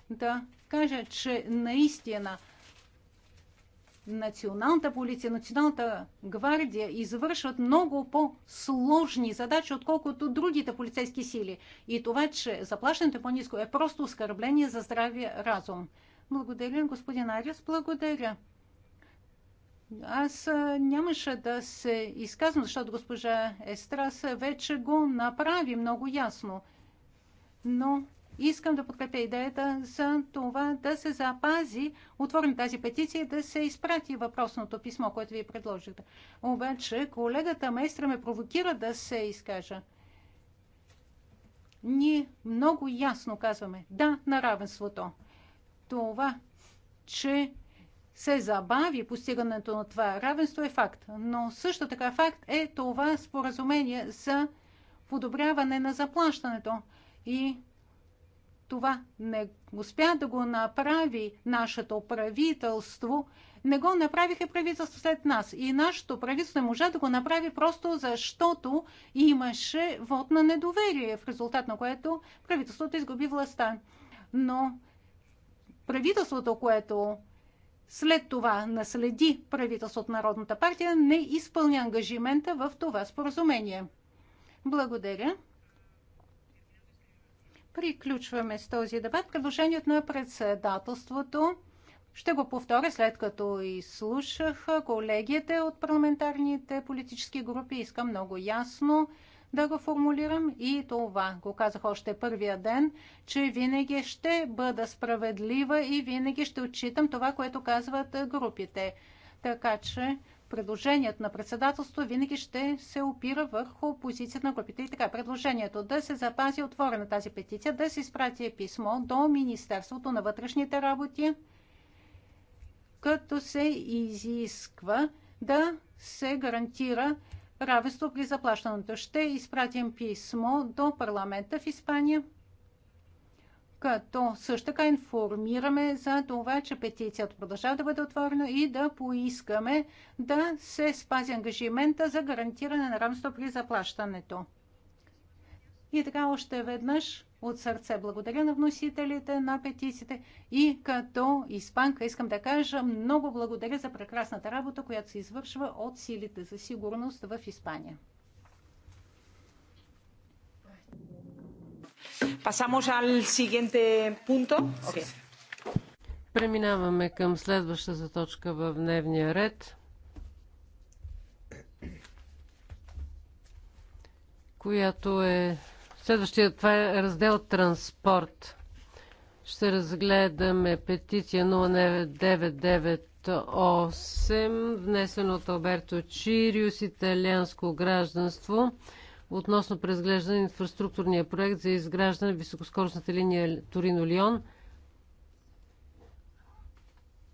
да кажа, че наистина националната полиция, националната гвардия извършват много по-сложни задачи, отколкото другите полицейски сили. И това, че заплащането е по-низко, е просто оскърбление за здравия разум. Благодаря, господин Ариус. Благодаря. Аз нямаше да се изказвам, защото госпожа Естрас вече го направи много ясно. Но искам да подкрепя идеята за това да се запази, отворим тази петиция, да се изпрати въпросното писмо, което ви предложите. Обаче колегата майстра ме провокира да се изкажа. Ние много ясно казваме да на равенството. Това, че се забави постигането на това равенство е факт. Но също така факт е това споразумение за подобряване на заплащането. И това не успя да го направи нашето правителство. Не го направиха правителство след нас. И нашето правителство не можа да го направи просто защото имаше вод на недоверие, в резултат на което правителството изгуби властта. Но правителството, което след това наследи правителството от Народната партия, не изпълня ангажимента в това споразумение. Благодаря. Приключваме с този дебат. Предложението на председателството ще го повторя след като изслушах колегите от парламентарните политически групи. Искам много ясно да го формулирам и това го казах още първия ден, че винаги ще бъда справедлива и винаги ще отчитам това, което казват групите. Така че предложението на председателство винаги ще се опира върху позицията на групите. И така, предложението да се запази отворена тази петиция, да се изпрати писмо до Министерството на вътрешните работи, като се изисква да се гарантира равенство при заплащането. Ще изпратим писмо до парламента в Испания, като също така информираме за това, че петицията продължава да бъде отворена и да поискаме да се спази ангажимента за гарантиране на равенство при заплащането. И така още веднъж от сърце благодаря на вносителите на петиците и като испанка искам да кажа много благодаря за прекрасната работа, която се извършва от силите за сигурност в Испания. Pasamos al Преминаваме към следващата точка в дневния ред, която е Следващия това е раздел транспорт. Ще разгледаме петиция 0998, внесена от Алберто Чириус, италианско гражданство, относно презглеждане на инфраструктурния проект за изграждане на високоскоростната линия Торино-Лион.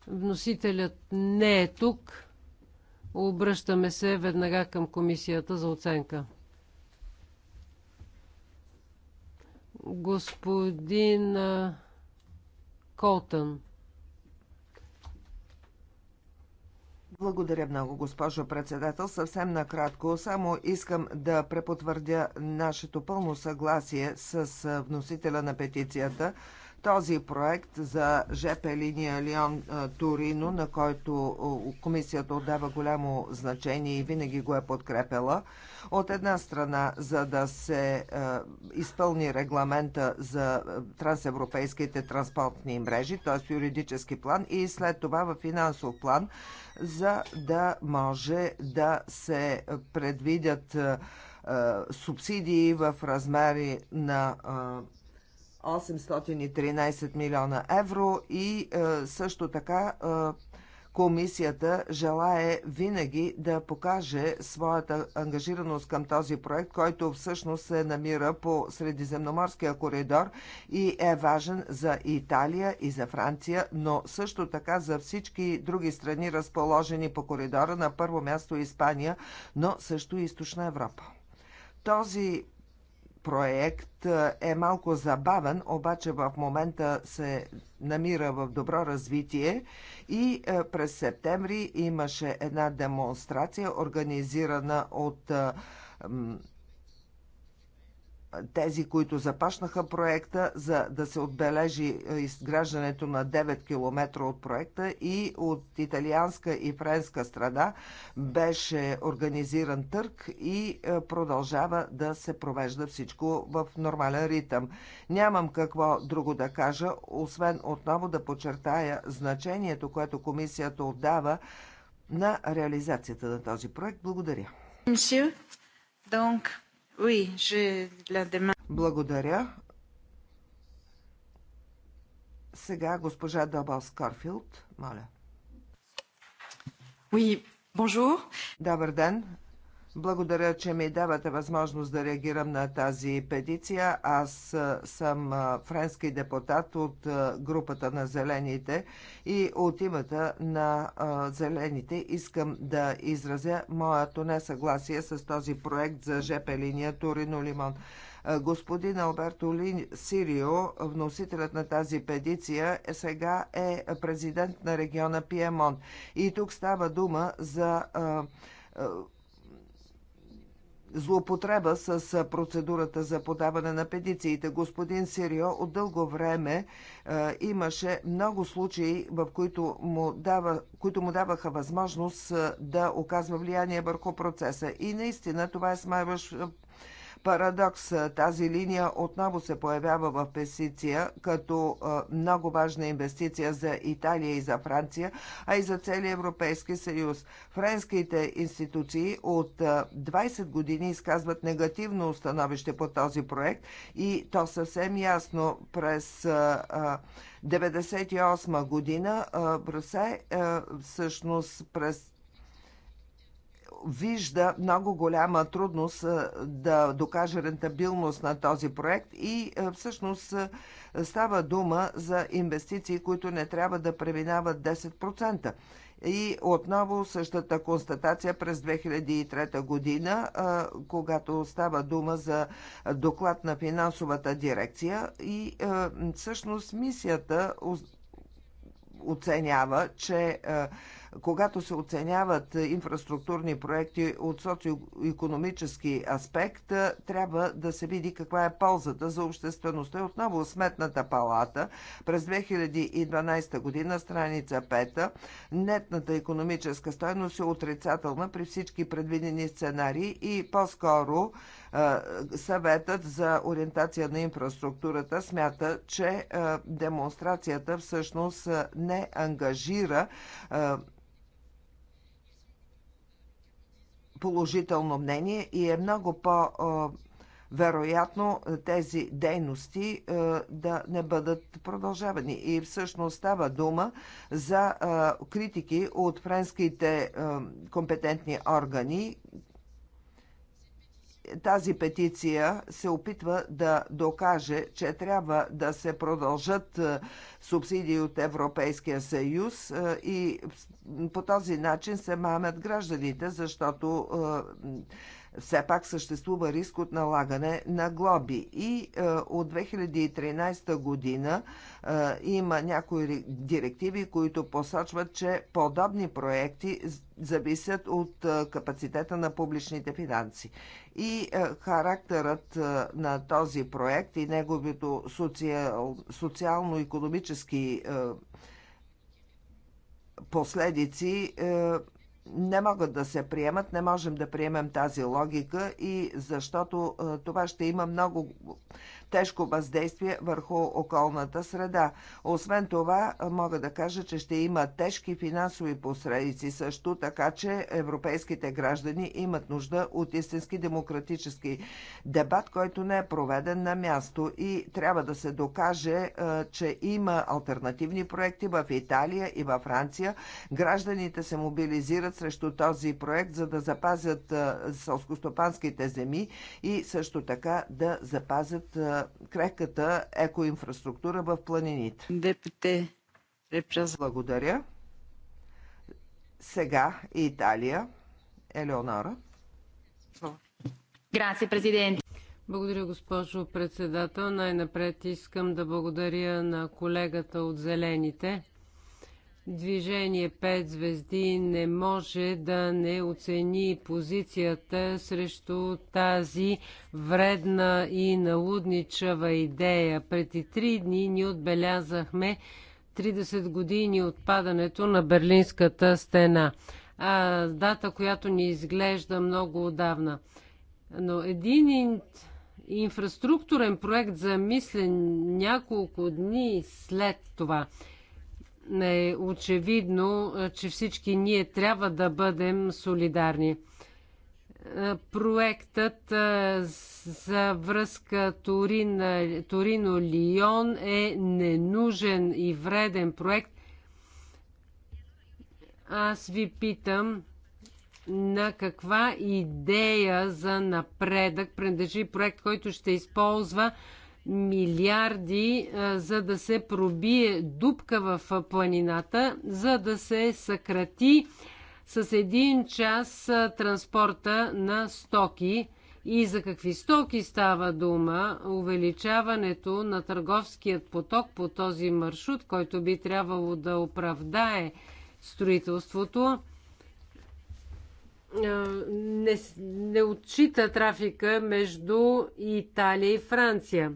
Вносителят не е тук. Обръщаме се веднага към комисията за оценка. господин Колтън. Благодаря много, госпожо председател. Съвсем накратко, само искам да препотвърдя нашето пълно съгласие с вносителя на петицията този проект за ЖП линия Лион Торино, на който комисията отдава голямо значение и винаги го е подкрепела, от една страна, за да се е, изпълни регламента за е, трансевропейските транспортни мрежи, т.е. юридически план, и след това в финансов план, за да може да се предвидят е, субсидии в размери на 813 милиона евро и е, също така е, комисията желае винаги да покаже своята ангажираност към този проект, който всъщност се намира по Средиземноморския коридор и е важен за Италия и за Франция, но също така за всички други страни, разположени по коридора, на първо място Испания, но също и Източна Европа. Този проект е, е малко забавен, обаче в момента се намира в добро развитие и е, през септември имаше една демонстрация, организирана от е, тези, които започнаха проекта, за да се отбележи е, изграждането на 9 км от проекта и от италианска и френска страда, беше организиран търг и е, продължава да се провежда всичко в нормален ритъм. Нямам какво друго да кажа, освен отново да подчертая значението, което комисията отдава на реализацията на този проект. Благодаря. Donc, благодаря. Сега госпожа Добал Скарфилд, моля. Oui, bonjour. Добър ден. Благодаря, че ми давате възможност да реагирам на тази петиция. Аз съм френски депутат от групата на Зелените и от имата на Зелените искам да изразя моето несъгласие с този проект за ЖП линия Турино лимон Господин Алберто Лин Сирио, вносителят на тази петиция, е сега е президент на региона Пиемон. И тук става дума за злоупотреба с процедурата за подаване на петициите. Господин Сирио от дълго време е, имаше много случаи, в които му, дава, които му даваха възможност да оказва влияние върху процеса. И наистина това е смайващ парадокс. Тази линия отново се появява в Песиция като много важна инвестиция за Италия и за Франция, а и за целия Европейски съюз. Френските институции от 20 години изказват негативно установище по този проект и то съвсем ясно през 1998 година Брусе всъщност през вижда много голяма трудност да докаже рентабилност на този проект и всъщност става дума за инвестиции, които не трябва да преминават 10%. И отново същата констатация през 2003 година, когато става дума за доклад на финансовата дирекция и всъщност мисията оценява, че когато се оценяват инфраструктурни проекти от социо-економически аспект, трябва да се види каква е ползата за обществеността. И отново Сметната палата през 2012 година, страница 5, нетната економическа стойност е отрицателна при всички предвидени сценарии и по-скоро съветът за ориентация на инфраструктурата смята, че демонстрацията всъщност не ангажира положително мнение и е много по- вероятно тези дейности е, да не бъдат продължавани. И всъщност става дума за е, критики от френските е, компетентни органи тази петиция се опитва да докаже, че трябва да се продължат е, субсидии от Европейския съюз е, и по този начин се мамят гражданите, защото е, все пак съществува риск от налагане на глоби. И е, от 2013 година е, има някои директиви, които посочват, че подобни проекти зависят от е, капацитета на публичните финанси. И е, характерът е, на този проект и неговото социал, социално-економически е, последици е, не могат да се приемат, не можем да приемем тази логика и защото това ще има много тежко въздействие върху околната среда. Освен това, мога да кажа, че ще има тежки финансови посредици също, така че европейските граждани имат нужда от истински демократически дебат, който не е проведен на място и трябва да се докаже, е, че има альтернативни проекти в Италия и във Франция. Гражданите се мобилизират срещу този проект, за да запазят е, селскостопанските земи и също така да запазят е, крехката екоинфраструктура в планините. Благодаря. Сега и Италия. Елеонора. Грация, президент. Благодаря, госпожо председател. Най-напред искам да благодаря на колегата от Зелените Движение 5 звезди не може да не оцени позицията срещу тази вредна и налудничава идея. Преди три дни ни отбелязахме 30 години от падането на Берлинската стена. А, дата, която ни изглежда много отдавна. Но един инфраструктурен проект замислен няколко дни след това – е очевидно, че всички ние трябва да бъдем солидарни. Проектът за връзка Торино-Лион е ненужен и вреден проект. Аз ви питам на каква идея за напредък принадлежи проект, който ще използва милиарди, за да се пробие дупка в планината, за да се съкрати с един час транспорта на стоки. И за какви стоки става дума? Увеличаването на търговският поток по този маршрут, който би трябвало да оправдае строителството, не, не отчита трафика между Италия и Франция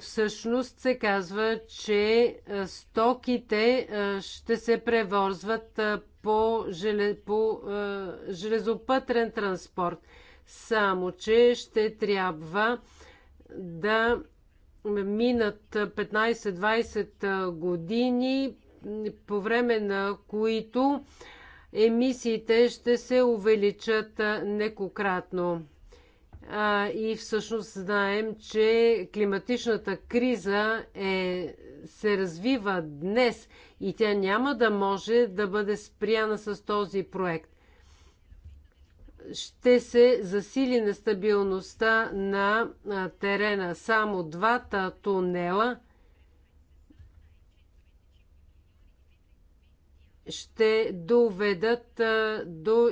всъщност се казва, че стоките ще се превозват по, желе, по е, железопътен транспорт. Само, че ще трябва да минат 15-20 години, по време на които емисиите ще се увеличат некократно и всъщност знаем, че климатичната криза е, се развива днес и тя няма да може да бъде спряна с този проект. Ще се засили нестабилността на терена. Само двата тунела ще доведат до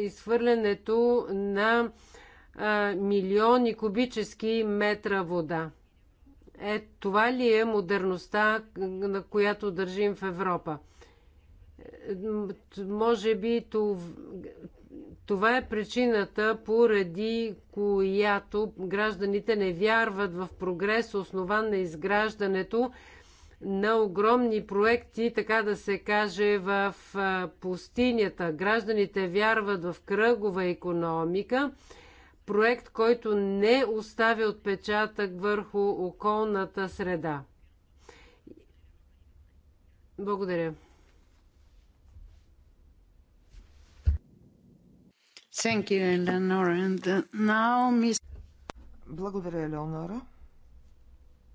изхвърлянето на милиони кубически метра вода. Е, това ли е модерността, на която държим в Европа? Може би това е причината, поради която гражданите не вярват в прогрес, основан на изграждането на огромни проекти, така да се каже, в пустинята. Гражданите вярват в кръгова економика проект, който не оставя отпечатък върху околната среда. Благодаря. Thank you, Eleanor. And uh, now, Miss... Благодаря, Елеонора.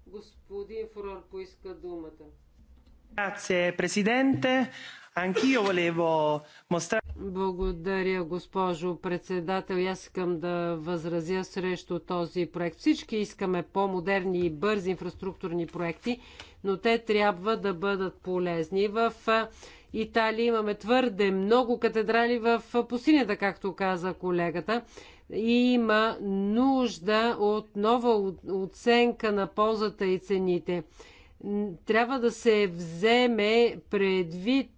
Господин Фурор поиска думата. Grazie, Presidente. Благодаря, госпожо председател. Аз искам да възразя срещу този проект. Всички искаме по-модерни и бързи инфраструктурни проекти, но те трябва да бъдат полезни. В Италия имаме твърде много катедрали в пустинята, както каза колегата. И има нужда от нова оценка на ползата и цените трябва да се вземе предвид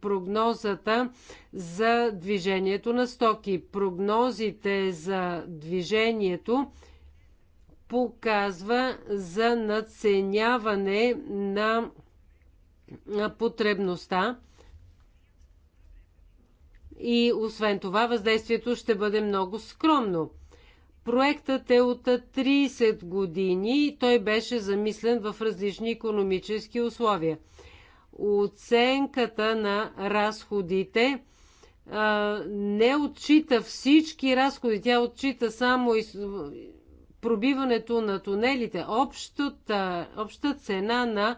прогнозата за движението на стоки. Прогнозите за движението показва за надценяване на потребността. И освен това, въздействието ще бъде много скромно – Проектът е от 30 години и той беше замислен в различни економически условия. Оценката на разходите а, не отчита всички разходи, тя отчита само из... пробиването на тунелите. Общата, обща цена на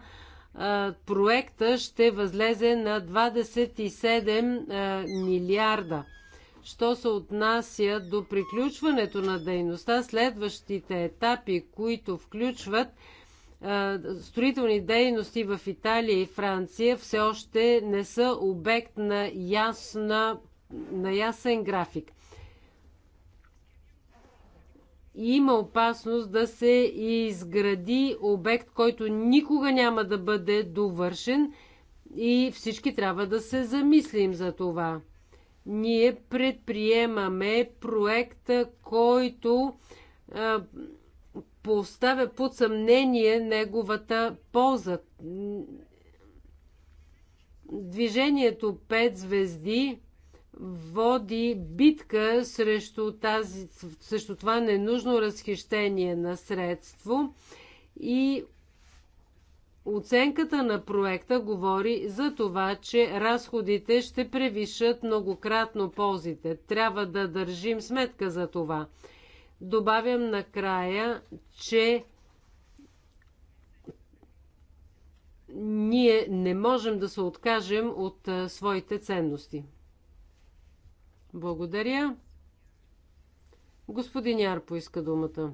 а, проекта ще възлезе на 27 а, милиарда. Що се отнася до приключването на дейността, следващите етапи, които включват строителни дейности в Италия и Франция все още не са обект на, ясна, на ясен график. Има опасност да се изгради обект, който никога няма да бъде довършен и всички трябва да се замислим за това ние предприемаме проект, който а, поставя под съмнение неговата полза. Движението 5 звезди води битка срещу, тази, срещу това ненужно разхищение на средство и Оценката на проекта говори за това, че разходите ще превишат многократно ползите. Трябва да държим сметка за това. Добавям накрая, че ние не можем да се откажем от своите ценности. Благодаря. Господин Яр поиска думата.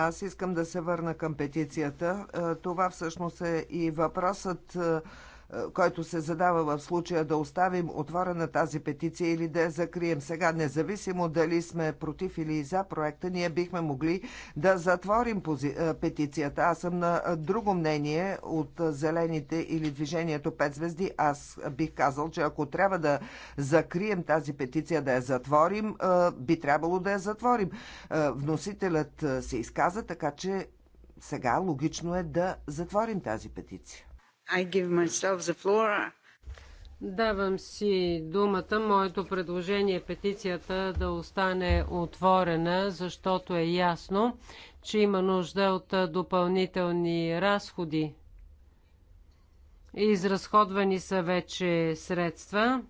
Аз искам да се върна към петицията. Е, това всъщност е и въпросът е, е, който се задава в случая да оставим отворена тази петиция или да я закрием. Сега, независимо дали сме против или за проекта, ние бихме могли да затворим е, петицията. Аз съм на е, друго мнение от Зелените или Движението 5 звезди. Аз бих казал, че ако трябва да закрием тази петиция, да я затворим, би трябвало да я затворим. Вносителят се изказа, така че сега логично е да затворим тази петиция. I give myself the floor. Давам си думата. Моето предложение е петицията да остане отворена, защото е ясно, че има нужда от допълнителни разходи. Изразходвани са вече средства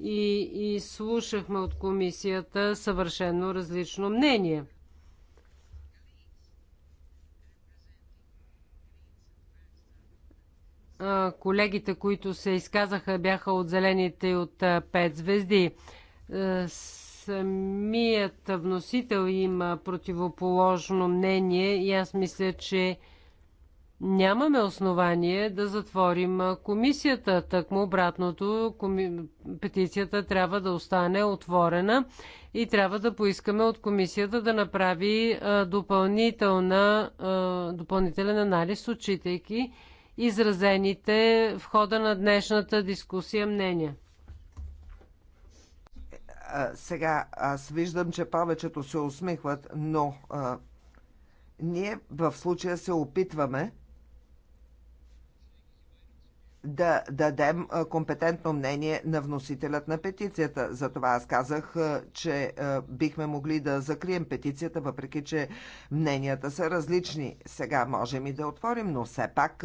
и, и слушахме от комисията съвършено различно мнение – колегите, които се изказаха, бяха от зелените и от пет звезди. Самият вносител има противоположно мнение и аз мисля, че нямаме основание да затворим комисията. Тъкмо обратното, коми... петицията трябва да остане отворена и трябва да поискаме от комисията да направи допълнителна, допълнителен анализ, отчитайки изразените в хода на днешната дискусия мнения. Сега аз виждам, че повечето се усмихват, но а, ние в случая се опитваме да дадем компетентно мнение на вносителят на петицията. Затова аз казах, че бихме могли да закрием петицията, въпреки че мненията са различни. Сега можем и да отворим, но все пак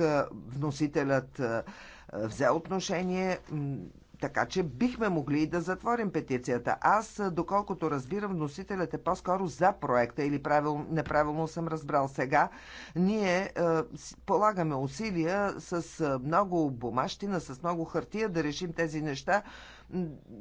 вносителят взе отношение, така че бихме могли и да затворим петицията. Аз, доколкото разбирам, вносителят е по-скоро за проекта или правил, неправилно съм разбрал сега. Ние е, полагаме усилия с е, много бумащина, с много хартия да решим тези неща,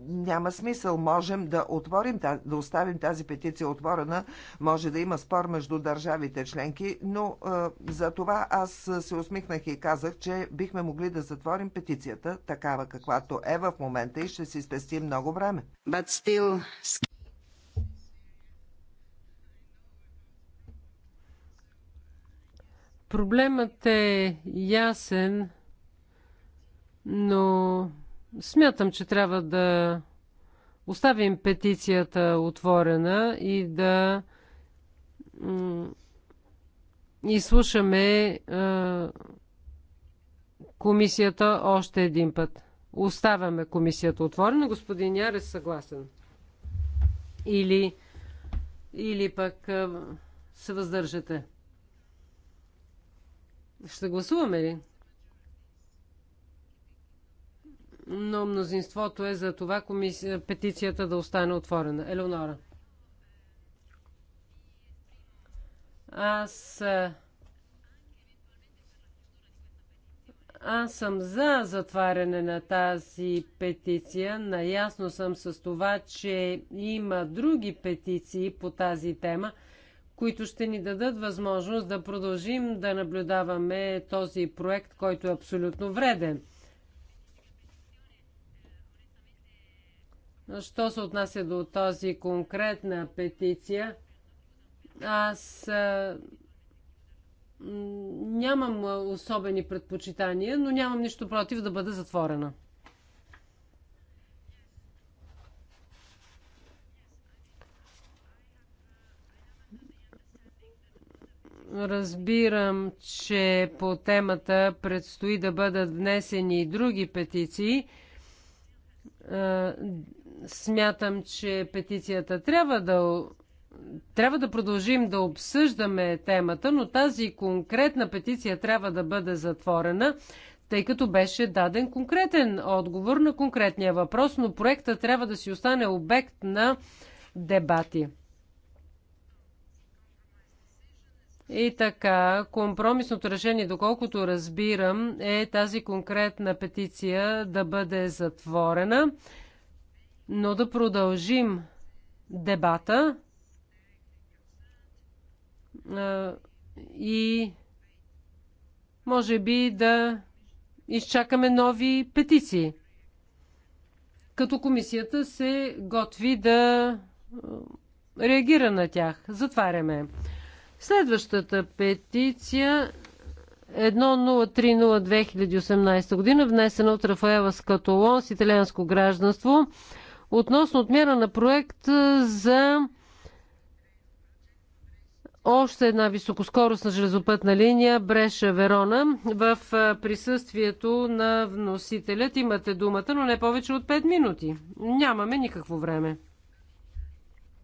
няма смисъл. Можем да отворим, да оставим тази петиция отворена. Може да има спор между държавите членки, но е, за това аз се усмихнах и казах, че бихме могли да затворим петицията, такава каквато е в момента и ще си спестим много време. But still... Проблемът е ясен, но Смятам, че трябва да оставим петицията отворена и да изслушаме комисията още един път. Оставяме комисията отворена. Господин Яр е съгласен. Или, или пък се въздържате. Ще гласуваме ли? но мнозинството е за това петицията да остане отворена. Елеонора. Аз аз съм за затваряне на тази петиция. Наясно съм с това, че има други петиции по тази тема, които ще ни дадат възможност да продължим да наблюдаваме този проект, който е абсолютно вреден. Що се отнася до тази конкретна петиция, аз нямам особени предпочитания, но нямам нищо против да бъде затворена. Разбирам, че по темата предстои да бъдат внесени и други петиции. Смятам, че петицията трябва да трябва да продължим да обсъждаме темата, но тази конкретна петиция трябва да бъде затворена, тъй като беше даден конкретен отговор на конкретния въпрос, но проекта трябва да си остане обект на дебати. И така, компромисното решение, доколкото разбирам, е тази конкретна петиция да бъде затворена но да продължим дебата и може би да изчакаме нови петиции. Като комисията се готви да реагира на тях. Затваряме. Следващата петиция 1030-2018 е година, внесена от Рафаела Скатолон с италианско гражданство относно отмяна на проект за още една високоскоростна железопътна линия Бреша-Верона в присъствието на вносителят. Имате думата, но не повече от 5 минути. Нямаме никакво време.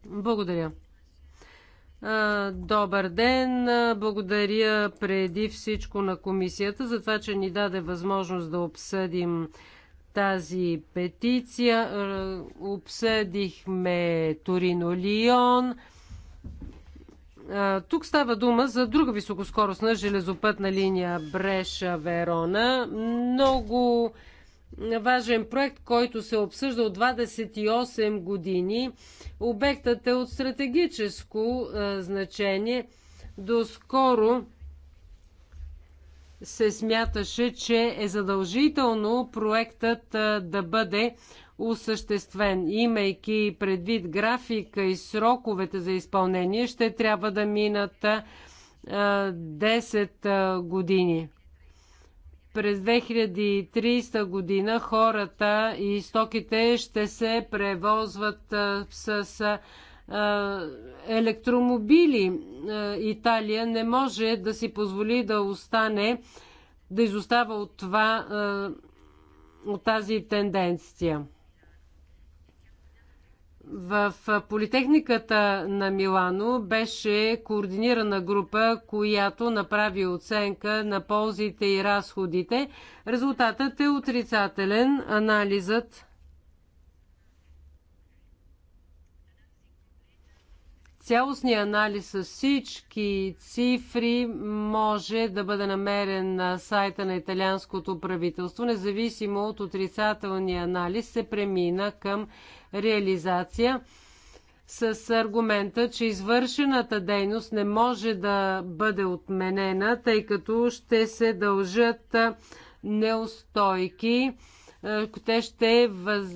Благодаря. Добър ден! Благодаря преди всичко на комисията за това, че ни даде възможност да обсъдим тази петиция. Е, обсъдихме Торино Лион. Е, тук става дума за друга високоскоростна железопътна линия Бреша-Верона. Много важен проект, който се обсъжда от 28 години. Обектът е от стратегическо е, значение. Доскоро се смяташе, че е задължително проектът да бъде осъществен. Имайки предвид графика и сроковете за изпълнение, ще трябва да минат 10 години. През 2030 година хората и стоките ще се превозват с електромобили. Италия не може да си позволи да остане, да изостава от, това, от тази тенденция. В Политехниката на Милано беше координирана група, която направи оценка на ползите и разходите. Резултатът е отрицателен. Анализът цялостния анализ с всички цифри може да бъде намерен на сайта на италианското правителство. Независимо от отрицателния анализ се премина към реализация с аргумента, че извършената дейност не може да бъде отменена, тъй като ще се дължат неустойки. Те ще въз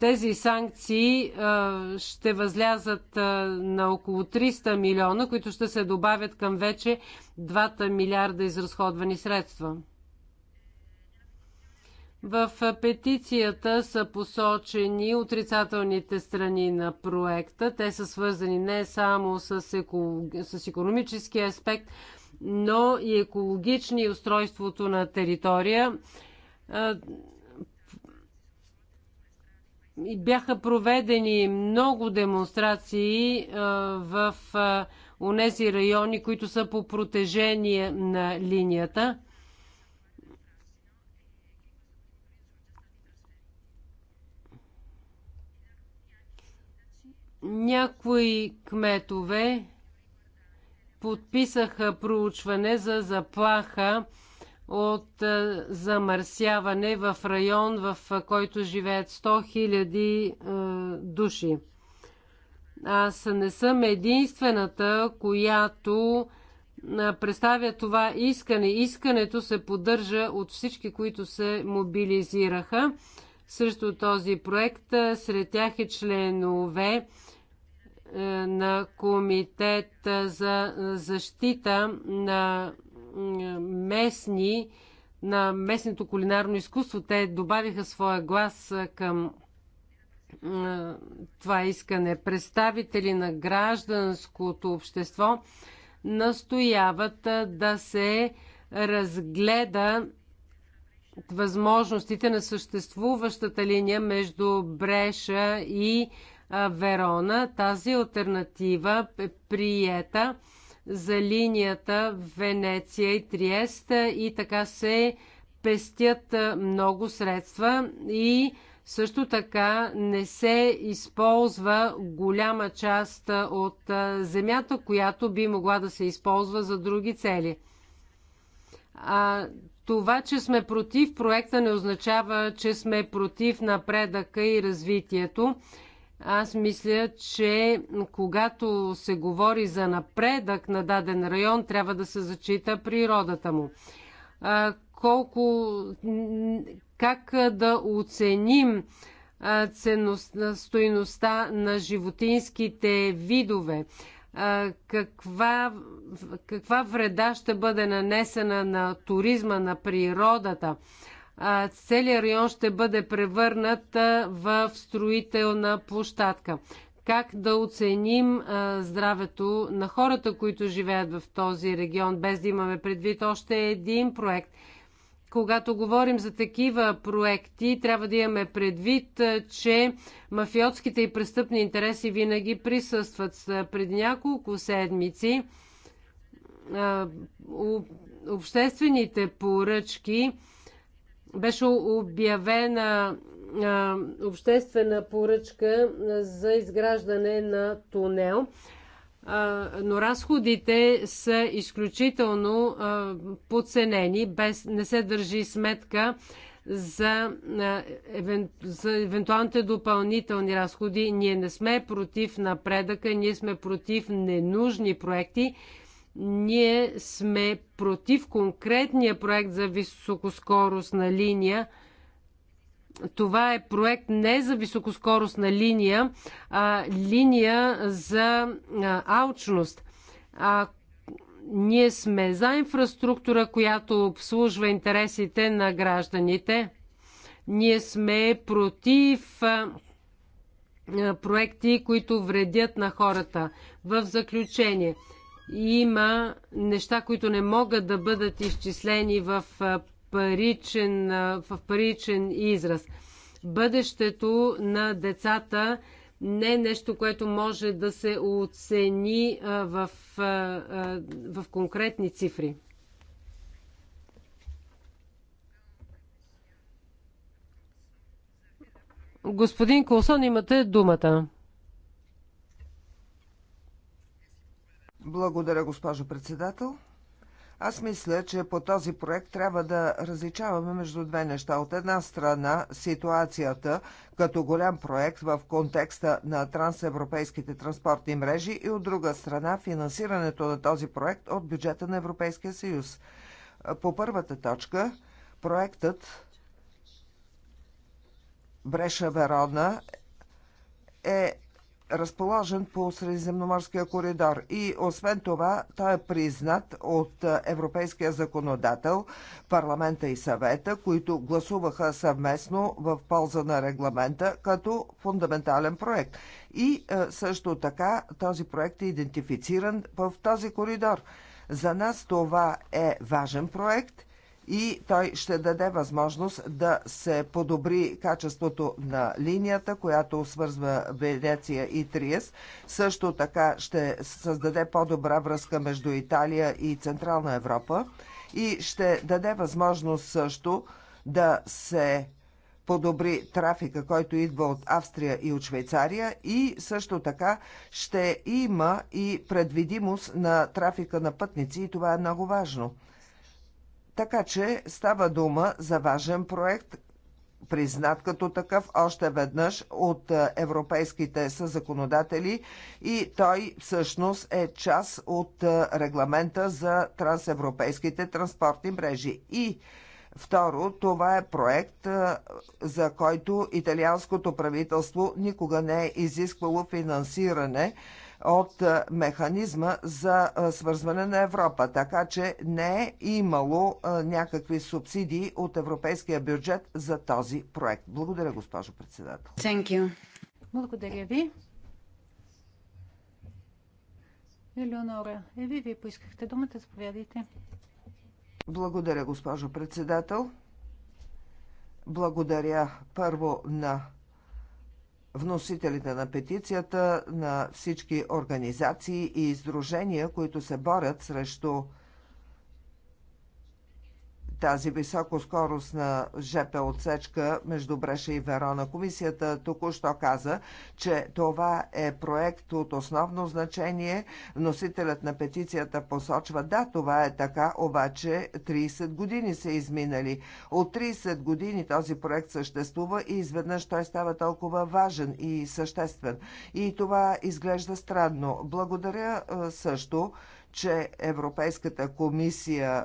тези санкции ще възлязат на около 300 милиона, които ще се добавят към вече 2 милиарда изразходвани средства. В петицията са посочени отрицателните страни на проекта. Те са свързани не само с, с економически аспект, но и екологични устройството на територия бяха проведени много демонстрации в онези райони, които са по протежение на линията. Някои кметове подписаха проучване за заплаха от е, замърсяване в район, в е, който живеят 100 000 е, души. Аз не съм единствената, която представя това искане. Искането се поддържа от всички, които се мобилизираха срещу този проект. Сред тях е членове на Комитет за защита на местни, на местното кулинарно изкуство. Те добавиха своя глас към това искане. Представители на гражданското общество настояват да се разгледа възможностите на съществуващата линия между Бреша и Верона. Тази альтернатива е приета за линията Венеция и Триест и така се пестят много средства и също така не се използва голяма част от земята, която би могла да се използва за други цели. А, това, че сме против проекта, не означава, че сме против напредъка и развитието. Аз мисля, че когато се говори за напредък на даден район, трябва да се зачита природата му. Колко, как да оценим ценност, стоиността на животинските видове? Каква, каква вреда ще бъде нанесена на туризма, на природата? целият район ще бъде превърнат в строителна площадка. Как да оценим здравето на хората, които живеят в този регион, без да имаме предвид още един проект? когато говорим за такива проекти, трябва да имаме предвид, че мафиотските и престъпни интереси винаги присъстват. Преди няколко седмици обществените поръчки беше обявена обществена поръчка за изграждане на тунел, но разходите са изключително подценени, без не се държи сметка за, за евентуалните допълнителни разходи. Ние не сме против напредъка, ние сме против ненужни проекти, ние сме против конкретния проект за високоскоростна линия. Това е проект не за високоскоростна линия, а линия за алчност. А, ние сме за инфраструктура, която обслужва интересите на гражданите. Ние сме против проекти, които вредят на хората. В заключение – има неща, които не могат да бъдат изчислени в паричен, в паричен израз. Бъдещето на децата не е нещо, което може да се оцени в, в конкретни цифри. Господин Колсон, имате думата. Благодаря, госпожо председател. Аз мисля, че по този проект трябва да различаваме между две неща. От една страна ситуацията като голям проект в контекста на трансевропейските транспортни мрежи и от друга страна финансирането на този проект от бюджета на Европейския съюз. По първата точка, проектът Бреша Верона е разположен по Средиземноморския коридор. И освен това, той е признат от европейския законодател, парламента и съвета, които гласуваха съвместно в полза на регламента като фундаментален проект. И също така този проект е идентифициран в този коридор. За нас това е важен проект и той ще даде възможност да се подобри качеството на линията, която свързва Венеция и Триест. Също така ще създаде по-добра връзка между Италия и Централна Европа и ще даде възможност също да се подобри трафика, който идва от Австрия и от Швейцария и също така ще има и предвидимост на трафика на пътници и това е много важно. Така че става дума за важен проект, признат като такъв още веднъж от е, европейските съзаконодатели и той всъщност е част от е, регламента за трансевропейските транспортни мрежи. И Второ, това е проект, е, за който италианското правителство никога не е изисквало финансиране от е, механизма за е, свързване на Европа. Така че не е имало е, някакви субсидии от европейския бюджет за този проект. Благодаря, госпожо председател. Thank you. Благодаря ви. Елеонора, е ви, ви поискахте думата, заповядайте. Благодаря, госпожо председател. Благодаря първо на вносителите на петицията, на всички организации и издружения, които се борят срещу тази високоскоростна ЖП отсечка между Бреша и Верона. Комисията току-що каза, че това е проект от основно значение. Носителят на петицията посочва, да, това е така, обаче 30 години са изминали. От 30 години този проект съществува и изведнъж той става толкова важен и съществен. И това изглежда странно. Благодаря също, че Европейската комисия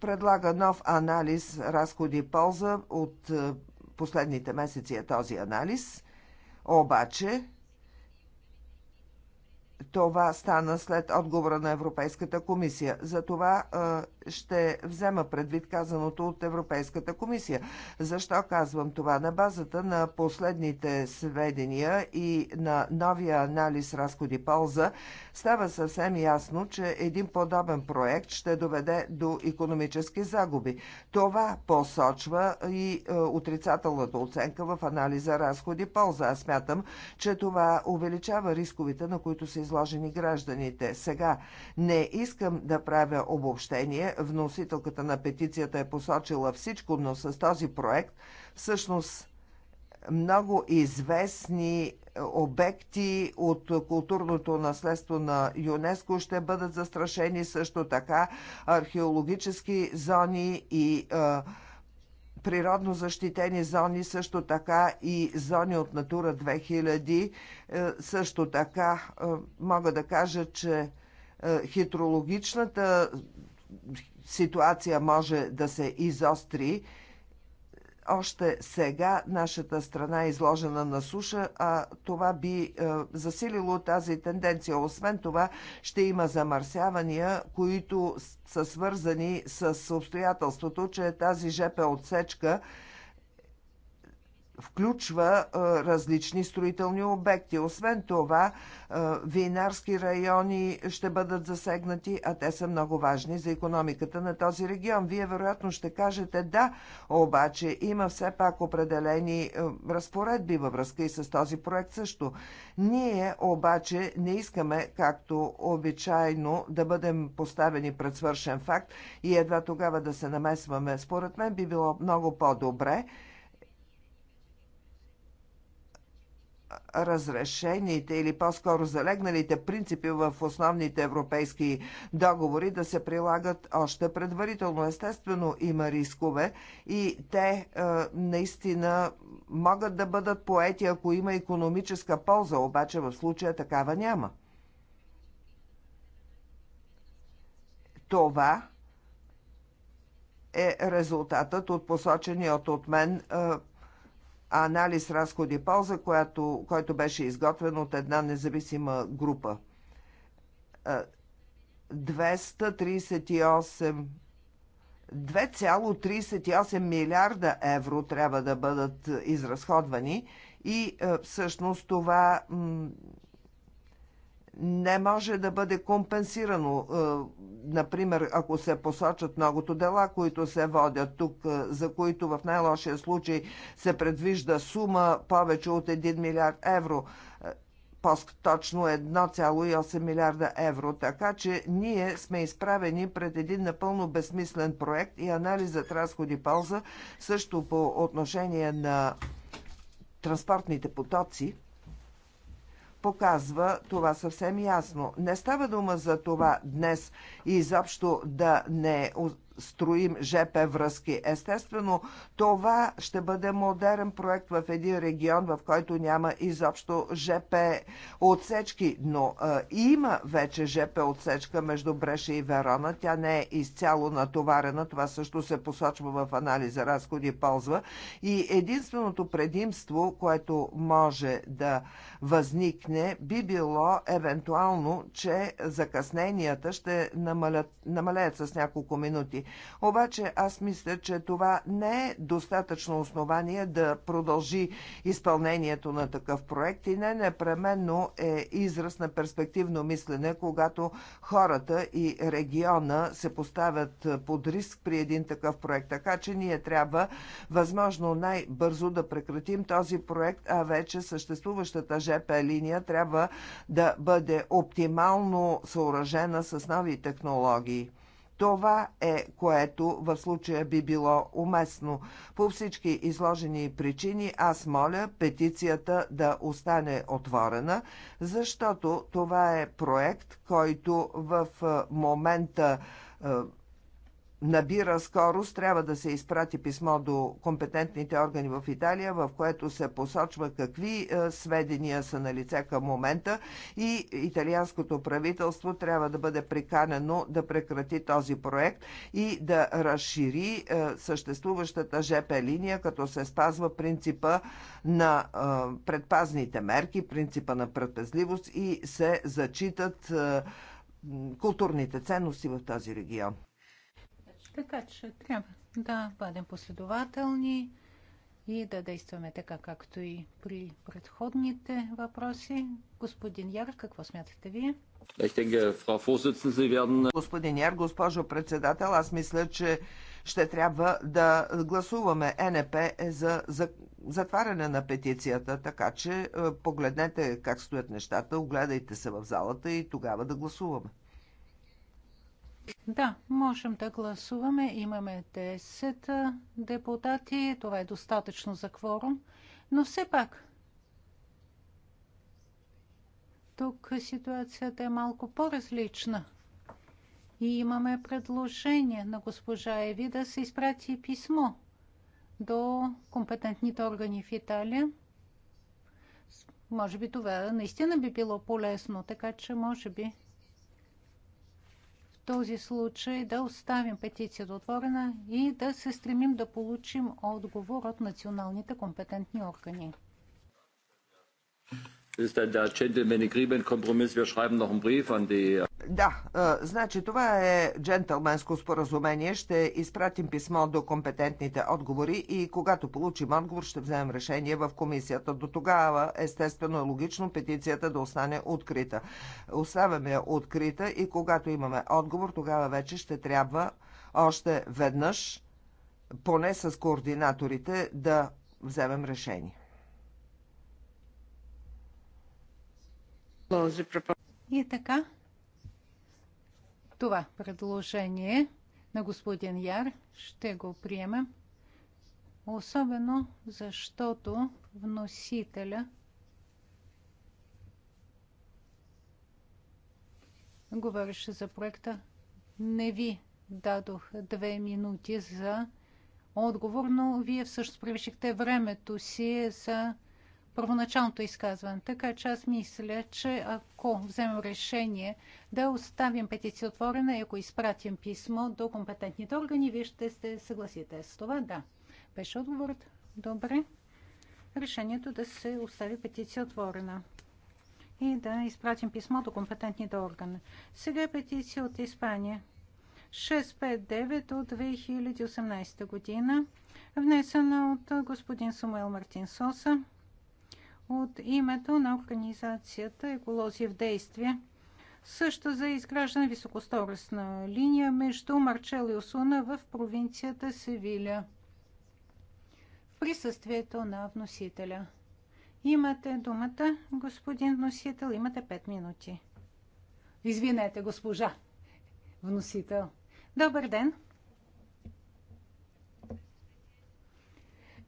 предлага нов анализ разходи-полза от е, последните месеци е този анализ, обаче това стана след отговора на Европейската комисия. Затова е, ще взема предвид казаното от Европейската комисия. Защо казвам това? На базата на последните сведения и на новия анализ разходи-полза става съвсем ясно, че един подобен проект ще доведе до економически загуби. Това посочва и е, отрицателната оценка в анализа разходи-полза. Аз смятам, че това увеличава рисковите, на които са изложени гражданите. Сега не искам да правя обобщение, вносителката на петицията е посочила всичко, но с този проект всъщност много известни обекти от културното наследство на ЮНЕСКО ще бъдат застрашени също така археологически зони и природно защитени зони, също така и зони от Натура 2000. Е, също така е, мога да кажа, че е, хидрологичната ситуация може да се изостри. Още сега нашата страна е изложена на суша, а това би е, засилило тази тенденция. Освен това, ще има замърсявания, които са свързани с обстоятелството, че тази ЖП отсечка включва различни строителни обекти. Освен това, винарски райони ще бъдат засегнати, а те са много важни за економиката на този регион. Вие вероятно ще кажете да, обаче има все пак определени разпоредби във връзка и с този проект също. Ние обаче не искаме, както обичайно, да бъдем поставени пред свършен факт и едва тогава да се намесваме. Според мен би било много по-добре разрешените или по-скоро залегналите принципи в основните европейски договори да се прилагат още предварително. Естествено има рискове и те е, наистина могат да бъдат поети, ако има економическа полза, обаче в случая такава няма. Това е резултатът от посочения от мен е, анализ разходи-полза, която, който беше изготвен от една независима група. 238 2,38 милиарда евро трябва да бъдат изразходвани и всъщност това не може да бъде компенсирано. Е, например, ако се посочат многото дела, които се водят тук, е, за които в най-лошия случай се предвижда сума повече от 1 милиард евро, е, по-точно 1,8 милиарда евро. Така че ние сме изправени пред един напълно безсмислен проект и анализът разходи-полза също по отношение на транспортните потоци показва това съвсем ясно. Не става дума за това днес и изобщо да не строим ЖП връзки. Естествено, това ще бъде модерен проект в един регион, в който няма изобщо ЖП отсечки, но а, има вече ЖП отсечка между Бреша и Верона. Тя не е изцяло натоварена, това също се посочва в анализа разходи ползва. И единственото предимство, което може да възникне, би било евентуално, че закъсненията ще намалят, намалеят с няколко минути. Обаче аз мисля, че това не е достатъчно основание да продължи изпълнението на такъв проект и не непременно е израз на перспективно мислене, когато хората и региона се поставят под риск при един такъв проект. Така че ние трябва възможно най-бързо да прекратим този проект, а вече съществуващата ЖП линия трябва да бъде оптимално съоръжена с нови технологии. Това е което в случая би било уместно. По всички изложени причини аз моля петицията да остане отворена, защото това е проект, който в момента набира скорост, трябва да се изпрати писмо до компетентните органи в Италия, в което се посочва какви е, сведения са на лице към момента и италианското правителство трябва да бъде приканено да прекрати този проект и да разшири е, съществуващата ЖП линия, като се спазва принципа на е, предпазните мерки, принципа на предпазливост и се зачитат културните ценности в този регион. Така че трябва да бъдем последователни и да действаме така, както и при предходните въпроси. Господин Яр, какво смятате вие? Господин Яр, госпожо председател, аз мисля, че ще трябва да гласуваме НП е за, за затваряне на петицията, така че е, погледнете как стоят нещата, огледайте се в залата и тогава да гласуваме. Да, можем да гласуваме. Имаме 10 депутати. Това е достатъчно за кворум. Но все пак, тук ситуацията е малко по-различна. И имаме предложение на госпожа Еви да се изпрати писмо до компетентните органи в Италия. Може би това наистина би било полезно, така че може би този случай да оставим петицията отворена и да се стремим да получим отговор от националните компетентни органи. Äh, да, значи това е джентълменско споразумение. Ще изпратим писмо до компетентните отговори и когато получим отговор, ще вземем решение в комисията. До тогава, естествено е логично петицията да остане открита. Оставяме я открита и когато имаме отговор, тогава вече ще трябва още веднъж, поне с координаторите, да вземем решение. И така, това предложение на господин Яр ще го приемем, особено защото вносителя говореше за проекта. Не ви дадох две минути за отговор, но вие всъщност превишихте времето си за първоначалното изказване. Така че аз мисля, че ако вземем решение да оставим петиция отворена и ако изпратим писмо до компетентните органи, вие ще се съгласите с това. Да, беше отговорът. Добре. Решението да се остави петиция отворена и да изпратим писмо до компетентните органи. Сега е петиция от Испания. 659 от 2018 година, внесена от господин Самуел Мартин Соса от името на организацията Еколози в действие, също за изграждане високосторостна линия между Марчел и Осуна в провинцията Севиля. В присъствието на вносителя. Имате думата, господин вносител, имате 5 минути. Извинете, госпожа вносител. Добър ден!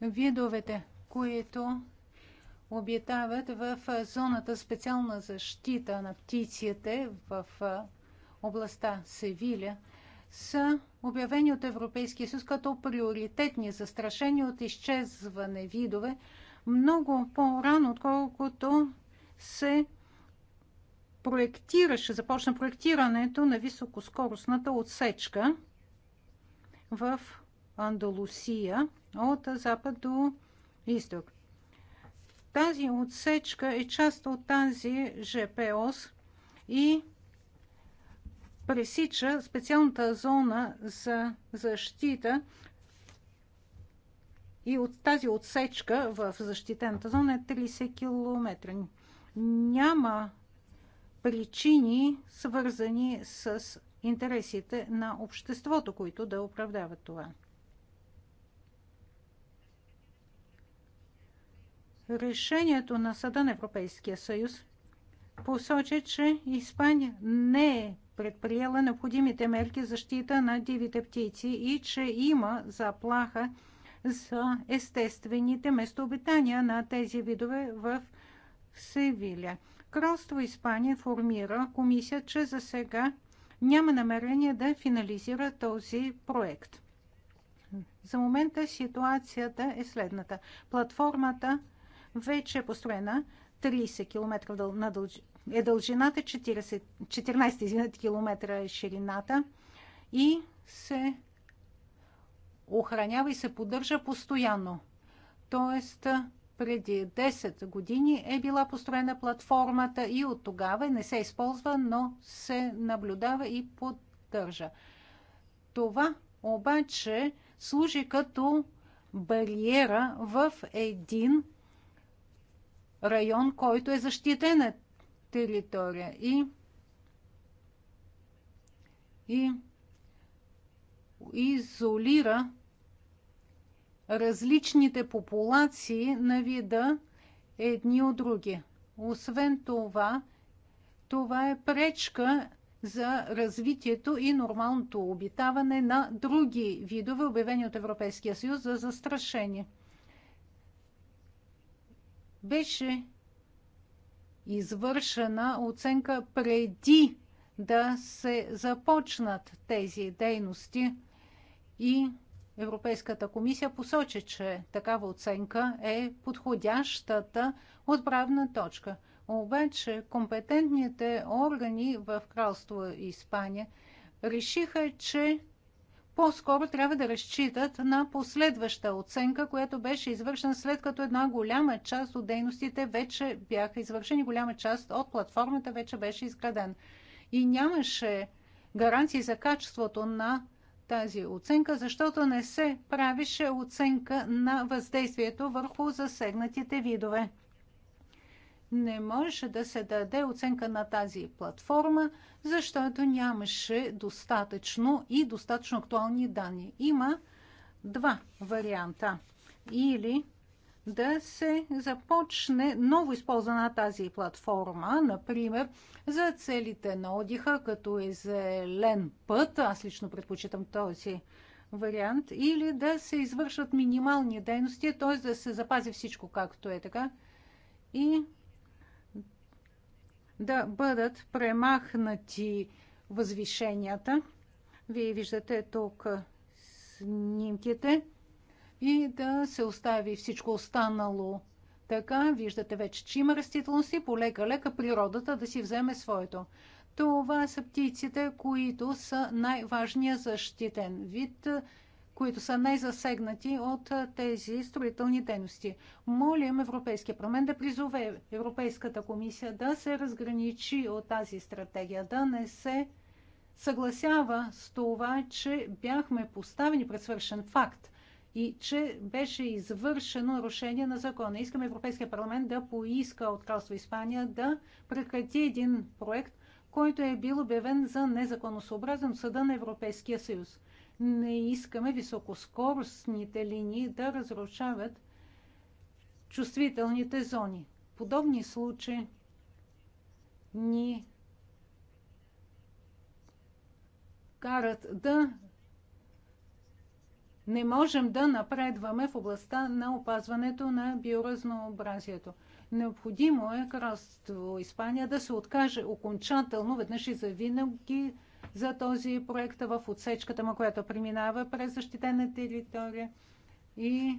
Видовете, които обитават в зоната специална защита на птиците в областта Севиля, са обявени от Европейския съюз като приоритетни, застрашени от изчезване видове много по-рано, отколкото се проектираше, започна проектирането на високоскоростната отсечка в Андалусия от запад до изток. Тази отсечка е част от тази ЖПОС и пресича специалната зона за защита и от тази отсечка в защитената зона е 30 км. Няма причини, свързани с интересите на обществото, които да оправдават това. Решението на Съда на Европейския съюз посочи, че Испания не е предприела необходимите мерки защита на дивите птици и че има заплаха за естествените местообитания на тези видове в Севиля. Кралство Испания информира комисия, че за сега няма намерение да финализира този проект. За момента ситуацията е следната. Платформата вече е построена 30 км на дълж... е дължината, 40... 14 извинете, км е ширината и се охранява и се поддържа постоянно. Тоест, преди 10 години е била построена платформата и от тогава не се използва, но се наблюдава и поддържа. Това обаче служи като бариера в един район, който е защитена територия. И, и изолира различните популации на вида едни от други. Освен това, това е пречка за развитието и нормалното обитаване на други видове, обявени от Европейския съюз за застрашени беше извършена оценка преди да се започнат тези дейности и Европейската комисия посочи, че такава оценка е подходящата отправна точка. Обаче компетентните органи в Кралство Испания решиха, че по-скоро трябва да разчитат на последваща оценка, която беше извършена след като една голяма част от дейностите вече бяха извършени, голяма част от платформата вече беше изграден. И нямаше гаранции за качеството на тази оценка, защото не се правише оценка на въздействието върху засегнатите видове. Не може да се даде оценка на тази платформа, защото нямаше достатъчно и достатъчно актуални данни. Има два варианта. Или да се започне ново използвана тази платформа, например, за целите на отдиха, като е зелен път, аз лично предпочитам този вариант, или да се извършват минимални дейности, т.е. да се запази всичко както е така. И да бъдат премахнати възвишенията. Вие виждате тук снимките и да се остави всичко останало така. Виждате вече, че има растителност и полека-лека природата да си вземе своето. Това са птиците, които са най-важният защитен вид които са най-засегнати от тези строителни дейности. Молим Европейския парламент да призове Европейската комисия да се разграничи от тази стратегия, да не се съгласява с това, че бяхме поставени пред свършен факт и че беше извършено нарушение на закона. Искаме Европейския парламент да поиска от Кралство Испания да прекрати един проект, който е бил обявен за незаконосъобразен в Съда на Европейския съюз. Не искаме високоскоростните линии да разрушават чувствителните зони. В подобни случаи ни карат да не можем да напредваме в областта на опазването на биоразнообразието. Необходимо е кралство Испания да се откаже окончателно веднъж и завинаги за този проект в отсечката му, която преминава през защитена територия и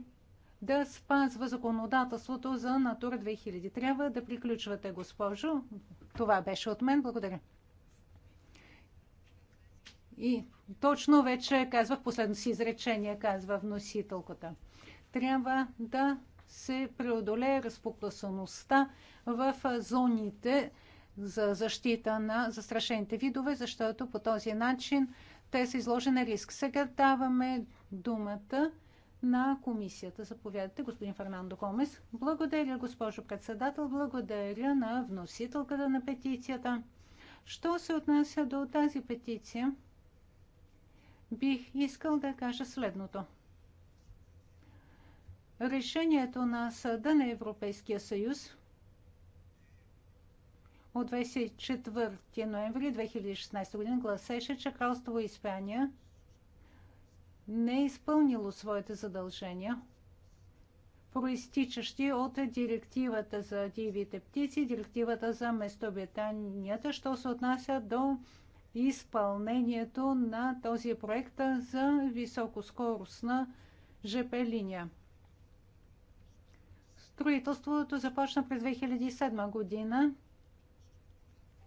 да спазва законодателството за Натура 2000. Трябва да приключвате, госпожо. Това беше от мен. Благодаря. И точно вече казвах последно си изречение, казва вносителката. Трябва да се преодолее разпокласаността в зоните, за защита на застрашените видове, защото по този начин те са изложени на риск. Сега даваме думата на комисията. Заповядайте, господин Фернандо Комес. Благодаря, госпожо председател. Благодаря на вносителката на петицията. Що се отнася до тази петиция, бих искал да кажа следното. Решението на Съда на Европейския съюз от 24 ноември 2016 година гласеше, че кралство Испания не е изпълнило своите задължения, проистичащи от директивата за дивите птици, директивата за местообитанията, що се отнася до изпълнението на този проект за високоскоростна ЖП линия. Строителството започна през 2007 година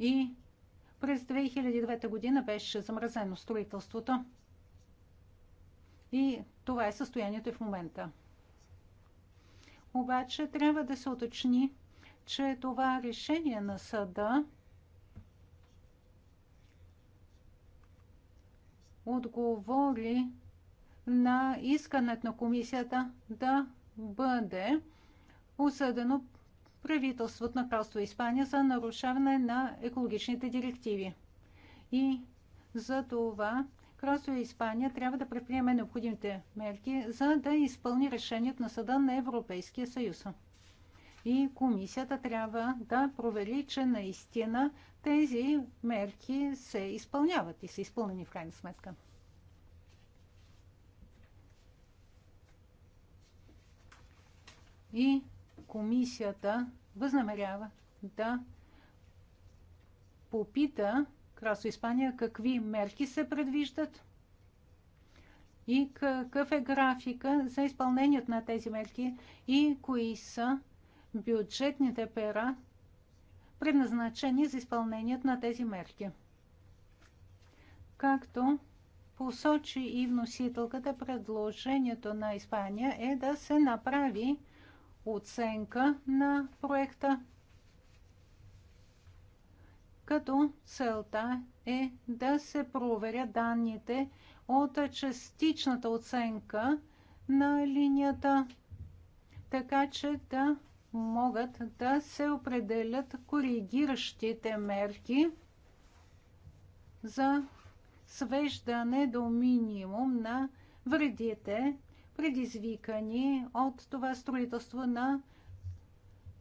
и през 2009 година беше замразено строителството. И това е състоянието в момента. Обаче трябва да се уточни, че това решение на съда отговори на искането на комисията да бъде осъдено правителството на Кралство Испания за нарушаване на екологичните директиви. И за това Кралство Испания трябва да предприеме необходимите мерки, за да изпълни решението на Съда на Европейския съюз. И комисията трябва да провери, че наистина тези мерки се изпълняват и са изпълнени в крайна сметка. И комисията възнамерява да попита Красо Испания какви мерки се предвиждат и какъв е графика за изпълнението на тези мерки и кои са бюджетните пера, предназначени за изпълнението на тези мерки. Както посочи и вносителката, предложението на Испания е да се направи оценка на проекта, като целта е да се проверят данните от частичната оценка на линията, така че да могат да се определят коригиращите мерки за свеждане до минимум на вредите предизвикани от това строителство на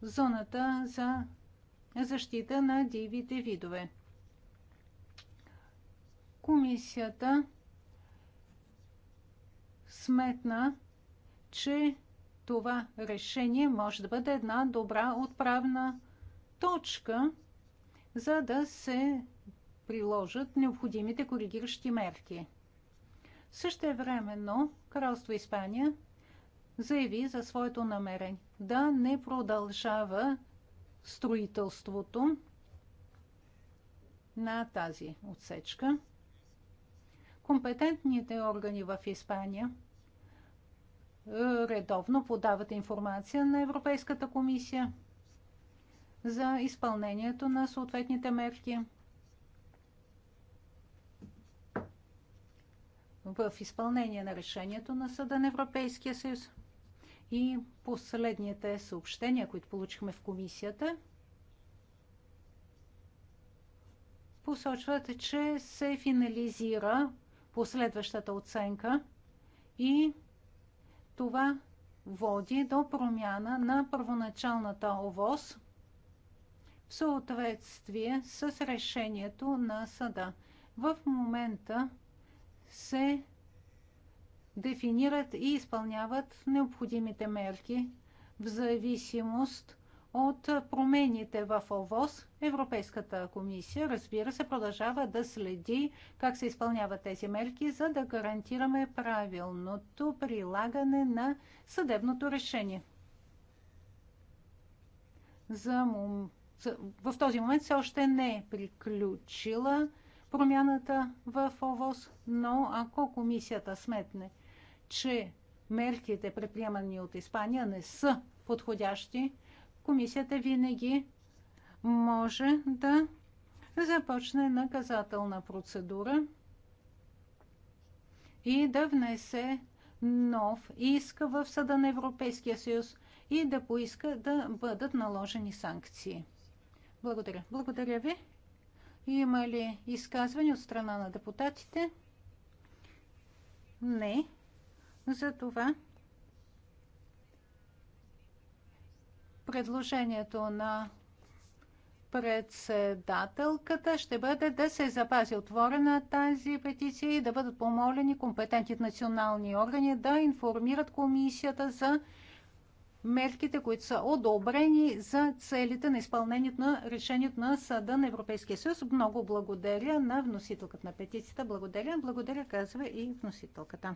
зоната за защита на дивите видове. Комисията сметна, че това решение може да бъде една добра отправна точка, за да се приложат необходимите коригиращи мерки. Също Кралство Испания заяви за своето намерение да не продължава строителството на тази отсечка. Компетентните органи в Испания редовно подават информация на Европейската комисия за изпълнението на съответните мерки. в изпълнение на решението на Съда на Европейския съюз. И последните съобщения, които получихме в комисията, посочват, че се финализира последващата оценка и това води до промяна на първоначалната ОВОС в съответствие с решението на съда. В момента се дефинират и изпълняват необходимите мерки в зависимост от промените в ОВОз. Европейската комисия, разбира се, продължава да следи как се изпълняват тези мерки, за да гарантираме правилното прилагане на съдебното решение. За мом... В този момент все още не е приключила промяната в ОВОС, но ако комисията сметне, че мерките, предприемани от Испания, не са подходящи, комисията винаги може да започне наказателна процедура и да внесе нов иск в Съда на Европейския съюз и да поиска да бъдат наложени санкции. Благодаря. Благодаря ви. Има ли изказване от страна на депутатите? Не. За това предложението на председателката ще бъде да се запази отворена тази петиция и да бъдат помолени компетентни национални органи да информират комисията за мерките, които са одобрени за целите на изпълнението на решението на Съда на Европейския съюз. Много благодаря на вносителката на петицията. Благодаря, благодаря, казва и вносителката.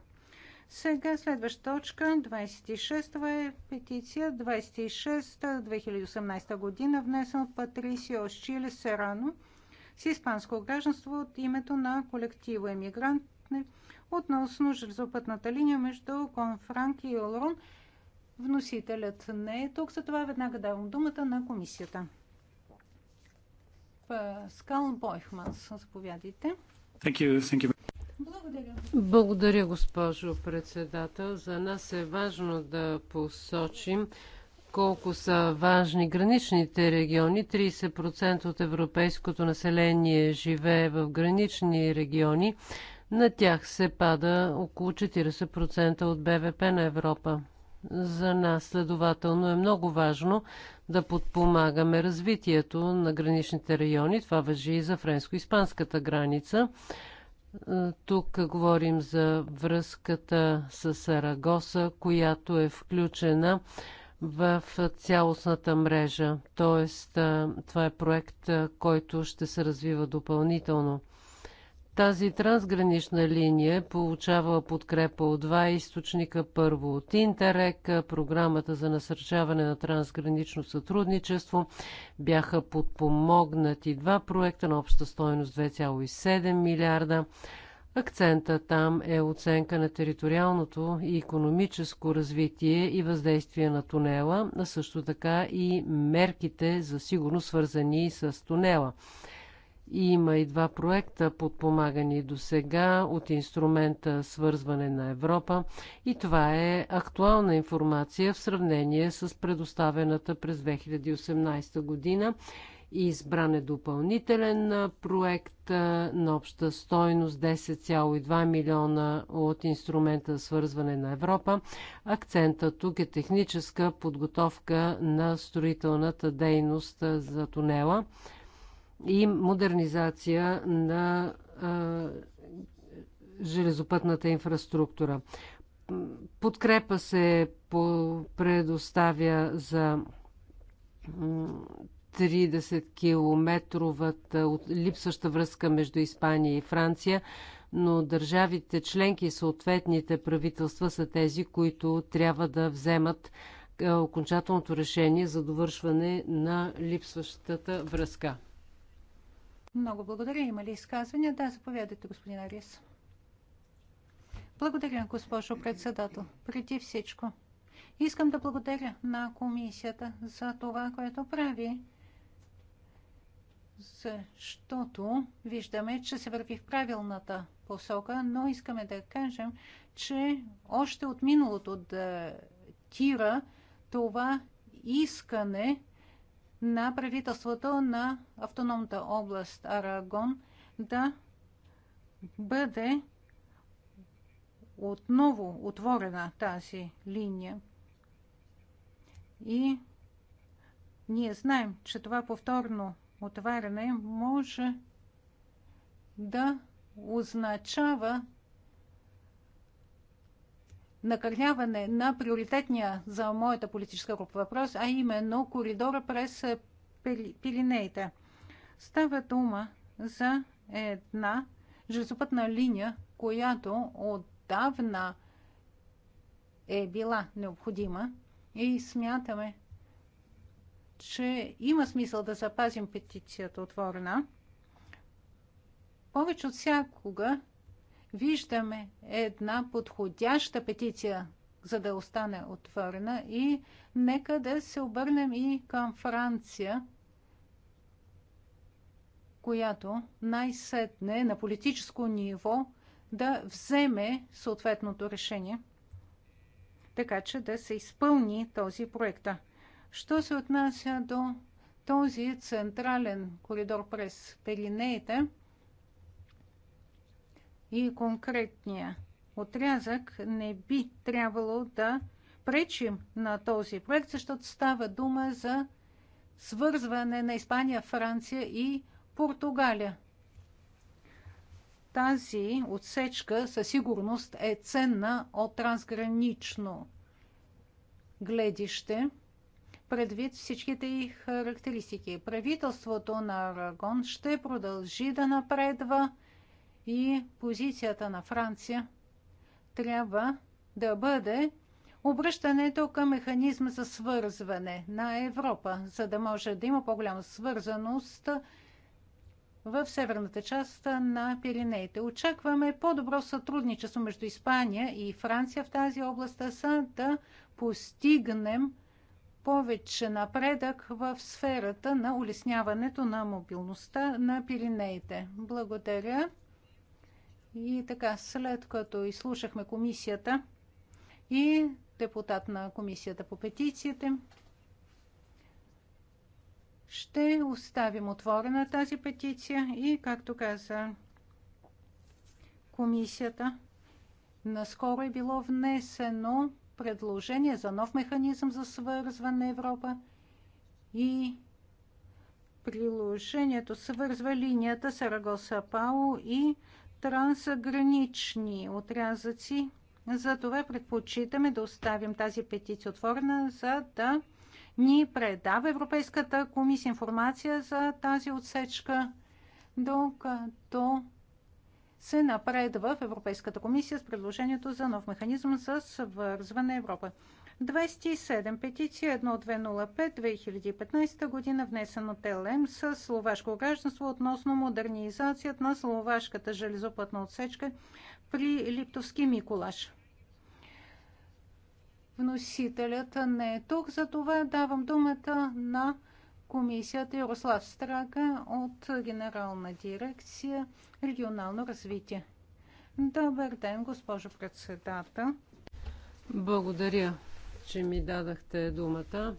Сега следваща точка, 26 та е петиция, 26 та 2018 година, внесен от Патрисио Шиле Серано с испанско гражданство от името на колектива емигрант относно железопътната линия между Конфранк и Олрон – Вносителят не е тук, затова веднага давам думата на комисията. Скал Бойхманс, заповядайте. Thank you, thank you. Благодаря. Благодаря, госпожо председател. За нас е важно да посочим колко са важни граничните региони. 30% от европейското население живее в гранични региони. На тях се пада около 40% от БВП на Европа. За нас следователно е много важно да подпомагаме развитието на граничните райони. Това въжи и за френско-испанската граница. Е, тук говорим за връзката с Сарагоса, която е включена в цялостната мрежа. Тоест, е, това е проект, е, който ще се развива допълнително. Тази трансгранична линия получава подкрепа от два източника. Първо от Интерек, програмата за насърчаване на трансгранично сътрудничество. Бяха подпомогнати два проекта на обща стоеност 2,7 милиарда. Акцента там е оценка на териториалното и економическо развитие и въздействие на тунела, а също така и мерките за сигурност, свързани с тунела. Има и два проекта, подпомагани до сега от инструмента Свързване на Европа. И това е актуална информация в сравнение с предоставената през 2018 година. Избран е допълнителен проект на обща стойност 10,2 милиона от инструмента Свързване на Европа. Акцента тук е техническа подготовка на строителната дейност за тунела и модернизация на а, железопътната инфраструктура. Подкрепа се по предоставя за 30 от липсваща връзка между Испания и Франция, но държавите членки и съответните правителства са тези, които трябва да вземат окончателното решение за довършване на липсващата връзка. Много благодаря. Има ли изказвания? Да, заповядайте, господин Арис. Благодаря, госпожо председател. Преди всичко, искам да благодаря на комисията за това, което прави, защото виждаме, че се върви в правилната посока, но искаме да кажем, че още от миналото да тира това искане на правителството на автономната област Арагон да бъде отново отворена тази линия. И ние знаем, че това повторно отваряне може да означава накърняване на приоритетния за моята политическа група въпрос, а именно коридора през Пилинеите. Става дума за една железопътна линия, която отдавна е била необходима и смятаме, че има смисъл да запазим петицията отворена. Повече от всякога виждаме една подходяща петиция, за да остане отворена и нека да се обърнем и към Франция, която най-сетне на политическо ниво да вземе съответното решение, така че да се изпълни този проект. Що се отнася до този централен коридор през Пелинеите, и конкретния отрязък не би трябвало да пречим на този проект, защото става дума за свързване на Испания, Франция и Португалия. Тази отсечка със сигурност е ценна от трансгранично гледище, предвид всичките и характеристики. Правителството на Арагон ще продължи да напредва и позицията на Франция трябва да бъде обръщането към механизма за свързване на Европа, за да може да има по-голяма свързаност в северната част на Пиренеите. Очакваме по-добро сътрудничество между Испания и Франция в тази област, са да постигнем повече напредък в сферата на улесняването на мобилността на Пиренеите. Благодаря. И така, след като изслушахме комисията и депутат на комисията по петициите, ще оставим отворена тази петиция и, както каза комисията, наскоро е било внесено предложение за нов механизъм за свързване на Европа и приложението свързва линията Сарагоса Пао и трансгранични отрязъци. Затова предпочитаме да оставим тази петиция отворена, за да ни предава Европейската комисия информация за тази отсечка, докато се напредва в Европейската комисия с предложението за нов механизъм за свързване Европа. 27. Петиция 1205-2015 година, внесен от ЛМ с словашко гражданство относно модернизацията на словашката железопътна отсечка при Липтовски Миколаш. Вносителят не е тук, затова давам думата на комисията Ярослав Страга от Генерална дирекция регионално развитие. Добър ден, госпожо председател. Благодаря, че ми дадахте думата.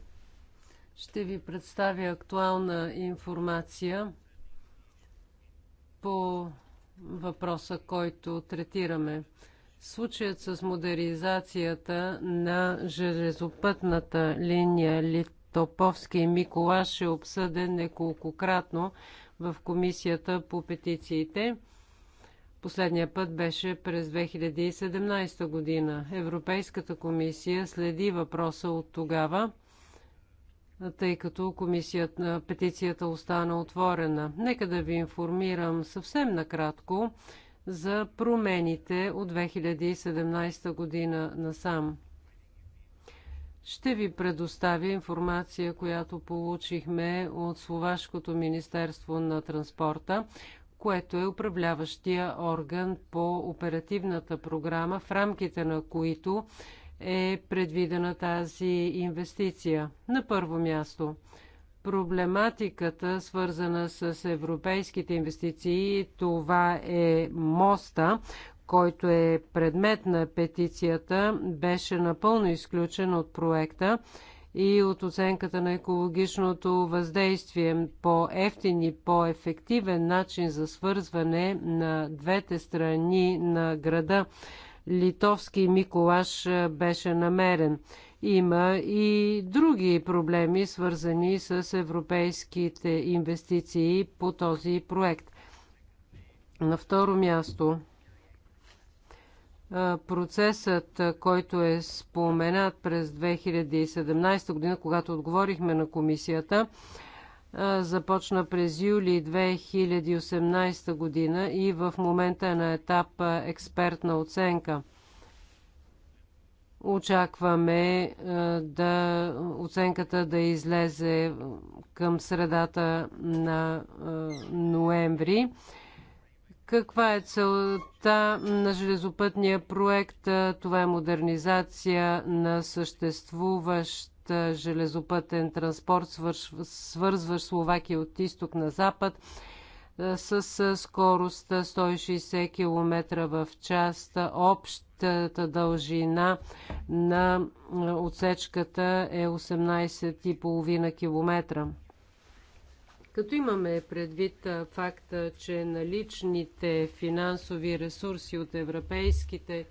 Ще ви представя актуална информация по въпроса, който третираме. Случаят с модернизацията на железопътната линия Литоповски и Миколаш е обсъден неколкократно в Комисията по петициите. Последния път беше през 2017 година. Европейската комисия следи въпроса от тогава, тъй като комисията, петицията остана отворена. Нека да ви информирам съвсем накратко за промените от 2017 година насам. Ще ви предоставя информация, която получихме от Словашкото Министерство на транспорта което е управляващия орган по оперативната програма, в рамките на които е предвидена тази инвестиция. На първо място, проблематиката, свързана с европейските инвестиции, това е моста, който е предмет на петицията, беше напълно изключен от проекта и от оценката на екологичното въздействие. По-ефтин и по-ефективен начин за свързване на двете страни на града Литовски Миколаш беше намерен. Има и други проблеми, свързани с европейските инвестиции по този проект. На второ място – Процесът, който е споменат през 2017 година, когато отговорихме на комисията, започна през юли 2018 година и в момента е на етап експертна оценка. Очакваме да оценката да излезе към средата на ноември каква е целта на железопътния проект? Това е модернизация на съществуващ железопътен транспорт, свързващ Словакия от изток на запад с скорост 160 км в час. Общата дължина на отсечката е 18,5 км. Като имаме предвид факта, че наличните финансови ресурси от европейските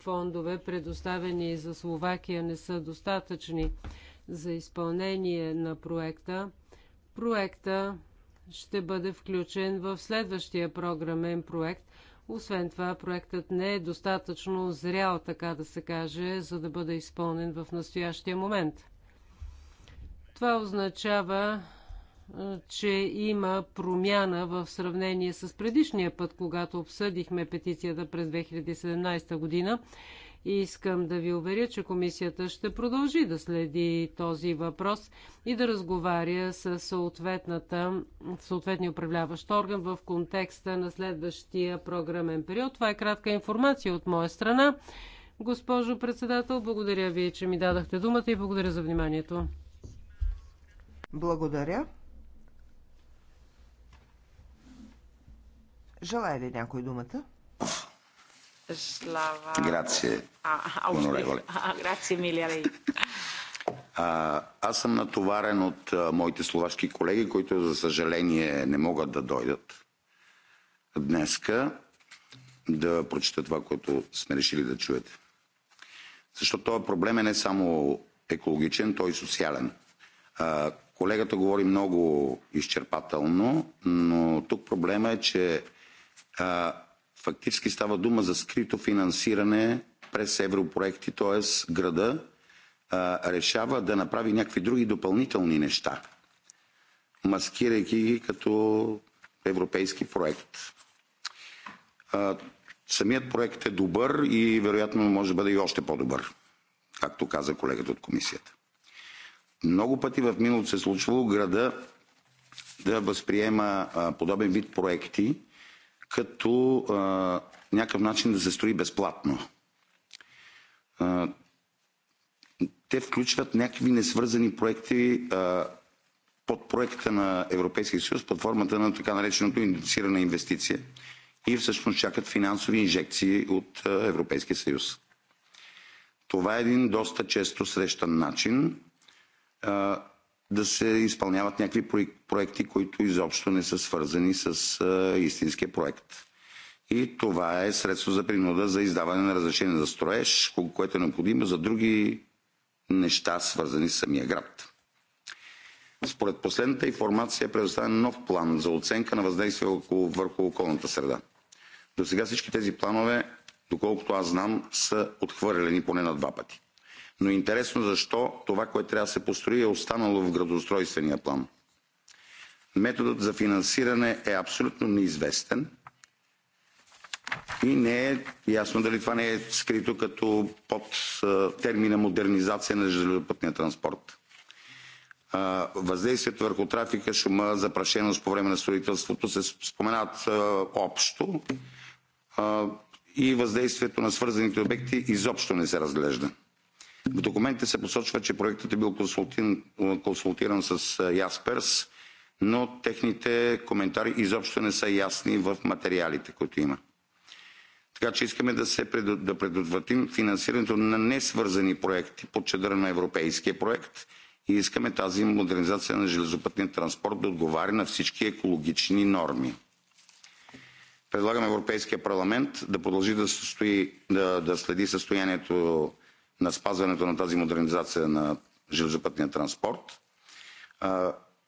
фондове, предоставени за Словакия, не са достатъчни за изпълнение на проекта, проекта ще бъде включен в следващия програмен проект. Освен това, проектът не е достатъчно зрял, така да се каже, за да бъде изпълнен в настоящия момент. Това означава, че има промяна в сравнение с предишния път, когато обсъдихме петицията през 2017 година. И искам да ви уверя, че комисията ще продължи да следи този въпрос и да разговаря с съответната, съответния управляващ орган в контекста на следващия програмен период. Това е кратка информация от моя страна. Госпожо председател, благодаря ви, че ми дадахте думата и благодаря за вниманието. Благодаря. Желая ли някой думата? Слава. Грация. А, грация, милия а, аз съм натоварен от а, моите словашки колеги, които за съжаление не могат да дойдат днеска да прочета това, което сме решили да чуете. Защото този проблем е не само екологичен, той е социален. А, колегата говори много изчерпателно, но тук проблема е, че фактически става дума за скрито финансиране през европроекти, т.е. града а, решава да направи някакви други допълнителни неща, маскирайки ги като европейски проект. А, самият проект е добър и вероятно може да бъде и още по-добър, както каза колегата от комисията. Много пъти в миналото се е случвало града да възприема а, подобен вид проекти, като а, някакъв начин да се строи безплатно. А, те включват някакви несвързани проекти а, под проекта на Европейския съюз под формата на така нареченото индицирана инвестиция и всъщност чакат финансови инжекции от а, Европейския съюз. Това е един доста често срещан начин. А, да се изпълняват някакви проекти, които изобщо не са свързани с истинския проект. И това е средство за принуда за издаване на разрешение за строеж, което е необходимо за други неща, свързани с самия град. Според последната информация е предоставен нов план за оценка на въздействие върху околната среда. До сега всички тези планове, доколкото аз знам, са отхвърлени поне на два пъти. Но интересно защо това, което трябва да се построи, е останало в градоустройствения план. Методът за финансиране е абсолютно неизвестен и не е ясно дали това не е скрито като под термина модернизация на железопътния транспорт. Въздействието върху трафика, шума, запрашеност по време на строителството се споменават общо и въздействието на свързаните обекти изобщо не се разглежда. В документите се посочва, че проектът е бил консултиран с Ясперс, но техните коментари изобщо не са ясни в материалите, които има. Така че искаме да, се, да предотвратим финансирането на несвързани проекти под чадъра на европейския проект и искаме тази модернизация на железопътния транспорт да отговаря на всички екологични норми. Предлагаме Европейския парламент да продължи да, състои, да, да следи състоянието на спазването на тази модернизация на железопътния транспорт.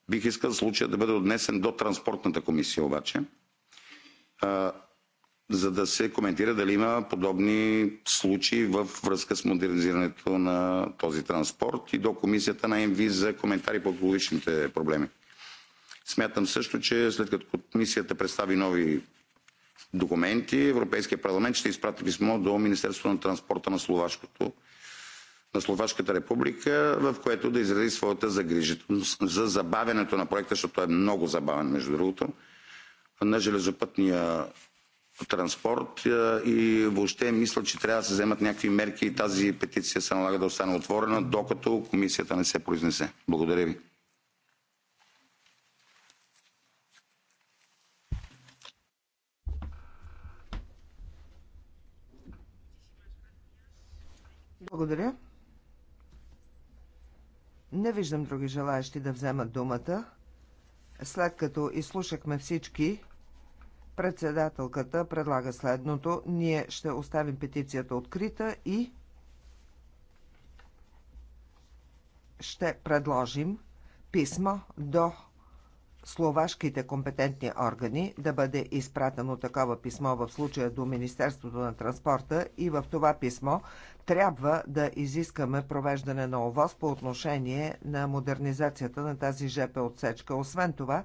Бих искал случая да бъде отнесен до транспортната комисия обаче, за да се коментира дали има подобни случаи във връзка с модернизирането на този транспорт и до комисията на МВ за коментари по екологичните проблеми. Смятам също, че след като комисията представи нови документи, Европейския парламент ще изпрати писмо до Министерството на транспорта на Словашкото на Словашката република, в което да изрази своята загриженост за забавянето на проекта, защото е много забавен, между другото, на железопътния транспорт е, и въобще мисля, че трябва да се вземат някакви мерки и тази петиция се налага да остане отворена, докато комисията не се произнесе. Благодаря ви. Благодаря. Не виждам други желаящи да вземат думата. След като изслушахме всички, председателката предлага следното. Ние ще оставим петицията открита и ще предложим писмо до словашките компетентни органи да бъде изпратено такова писмо в случая до Министерството на транспорта и в това писмо трябва да изискаме провеждане на ОВОз по отношение на модернизацията на тази ЖП отсечка. Освен това,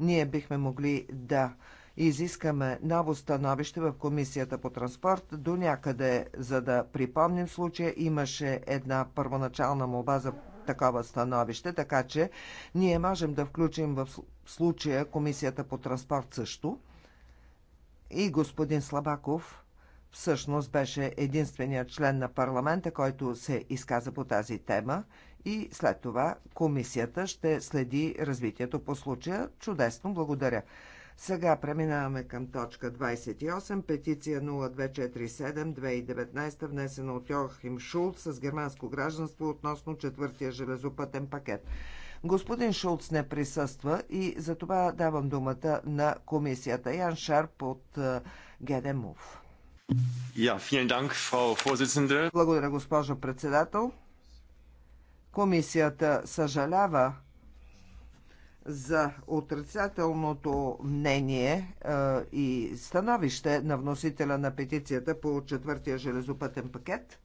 ние бихме могли да изискаме ново становище в Комисията по транспорт. До някъде, за да припомним случая, имаше една първоначална молба за такова становище, така че ние можем да включим в случая Комисията по транспорт също. И господин Слабаков всъщност беше единственият член на парламента, който се изказа по тази тема и след това комисията ще следи развитието по случая. Чудесно, благодаря. Сега преминаваме към точка 28, петиция 0247-2019, внесена от Йохим Шулц с германско гражданство относно четвъртия железопътен пакет. Господин Шулц не присъства и затова давам думата на комисията Ян Шарп от е, Гедемов. Благодаря, госпожо председател. Комисията съжалява, за отрицателното мнение а, и становище на вносителя на петицията по четвъртия железопътен пакет.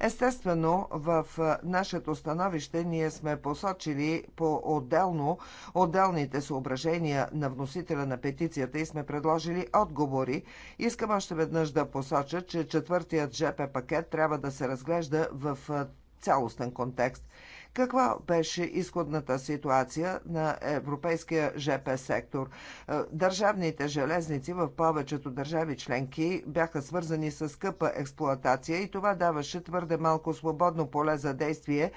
Естествено, в нашето становище ние сме посочили по-отделно отделните съображения на вносителя на петицията и сме предложили отговори. Искам още веднъж да посоча, че четвъртият ЖП пакет трябва да се разглежда в цялостен контекст. Каква беше изходната ситуация на европейския ЖП сектор? Е, държавните железници в повечето държави членки бяха свързани с скъпа експлоатация и това даваше твърде малко свободно поле за действие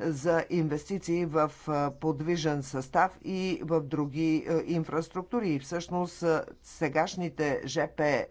за инвестиции в е, подвижен състав и в други е, инфраструктури. И всъщност сегашните ЖП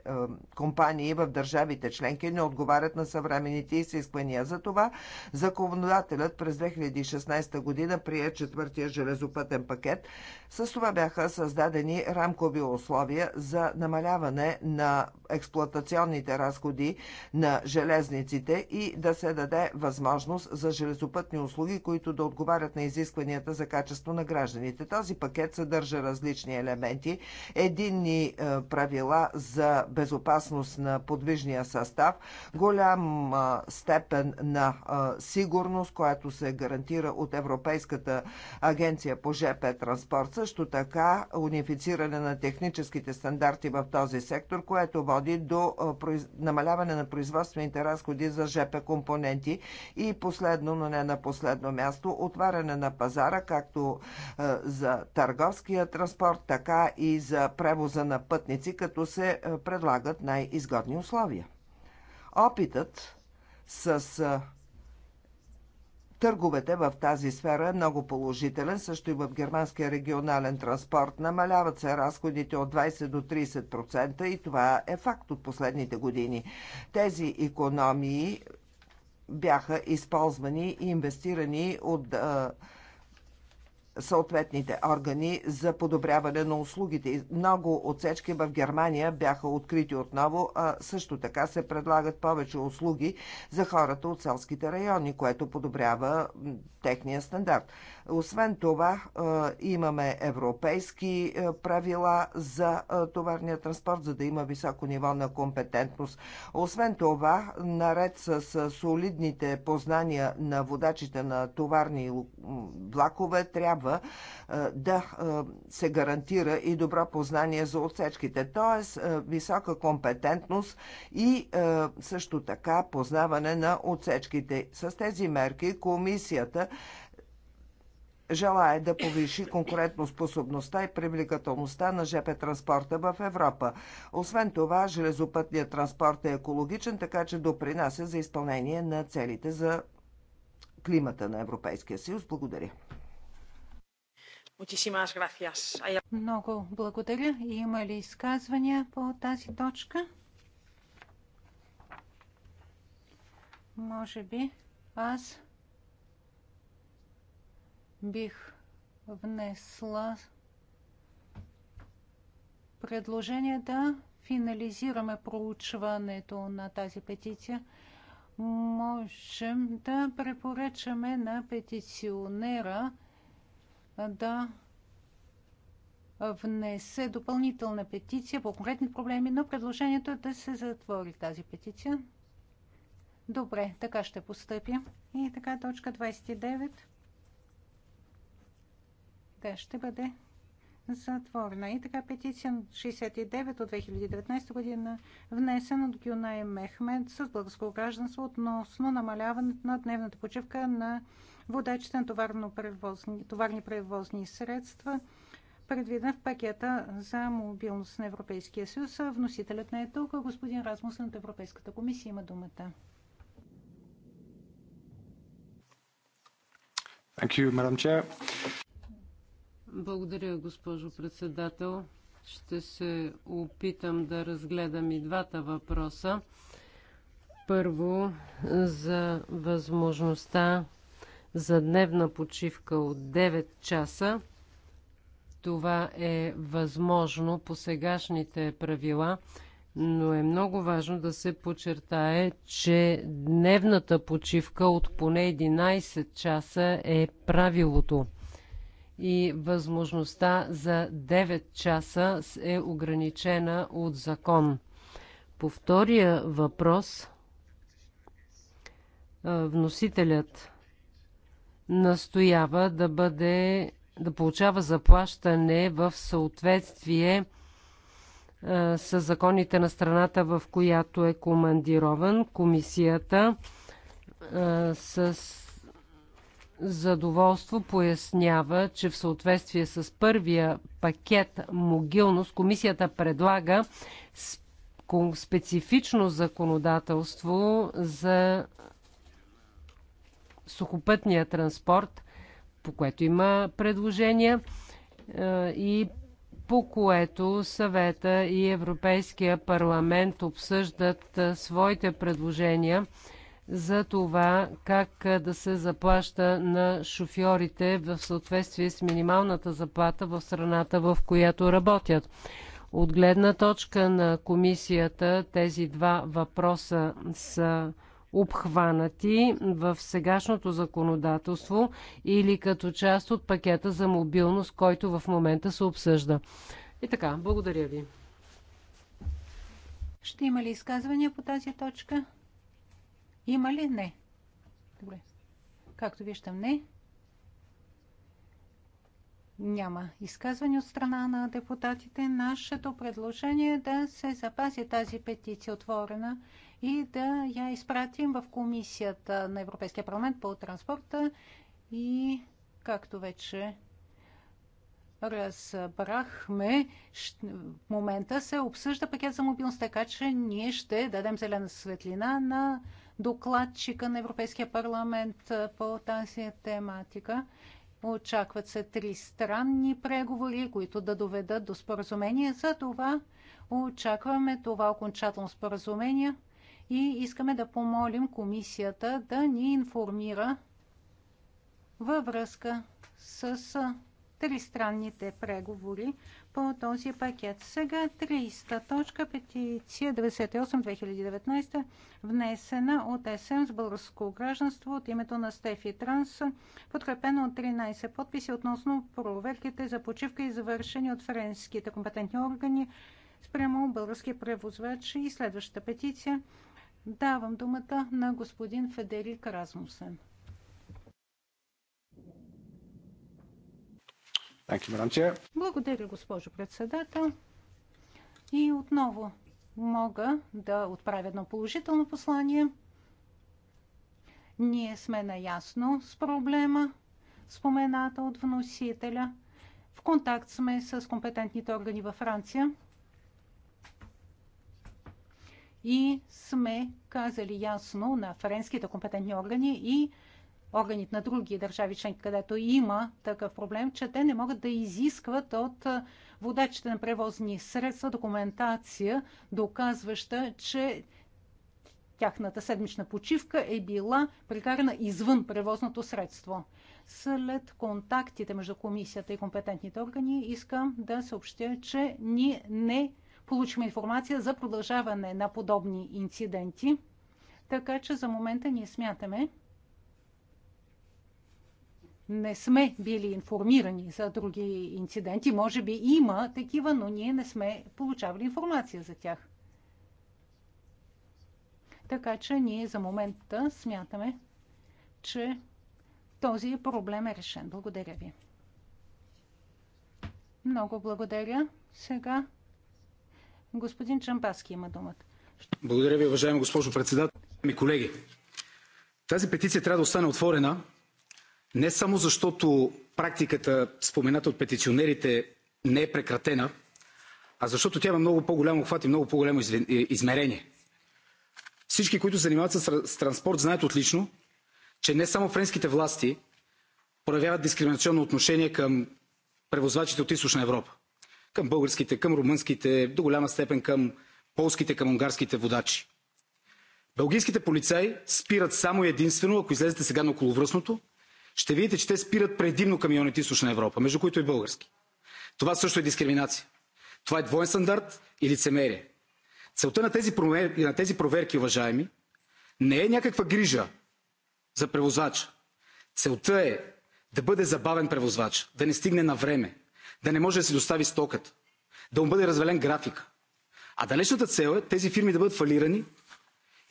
компании в държавите членки не отговарят на съвременните изисквания. За това законодателят през 2000 2016 година прие четвъртия железопътен пакет. С това бяха създадени рамкови условия за намаляване на експлуатационните разходи на железниците и да се даде възможност за железопътни услуги, които да отговарят на изискванията за качество на гражданите. Този пакет съдържа различни елементи, единни е, правила за безопасност на подвижния състав, голям е, степен на е, сигурност, която се гарантира гарантира от Европейската агенция по ЖП транспорт. Също така унифициране на техническите стандарти в този сектор, което води до намаляване на производствените разходи за ЖП компоненти и последно, но не на последно място, отваряне на пазара, както за търговския транспорт, така и за превоза на пътници, като се предлагат най-изгодни условия. Опитът с Търговете в тази сфера е много положителен, също и в германския регионален транспорт. Намаляват се разходите от 20 до 30% и това е факт от последните години. Тези економии бяха използвани и инвестирани от съответните органи за подобряване на услугите. Много отсечки в Германия бяха открити отново, а също така се предлагат повече услуги за хората от селските райони, което подобрява техния стандарт. Освен това, имаме европейски правила за товарния транспорт, за да има високо ниво на компетентност. Освен това, наред с солидните познания на водачите на товарни влакове, трябва да се гарантира и добро познание за отсечките, т.е. висока компетентност и също така познаване на отсечките. С тези мерки комисията желая да повиши конкурентоспособността и привлекателността на ЖП транспорта в Европа. Освен това, железопътният транспорт е екологичен, така че допринася за изпълнение на целите за климата на Европейския съюз. Благодаря. Много благодаря. Има ли изказвания по тази точка? Може би аз бих внесла предложение да финализираме проучването на тази петиция. Можем да препоръчаме на петиционера да внесе допълнителна петиция по конкретни проблеми, но предложението е да се затвори тази петиция. Добре, така ще постъпя. И така, точка 29 да ще бъде затворена. И така петиция 69 от 2019 година, внесена от Гюнай Мехмед с българско гражданство относно намаляването на дневната почивка на водачите на товарни превозни средства, предвидена в пакета за мобилност на Европейския съюз. Вносителят не е тук. Господин Размусен от Европейската комисия има думата. Thank you, Madam Chair. Благодаря, госпожо председател. Ще се опитам да разгледам и двата въпроса. Първо, за възможността за дневна почивка от 9 часа. Това е възможно по сегашните правила, но е много важно да се подчертае, че дневната почивка от поне 11 часа е правилото и възможността за 9 часа е ограничена от закон. По втория въпрос вносителят настоява да бъде да получава заплащане в съответствие с законите на страната, в която е командирован. Комисията с задоволство пояснява, че в съответствие с първия пакет могилност, комисията предлага специфично законодателство за сухопътния транспорт, по което има предложения е, и по което съвета и Европейския парламент обсъждат е, своите предложения – за това как да се заплаща на шофьорите в съответствие с минималната заплата в страната, в която работят. От гледна точка на комисията тези два въпроса са обхванати в сегашното законодателство или като част от пакета за мобилност, който в момента се обсъжда. И така, благодаря ви. Ще има ли изказвания по тази точка? Има ли? Не. Добре. Както виждам, не. Няма изказване от страна на депутатите. Нашето предложение е да се запази тази петиция отворена и да я изпратим в Комисията на Европейския парламент по транспорта и както вече разбрахме, в момента се обсъжда пакет за мобилност, така че ние ще дадем зелена светлина на докладчика на Европейския парламент по тази тематика. Очакват се три странни преговори, които да доведат до споразумение. За това очакваме това окончателно споразумение и искаме да помолим комисията да ни информира във връзка с тристранните преговори по този пакет. Сега 300 точка, петиция 98-2019, внесена от СМ с българско гражданство от името на Стефи Транс, подкрепена от 13 подписи относно проверките за почивка, извършени от френските компетентни органи спрямо български превозвач и следващата петиция. Давам думата на господин Федерик Размусен. You, Благодаря, госпожо председател. И отново мога да отправя едно положително послание. Ние сме наясно с проблема, спомената от вносителя. В контакт сме с компетентните органи във Франция и сме казали ясно на френските компетентни органи и органите на други държави членки, където има такъв проблем, че те не могат да изискват от водачите на превозни средства документация, доказваща, че тяхната седмична почивка е била прекарана извън превозното средство. След контактите между комисията и компетентните органи искам да съобщя, че ние не получим информация за продължаване на подобни инциденти. Така че за момента ние смятаме, не сме били информирани за други инциденти. Може би има такива, но ние не сме получавали информация за тях. Така че ние за момента смятаме, че този проблем е решен. Благодаря ви. Много благодаря. Сега господин Чампаски има думата. Благодаря ви, уважаема госпожо председател. Ми колеги, тази петиция трябва да остане отворена, не само защото практиката, спомената от петиционерите, не е прекратена, а защото тя има много по-голям хват и много по-голямо е, измерение. Всички, които занимават с транспорт, знаят отлично, че не само френските власти проявяват дискриминационно отношение към превозвачите от Източна Европа. Към българските, към румънските, до голяма степен към полските, към унгарските водачи. Белгийските полицаи спират само единствено, ако излезете сега на околовръстното, ще видите, че те спират предимно камионите източна Европа, между които и български. Това също е дискриминация. Това е двоен стандарт и лицемерие. Целта на тези, промер... на тези проверки, уважаеми, не е някаква грижа за превозвача. Целта е да бъде забавен превозвач, да не стигне на време, да не може да си достави стоката, да му бъде развален график. А далечната цел е тези фирми да бъдат фалирани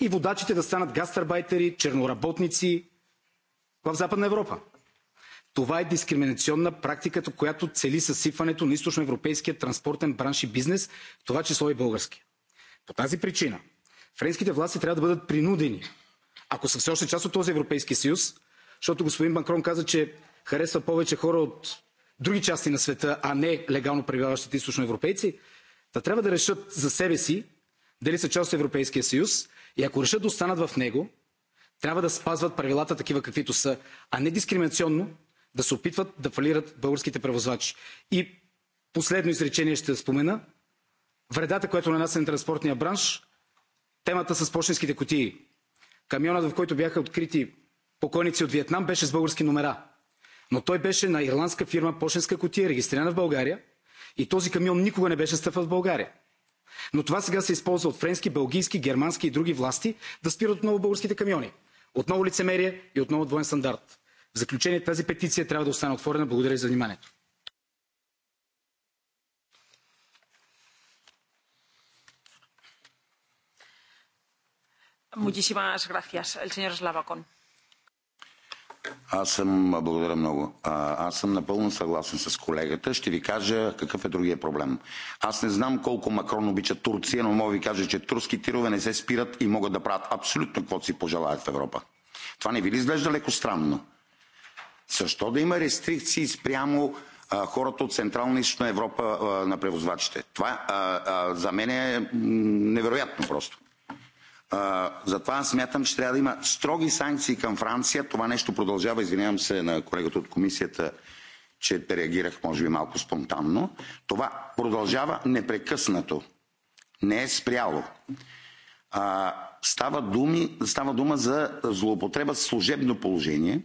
и водачите да станат гастарбайтери, черноработници, в Западна Европа. Това е дискриминационна практика, която цели съсипването на източноевропейския транспортен бранш и бизнес, в това число и българския. По тази причина френските власти трябва да бъдат принудени, ако са все още част от този Европейски съюз, защото господин Макрон каза, че харесва повече хора от други части на света, а не легално пребиваващите източноевропейци, да трябва да решат за себе си дали са част от Европейския съюз и ако решат да останат в него, трябва да спазват правилата такива каквито са, а не дискриминационно да се опитват да фалират българските превозвачи. И последно изречение ще спомена. Вредата, която нанася на транспортния бранш, темата с почтенските кутии. Камионът, в който бяха открити покойници от Виетнам, беше с български номера. Но той беше на ирландска фирма почтенска кутия, регистрирана в България, и този камион никога не беше стъпвал в България. Но това сега се използва от френски, белгийски, германски и други власти да спират отново българските камиони. Отново лицемерие и отново двоен стандарт. В заключение тази петиция трябва да остане отворена. Благодаря за вниманието. Muchísimas gracias, el señor Slavakon. Аз съм, благодаря много. аз съм напълно съгласен с колегата. Ще ви кажа какъв е другия проблем. Аз не знам колко Макрон обича Турция, но мога да ви кажа, че турски тирове не се спират и могат да правят абсолютно каквото си пожелаят в Европа. Това не ви ли изглежда леко странно? Защо да има рестрикции спрямо а, хората от Централна и Източна Европа а, на превозвачите? Това а, а, за мен е невероятно просто затова аз смятам, че трябва да има строги санкции към Франция. Това нещо продължава. Извинявам се на колегата от комисията, че реагирах може би малко спонтанно. Това продължава непрекъснато. Не е спряло. А, става, думи, става дума за злоупотреба с служебно положение.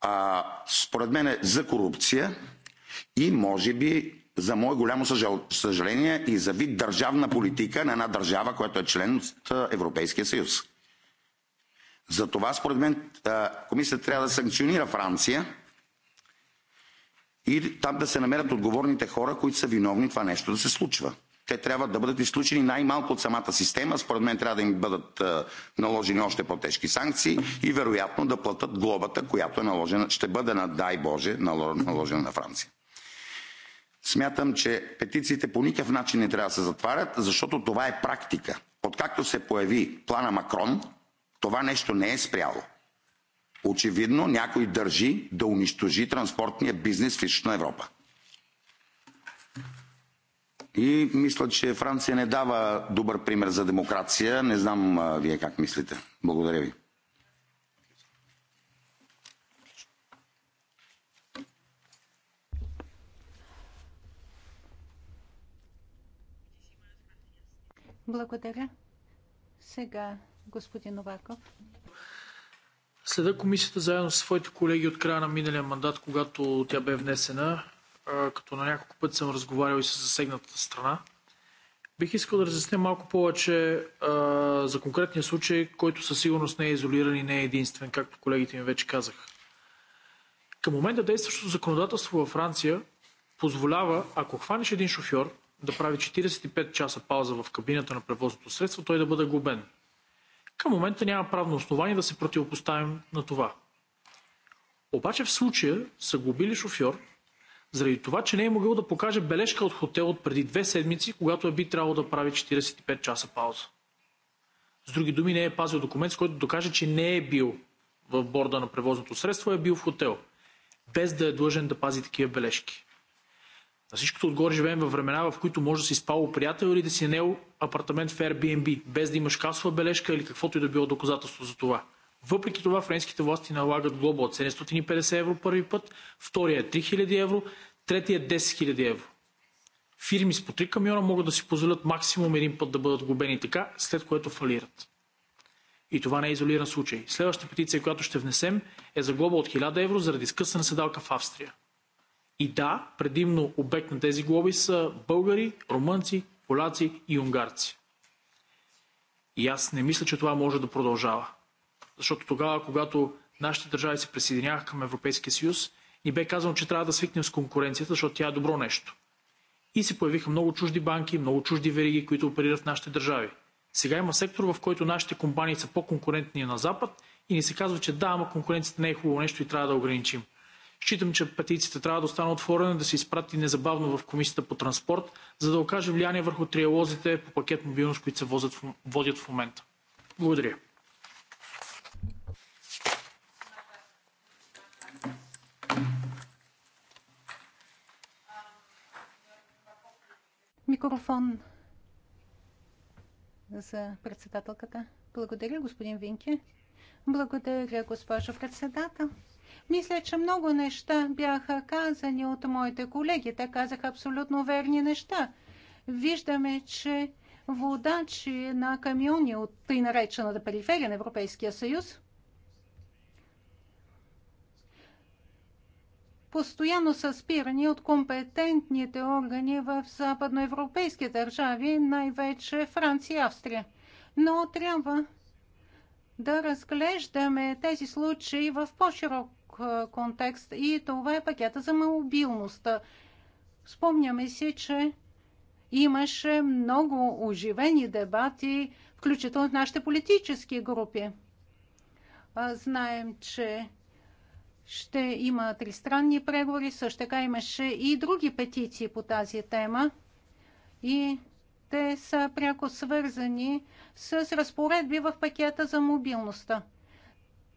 А, според мен е за корупция и може би за мое голямо съжаление и за вид държавна политика на една държава, която е член от Европейския съюз. За това, според мен, комисията трябва да санкционира Франция и там да се намерят отговорните хора, които са виновни това нещо да се случва. Те трябва да бъдат изключени най-малко от самата система. Според мен трябва да им бъдат наложени още по-тежки санкции и вероятно да платят глобата, която е наложена, ще бъде, на дай Боже, наложена на Франция. Смятам, че петициите по никакъв начин не трябва да се затварят, защото това е практика. Откакто се появи плана Макрон, това нещо не е спряло. Очевидно някой държи да унищожи транспортния бизнес в Ищна Европа. И мисля, че Франция не дава добър пример за демокрация. Не знам а, вие как мислите. Благодаря ви. Благодаря. Сега господин Новаков. Следа комисията заедно с своите колеги от края на миналия мандат, когато тя бе внесена, като на няколко пъти съм разговарял и с засегната страна. Бих искал да разясня малко повече а, за конкретния случай, който със сигурност не е изолиран и не е единствен, както колегите ми вече казах. Към момента действащото законодателство във Франция позволява, ако хванеш един шофьор, да прави 45 часа пауза в кабината на превозното средство, той да бъде глобен. Към момента няма правно основание да се противопоставим на това. Обаче в случая са глобили шофьор, заради това, че не е могъл да покаже бележка от хотел от преди две седмици, когато е би трябвало да прави 45 часа пауза. С други думи, не е пазил документ, с който докаже, че не е бил в борда на превозното средство, е бил в хотел, без да е длъжен да пази такива бележки. На всичкото отгоре живеем във времена, в които може да си спало приятел или да си е нел апартамент в Airbnb, без да имаш касова бележка или каквото и да било доказателство за това. Въпреки това френските власти налагат глоба от 750 евро първи път, втория е 3000 евро, третия е 10 000 евро. Фирми с по 3 камиона могат да си позволят максимум един път да бъдат губени така, след което фалират. И това не е изолиран случай. Следващата петиция, която ще внесем, е за глоба от 1000 евро заради скъсана седалка в Австрия. И да, предимно обект на тези глоби са българи, румънци, поляци и унгарци. И аз не мисля, че това може да продължава. Защото тогава, когато нашите държави се присъединяваха към Европейския съюз, ни бе казано, че трябва да свикнем с конкуренцията, защото тя е добро нещо. И се появиха много чужди банки, много чужди вериги, които оперират в нашите държави. Сега има сектор, в който нашите компании са по-конкурентни на Запад и ни се казва, че да, ама конкуренцията не е хубаво нещо и трябва да ограничим. Считам, че петицията трябва да остане отворена да се изпрати незабавно в Комисията по транспорт, за да окаже влияние върху триалозите по пакет мобилност, които се водят в момента. Благодаря. Микрофон за председателката. Благодаря, господин Винки. Благодаря, госпожо председател. Мисля, че много неща бяха казани от моите колеги. Те казаха абсолютно верни неща. Виждаме, че водачи на камиони от тъй наречената периферия на Европейския съюз постоянно са спирани от компетентните органи в западноевропейски държави, най-вече Франция и Австрия. Но трябва да разглеждаме тези случаи в по-широк контекст и това е пакета за мобилността. Спомняме си, че имаше много оживени дебати, включително в нашите политически групи. Знаем, че ще има тристранни преговори, също така имаше и други петиции по тази тема. И те са пряко свързани с разпоредби в пакета за мобилността.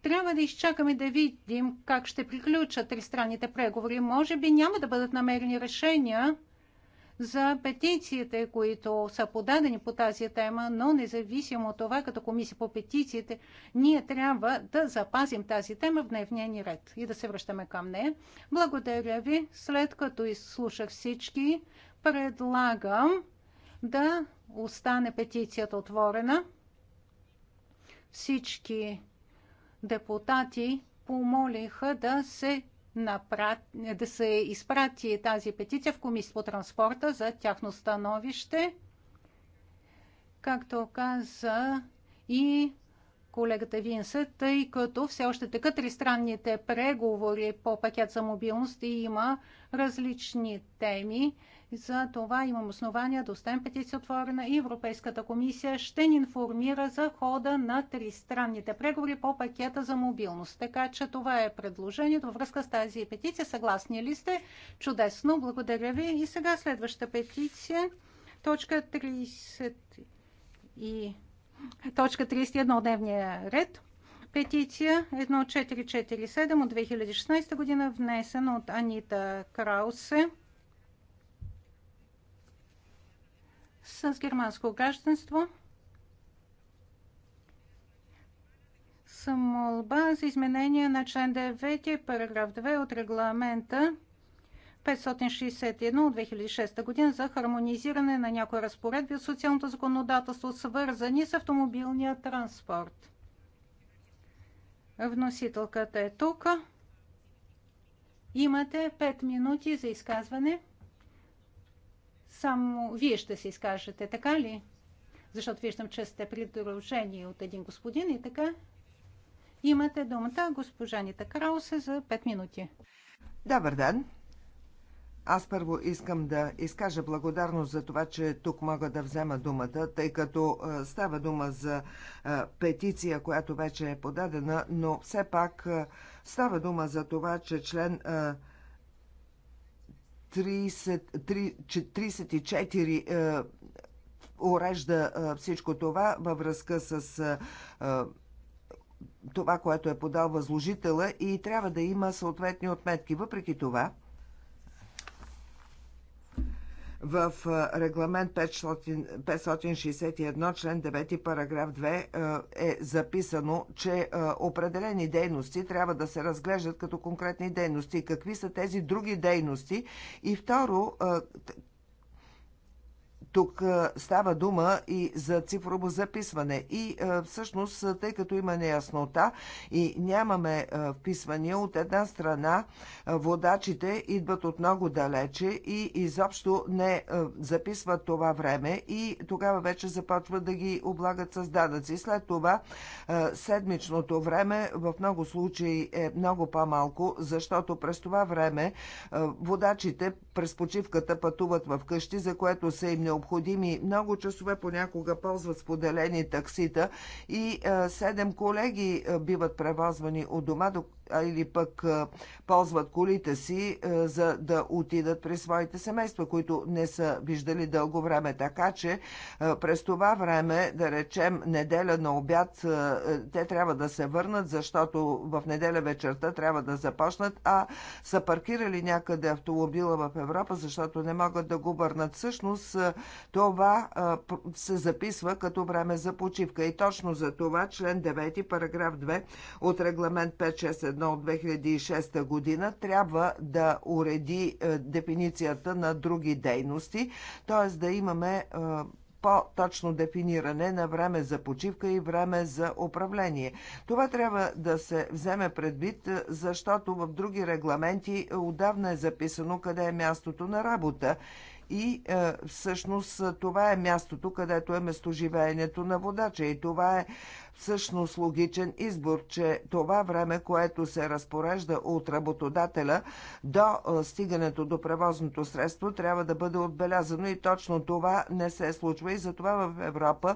Трябва да изчакаме да видим как ще приключат тристранните преговори. Може би няма да бъдат намерени решения за петициите, които са подадени по тази тема, но независимо от това, като комисия по петициите, ние трябва да запазим тази тема в дневния ни ред и да се връщаме към нея. Благодаря ви. След като изслушах всички, предлагам да остане петицията отворена. Всички депутати помолиха да се, напрат... да се изпрати тази петиция в Комисия по транспорта за тяхно становище. Както каза и колегата Винса, тъй като все още така тристранните преговори по пакет за мобилност и има различни теми. За това имам основания да оставим петиция отворена и Европейската комисия ще ни информира за хода на тристранните преговори по пакета за мобилност. Така че това е предложението във връзка с тази петиция. Съгласни ли сте? Чудесно, благодаря ви. И сега следваща петиция, точка 30 и точка 31 от дневния ред. Петиция 1447 от 2016 година, внесена от Анита Краусе. с германско гражданство с молба за изменение на член 9, параграф 2 от регламента 561 от 2006 година за хармонизиране на някои разпоредби от социалното законодателство, свързани с автомобилния транспорт. Вносителката е тук. Имате 5 минути за изказване. Само вие ще се изкажете, така ли? Защото виждам, че сте придружени от един господин и така. Имате думата, госпожа Нита Краусе, за 5 минути. Добър ден! Аз първо искам да изкажа благодарност за това, че тук мога да взема думата, тъй като става дума за петиция, която вече е подадена, но все пак става дума за това, че член 34 е, урежда е, всичко това във връзка с е, това, което е подал възложителя и трябва да има съответни отметки. Въпреки това, в регламент 561, член 9, параграф 2 е записано, че определени дейности трябва да се разглеждат като конкретни дейности. Какви са тези други дейности? И второ, тук става дума и за цифрово записване. И всъщност, тъй като има неяснота и нямаме вписвания, от една страна водачите идват от много далече и изобщо не записват това време и тогава вече започват да ги облагат с данъци. След това седмичното време в много случаи е много по-малко, защото през това време водачите през почивката пътуват в къщи, за което са им необходими много часове, понякога ползват споделени таксита и седем колеги биват превозвани от дома до или пък ползват колите си, за да отидат при своите семейства, които не са виждали дълго време. Така че през това време, да речем неделя на обяд, те трябва да се върнат, защото в неделя вечерта трябва да започнат, а са паркирали някъде автомобила в Европа, защото не могат да го върнат. Всъщност това се записва като време за почивка. И точно за това член 9, параграф 2 от регламент 5-6. 1 от 2006 година трябва да уреди е, дефиницията на други дейности, т.е. да имаме е, по-точно дефиниране на време за почивка и време за управление. Това трябва да се вземе предвид, е, защото в други регламенти отдавна е записано къде е мястото на работа. И е, всъщност това е мястото, където е местоживеенето на водача. И това е всъщност логичен избор, че това време, което се разпорежда от работодателя до стигането до превозното средство, трябва да бъде отбелязано и точно това не се случва. И затова в Европа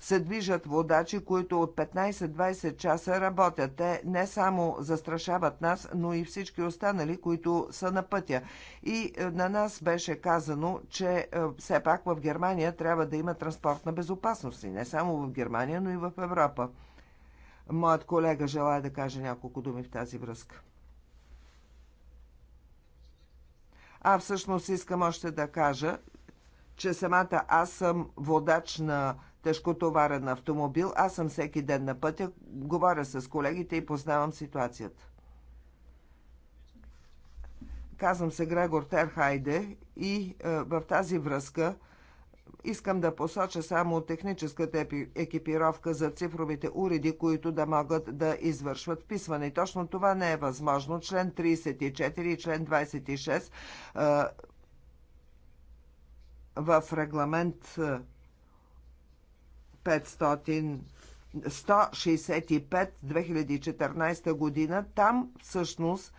се движат водачи, които от 15-20 часа работят. Те не само застрашават нас, но и всички останали, които са на пътя. И на нас беше казано, че все пак в Германия трябва да има транспортна безопасност. И не само в Германия, но и в Европа. Европа. Моят колега желая да каже няколко думи в тази връзка. А всъщност искам още да кажа, че самата аз съм водач на тежкотоварен автомобил. Аз съм всеки ден на пътя, говоря с колегите и познавам ситуацията. Казвам се Грегор Терхайде и е, в тази връзка – Искам да посоча само техническата екипировка за цифровите уреди, които да могат да извършват вписване. точно това не е възможно. Член 34 и член 26 в регламент 500 165 2014 година, там всъщност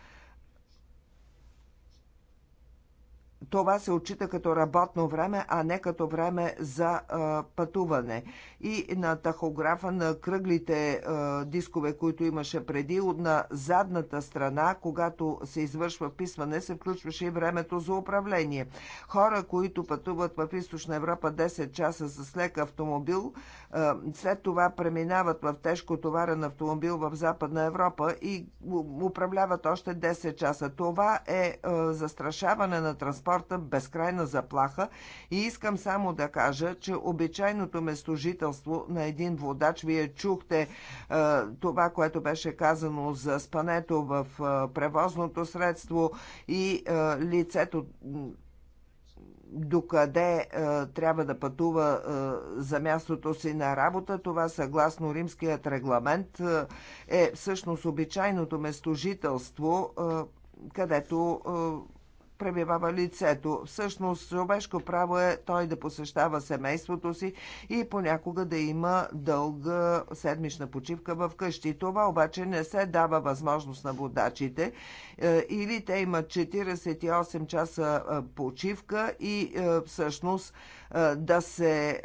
това се отчита като работно време, а не като време за а, пътуване. И на тахографа на кръглите а, дискове, които имаше преди, на задната страна, когато се извършва писване, се включваше и времето за управление. Хора, които пътуват в Източна Европа 10 часа с лек автомобил, а, след това преминават в тежко товарен автомобил в Западна Европа и управляват още 10 часа. Това е а, застрашаване на транспорта транспорта безкрайна заплаха и искам само да кажа, че обичайното местожителство на един водач, вие чухте е, това, което беше казано за спането в е, превозното средство и е, лицето докъде е, трябва да пътува е, за мястото си на работа. Това съгласно римският регламент е, е всъщност обичайното местожителство, е, където пребивава лицето. Всъщност, човешко право е той да посещава семейството си и понякога да има дълга седмична почивка в къщи. Това обаче не се дава възможност на водачите е, или те имат 48 часа е, почивка и е, всъщност да се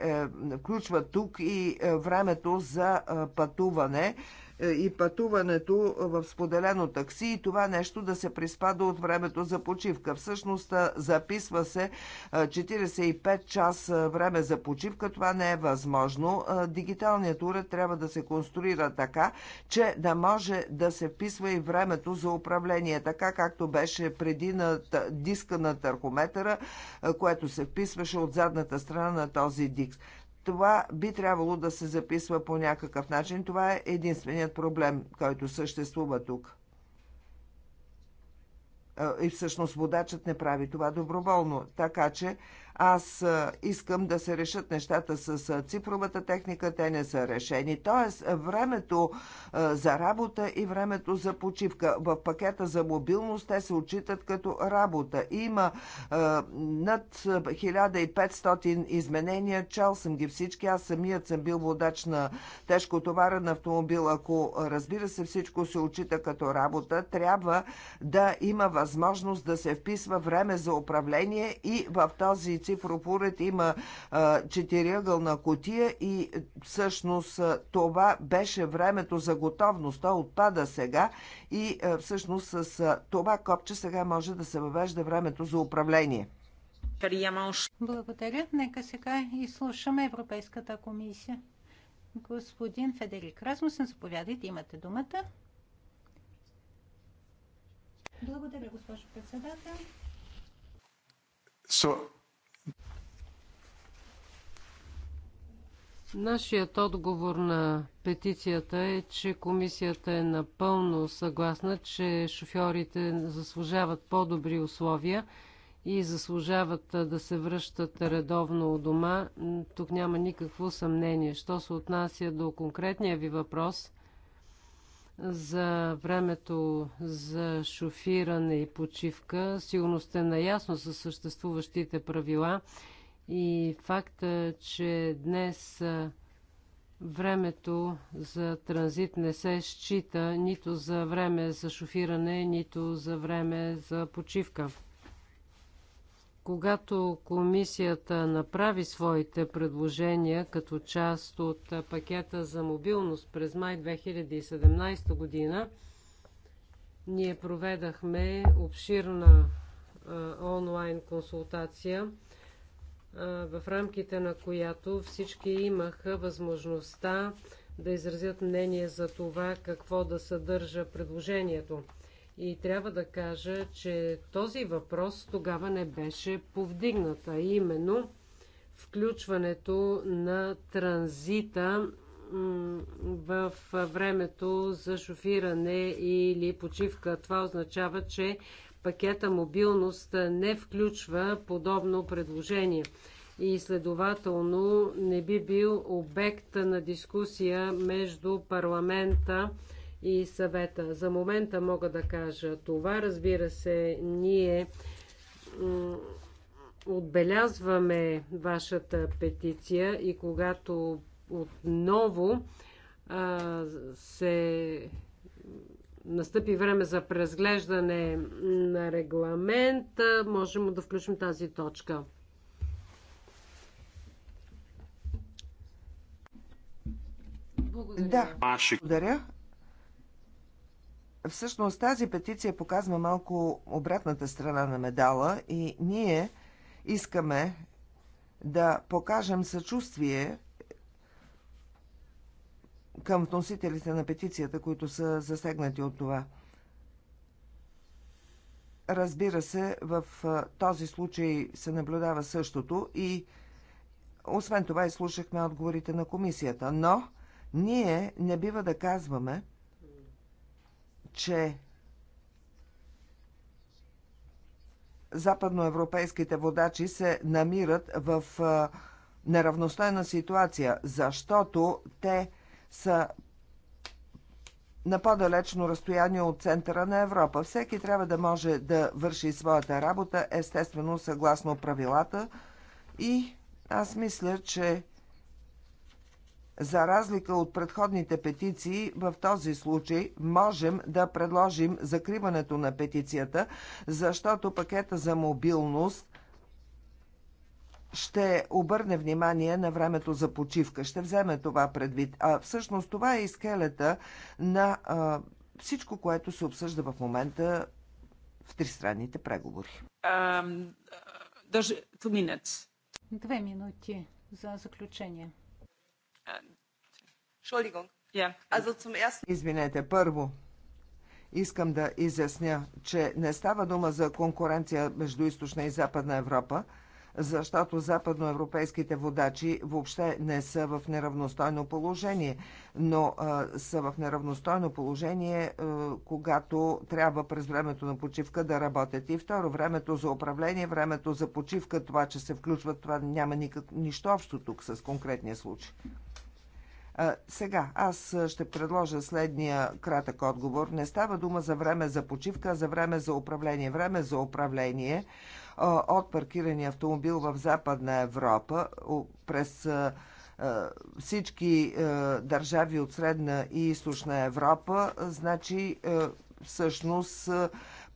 включва тук и времето за пътуване е, и пътуването в споделено такси и това нещо да се приспада от времето за почивка. Всъщност е, записва се 45 е, час време за почивка. Това не е възможно. Дигиталният уред трябва да се конструира така, че да може да се вписва и времето за управление, така както беше преди на диска на търкометъра, което се вписваше от задната страна на този диск. Това би трябвало да се записва по някакъв начин. Това е единственият проблем, който съществува тук. Е, и всъщност водачът не прави това доброволно. Така че аз искам да се решат нещата с цифровата техника, те не са решени. Тоест, времето за работа и времето за почивка. В пакета за мобилност те се отчитат като работа. Има над 1500 изменения. Чал съм ги всички. Аз самият съм бил водач на тежкотоварен автомобил. Ако разбира се всичко се отчита като работа, трябва да има възможност да се вписва време за управление и в този цифропоред има на котия и всъщност това беше времето за готовност. То отпада сега и всъщност с това копче сега може да се въвежда времето за управление. Благодаря. Нека сега изслушаме Европейската комисия. Господин Федерик Размусен, заповядайте, имате думата. Благодаря, госпожо председател. So, Нашият отговор на петицията е, че комисията е напълно съгласна, че шофьорите заслужават по-добри условия и заслужават да се връщат редовно у дома. Тук няма никакво съмнение. Що се отнася до конкретния ви въпрос за времето за шофиране и почивка, сигурно сте наясно със съществуващите правила – и факта, че днес времето за транзит не се счита нито за време за шофиране, нито за време за почивка. Когато комисията направи своите предложения като част от пакета за мобилност през май 2017 година, ние проведахме обширна онлайн консултация – в рамките на която всички имаха възможността да изразят мнение за това какво да съдържа предложението. И трябва да кажа, че този въпрос тогава не беше повдигнат, а именно включването на транзита в времето за шофиране или почивка. Това означава, че пакета мобилност не включва подобно предложение и следователно не би бил обект на дискусия между парламента и съвета. За момента мога да кажа това. Разбира се, ние отбелязваме вашата петиция и когато отново а, се настъпи време за преразглеждане на регламента, можем да включим тази точка. Благодаря. Да, благодаря. Всъщност тази петиция показва малко обратната страна на медала и ние искаме да покажем съчувствие към вносителите на петицията, които са засегнати от това. Разбира се, в този случай се наблюдава същото и освен това изслушахме отговорите на комисията. Но ние не бива да казваме, че западноевропейските водачи се намират в неравностойна ситуация, защото те са на по-далечно разстояние от центъра на Европа. Всеки трябва да може да върши своята работа, естествено съгласно правилата. И аз мисля, че за разлика от предходните петиции, в този случай можем да предложим закриването на петицията, защото пакета за мобилност ще обърне внимание на времето за почивка, ще вземе това предвид. А всъщност това е и скелета на а, всичко, което се обсъжда в момента в тристранните преговори. Um, Две минути за заключение. Извинете, първо, искам да изясня, че не става дума за конкуренция между източна и западна Европа, защото западноевропейските водачи въобще не са в неравностойно положение, но а, са в неравностойно положение, а, когато трябва през времето на почивка да работят. И второ, времето за управление, времето за почивка, това, че се включват, това няма никак, нищо общо тук с конкретния случай. Сега, аз ще предложа следния кратък отговор. Не става дума за време за почивка, а за време за управление. Време за управление от паркирани автомобил в Западна Европа през всички държави от Средна и Източна Европа, значи всъщност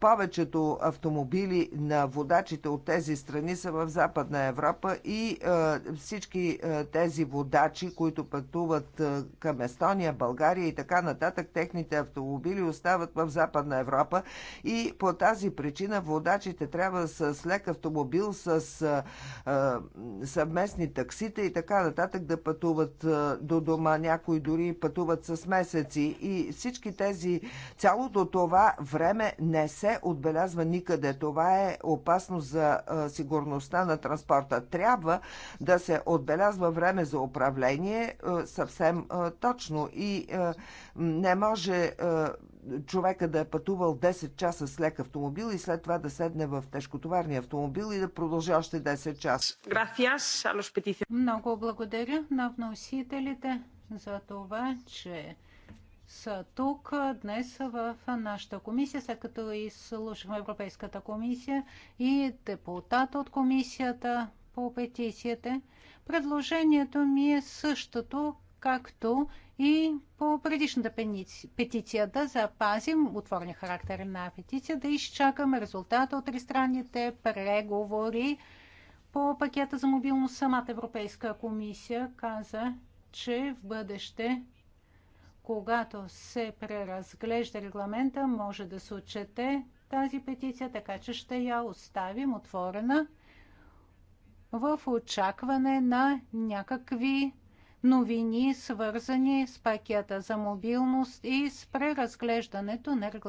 повечето автомобили на водачите от тези страни са в Западна Европа и е, всички е, тези водачи, които пътуват е, към Естония, България и така нататък, техните автомобили остават в Западна Европа и по тази причина водачите трябва с лек автомобил, с е, е съвместни таксита и така нататък да пътуват е, до дома. Някои дори пътуват с месеци и всички тези, цялото това време не се отбелязва никъде. Това е опасно за сигурността на транспорта. Трябва да се отбелязва време за управление съвсем точно и не може човека да е пътувал 10 часа с лек автомобил и след това да седне в тежкотоварния автомобил и да продължи още 10 часа. Много благодаря на вносителите за това, че са тук днес в нашата комисия, след като изслушахме Европейската комисия и депутата от комисията по петициите. Предложението ми е същото, както и по предишната петиция да запазим отворния характер на петиция, да изчакаме резултата от тристранните преговори по пакета за мобилност. Самата Европейска комисия каза, че в бъдеще когато се преразглежда регламента, може да се отчете тази петиция, така че ще я оставим отворена в очакване на някакви новини, свързани с пакета за мобилност и с преразглеждането на регламента.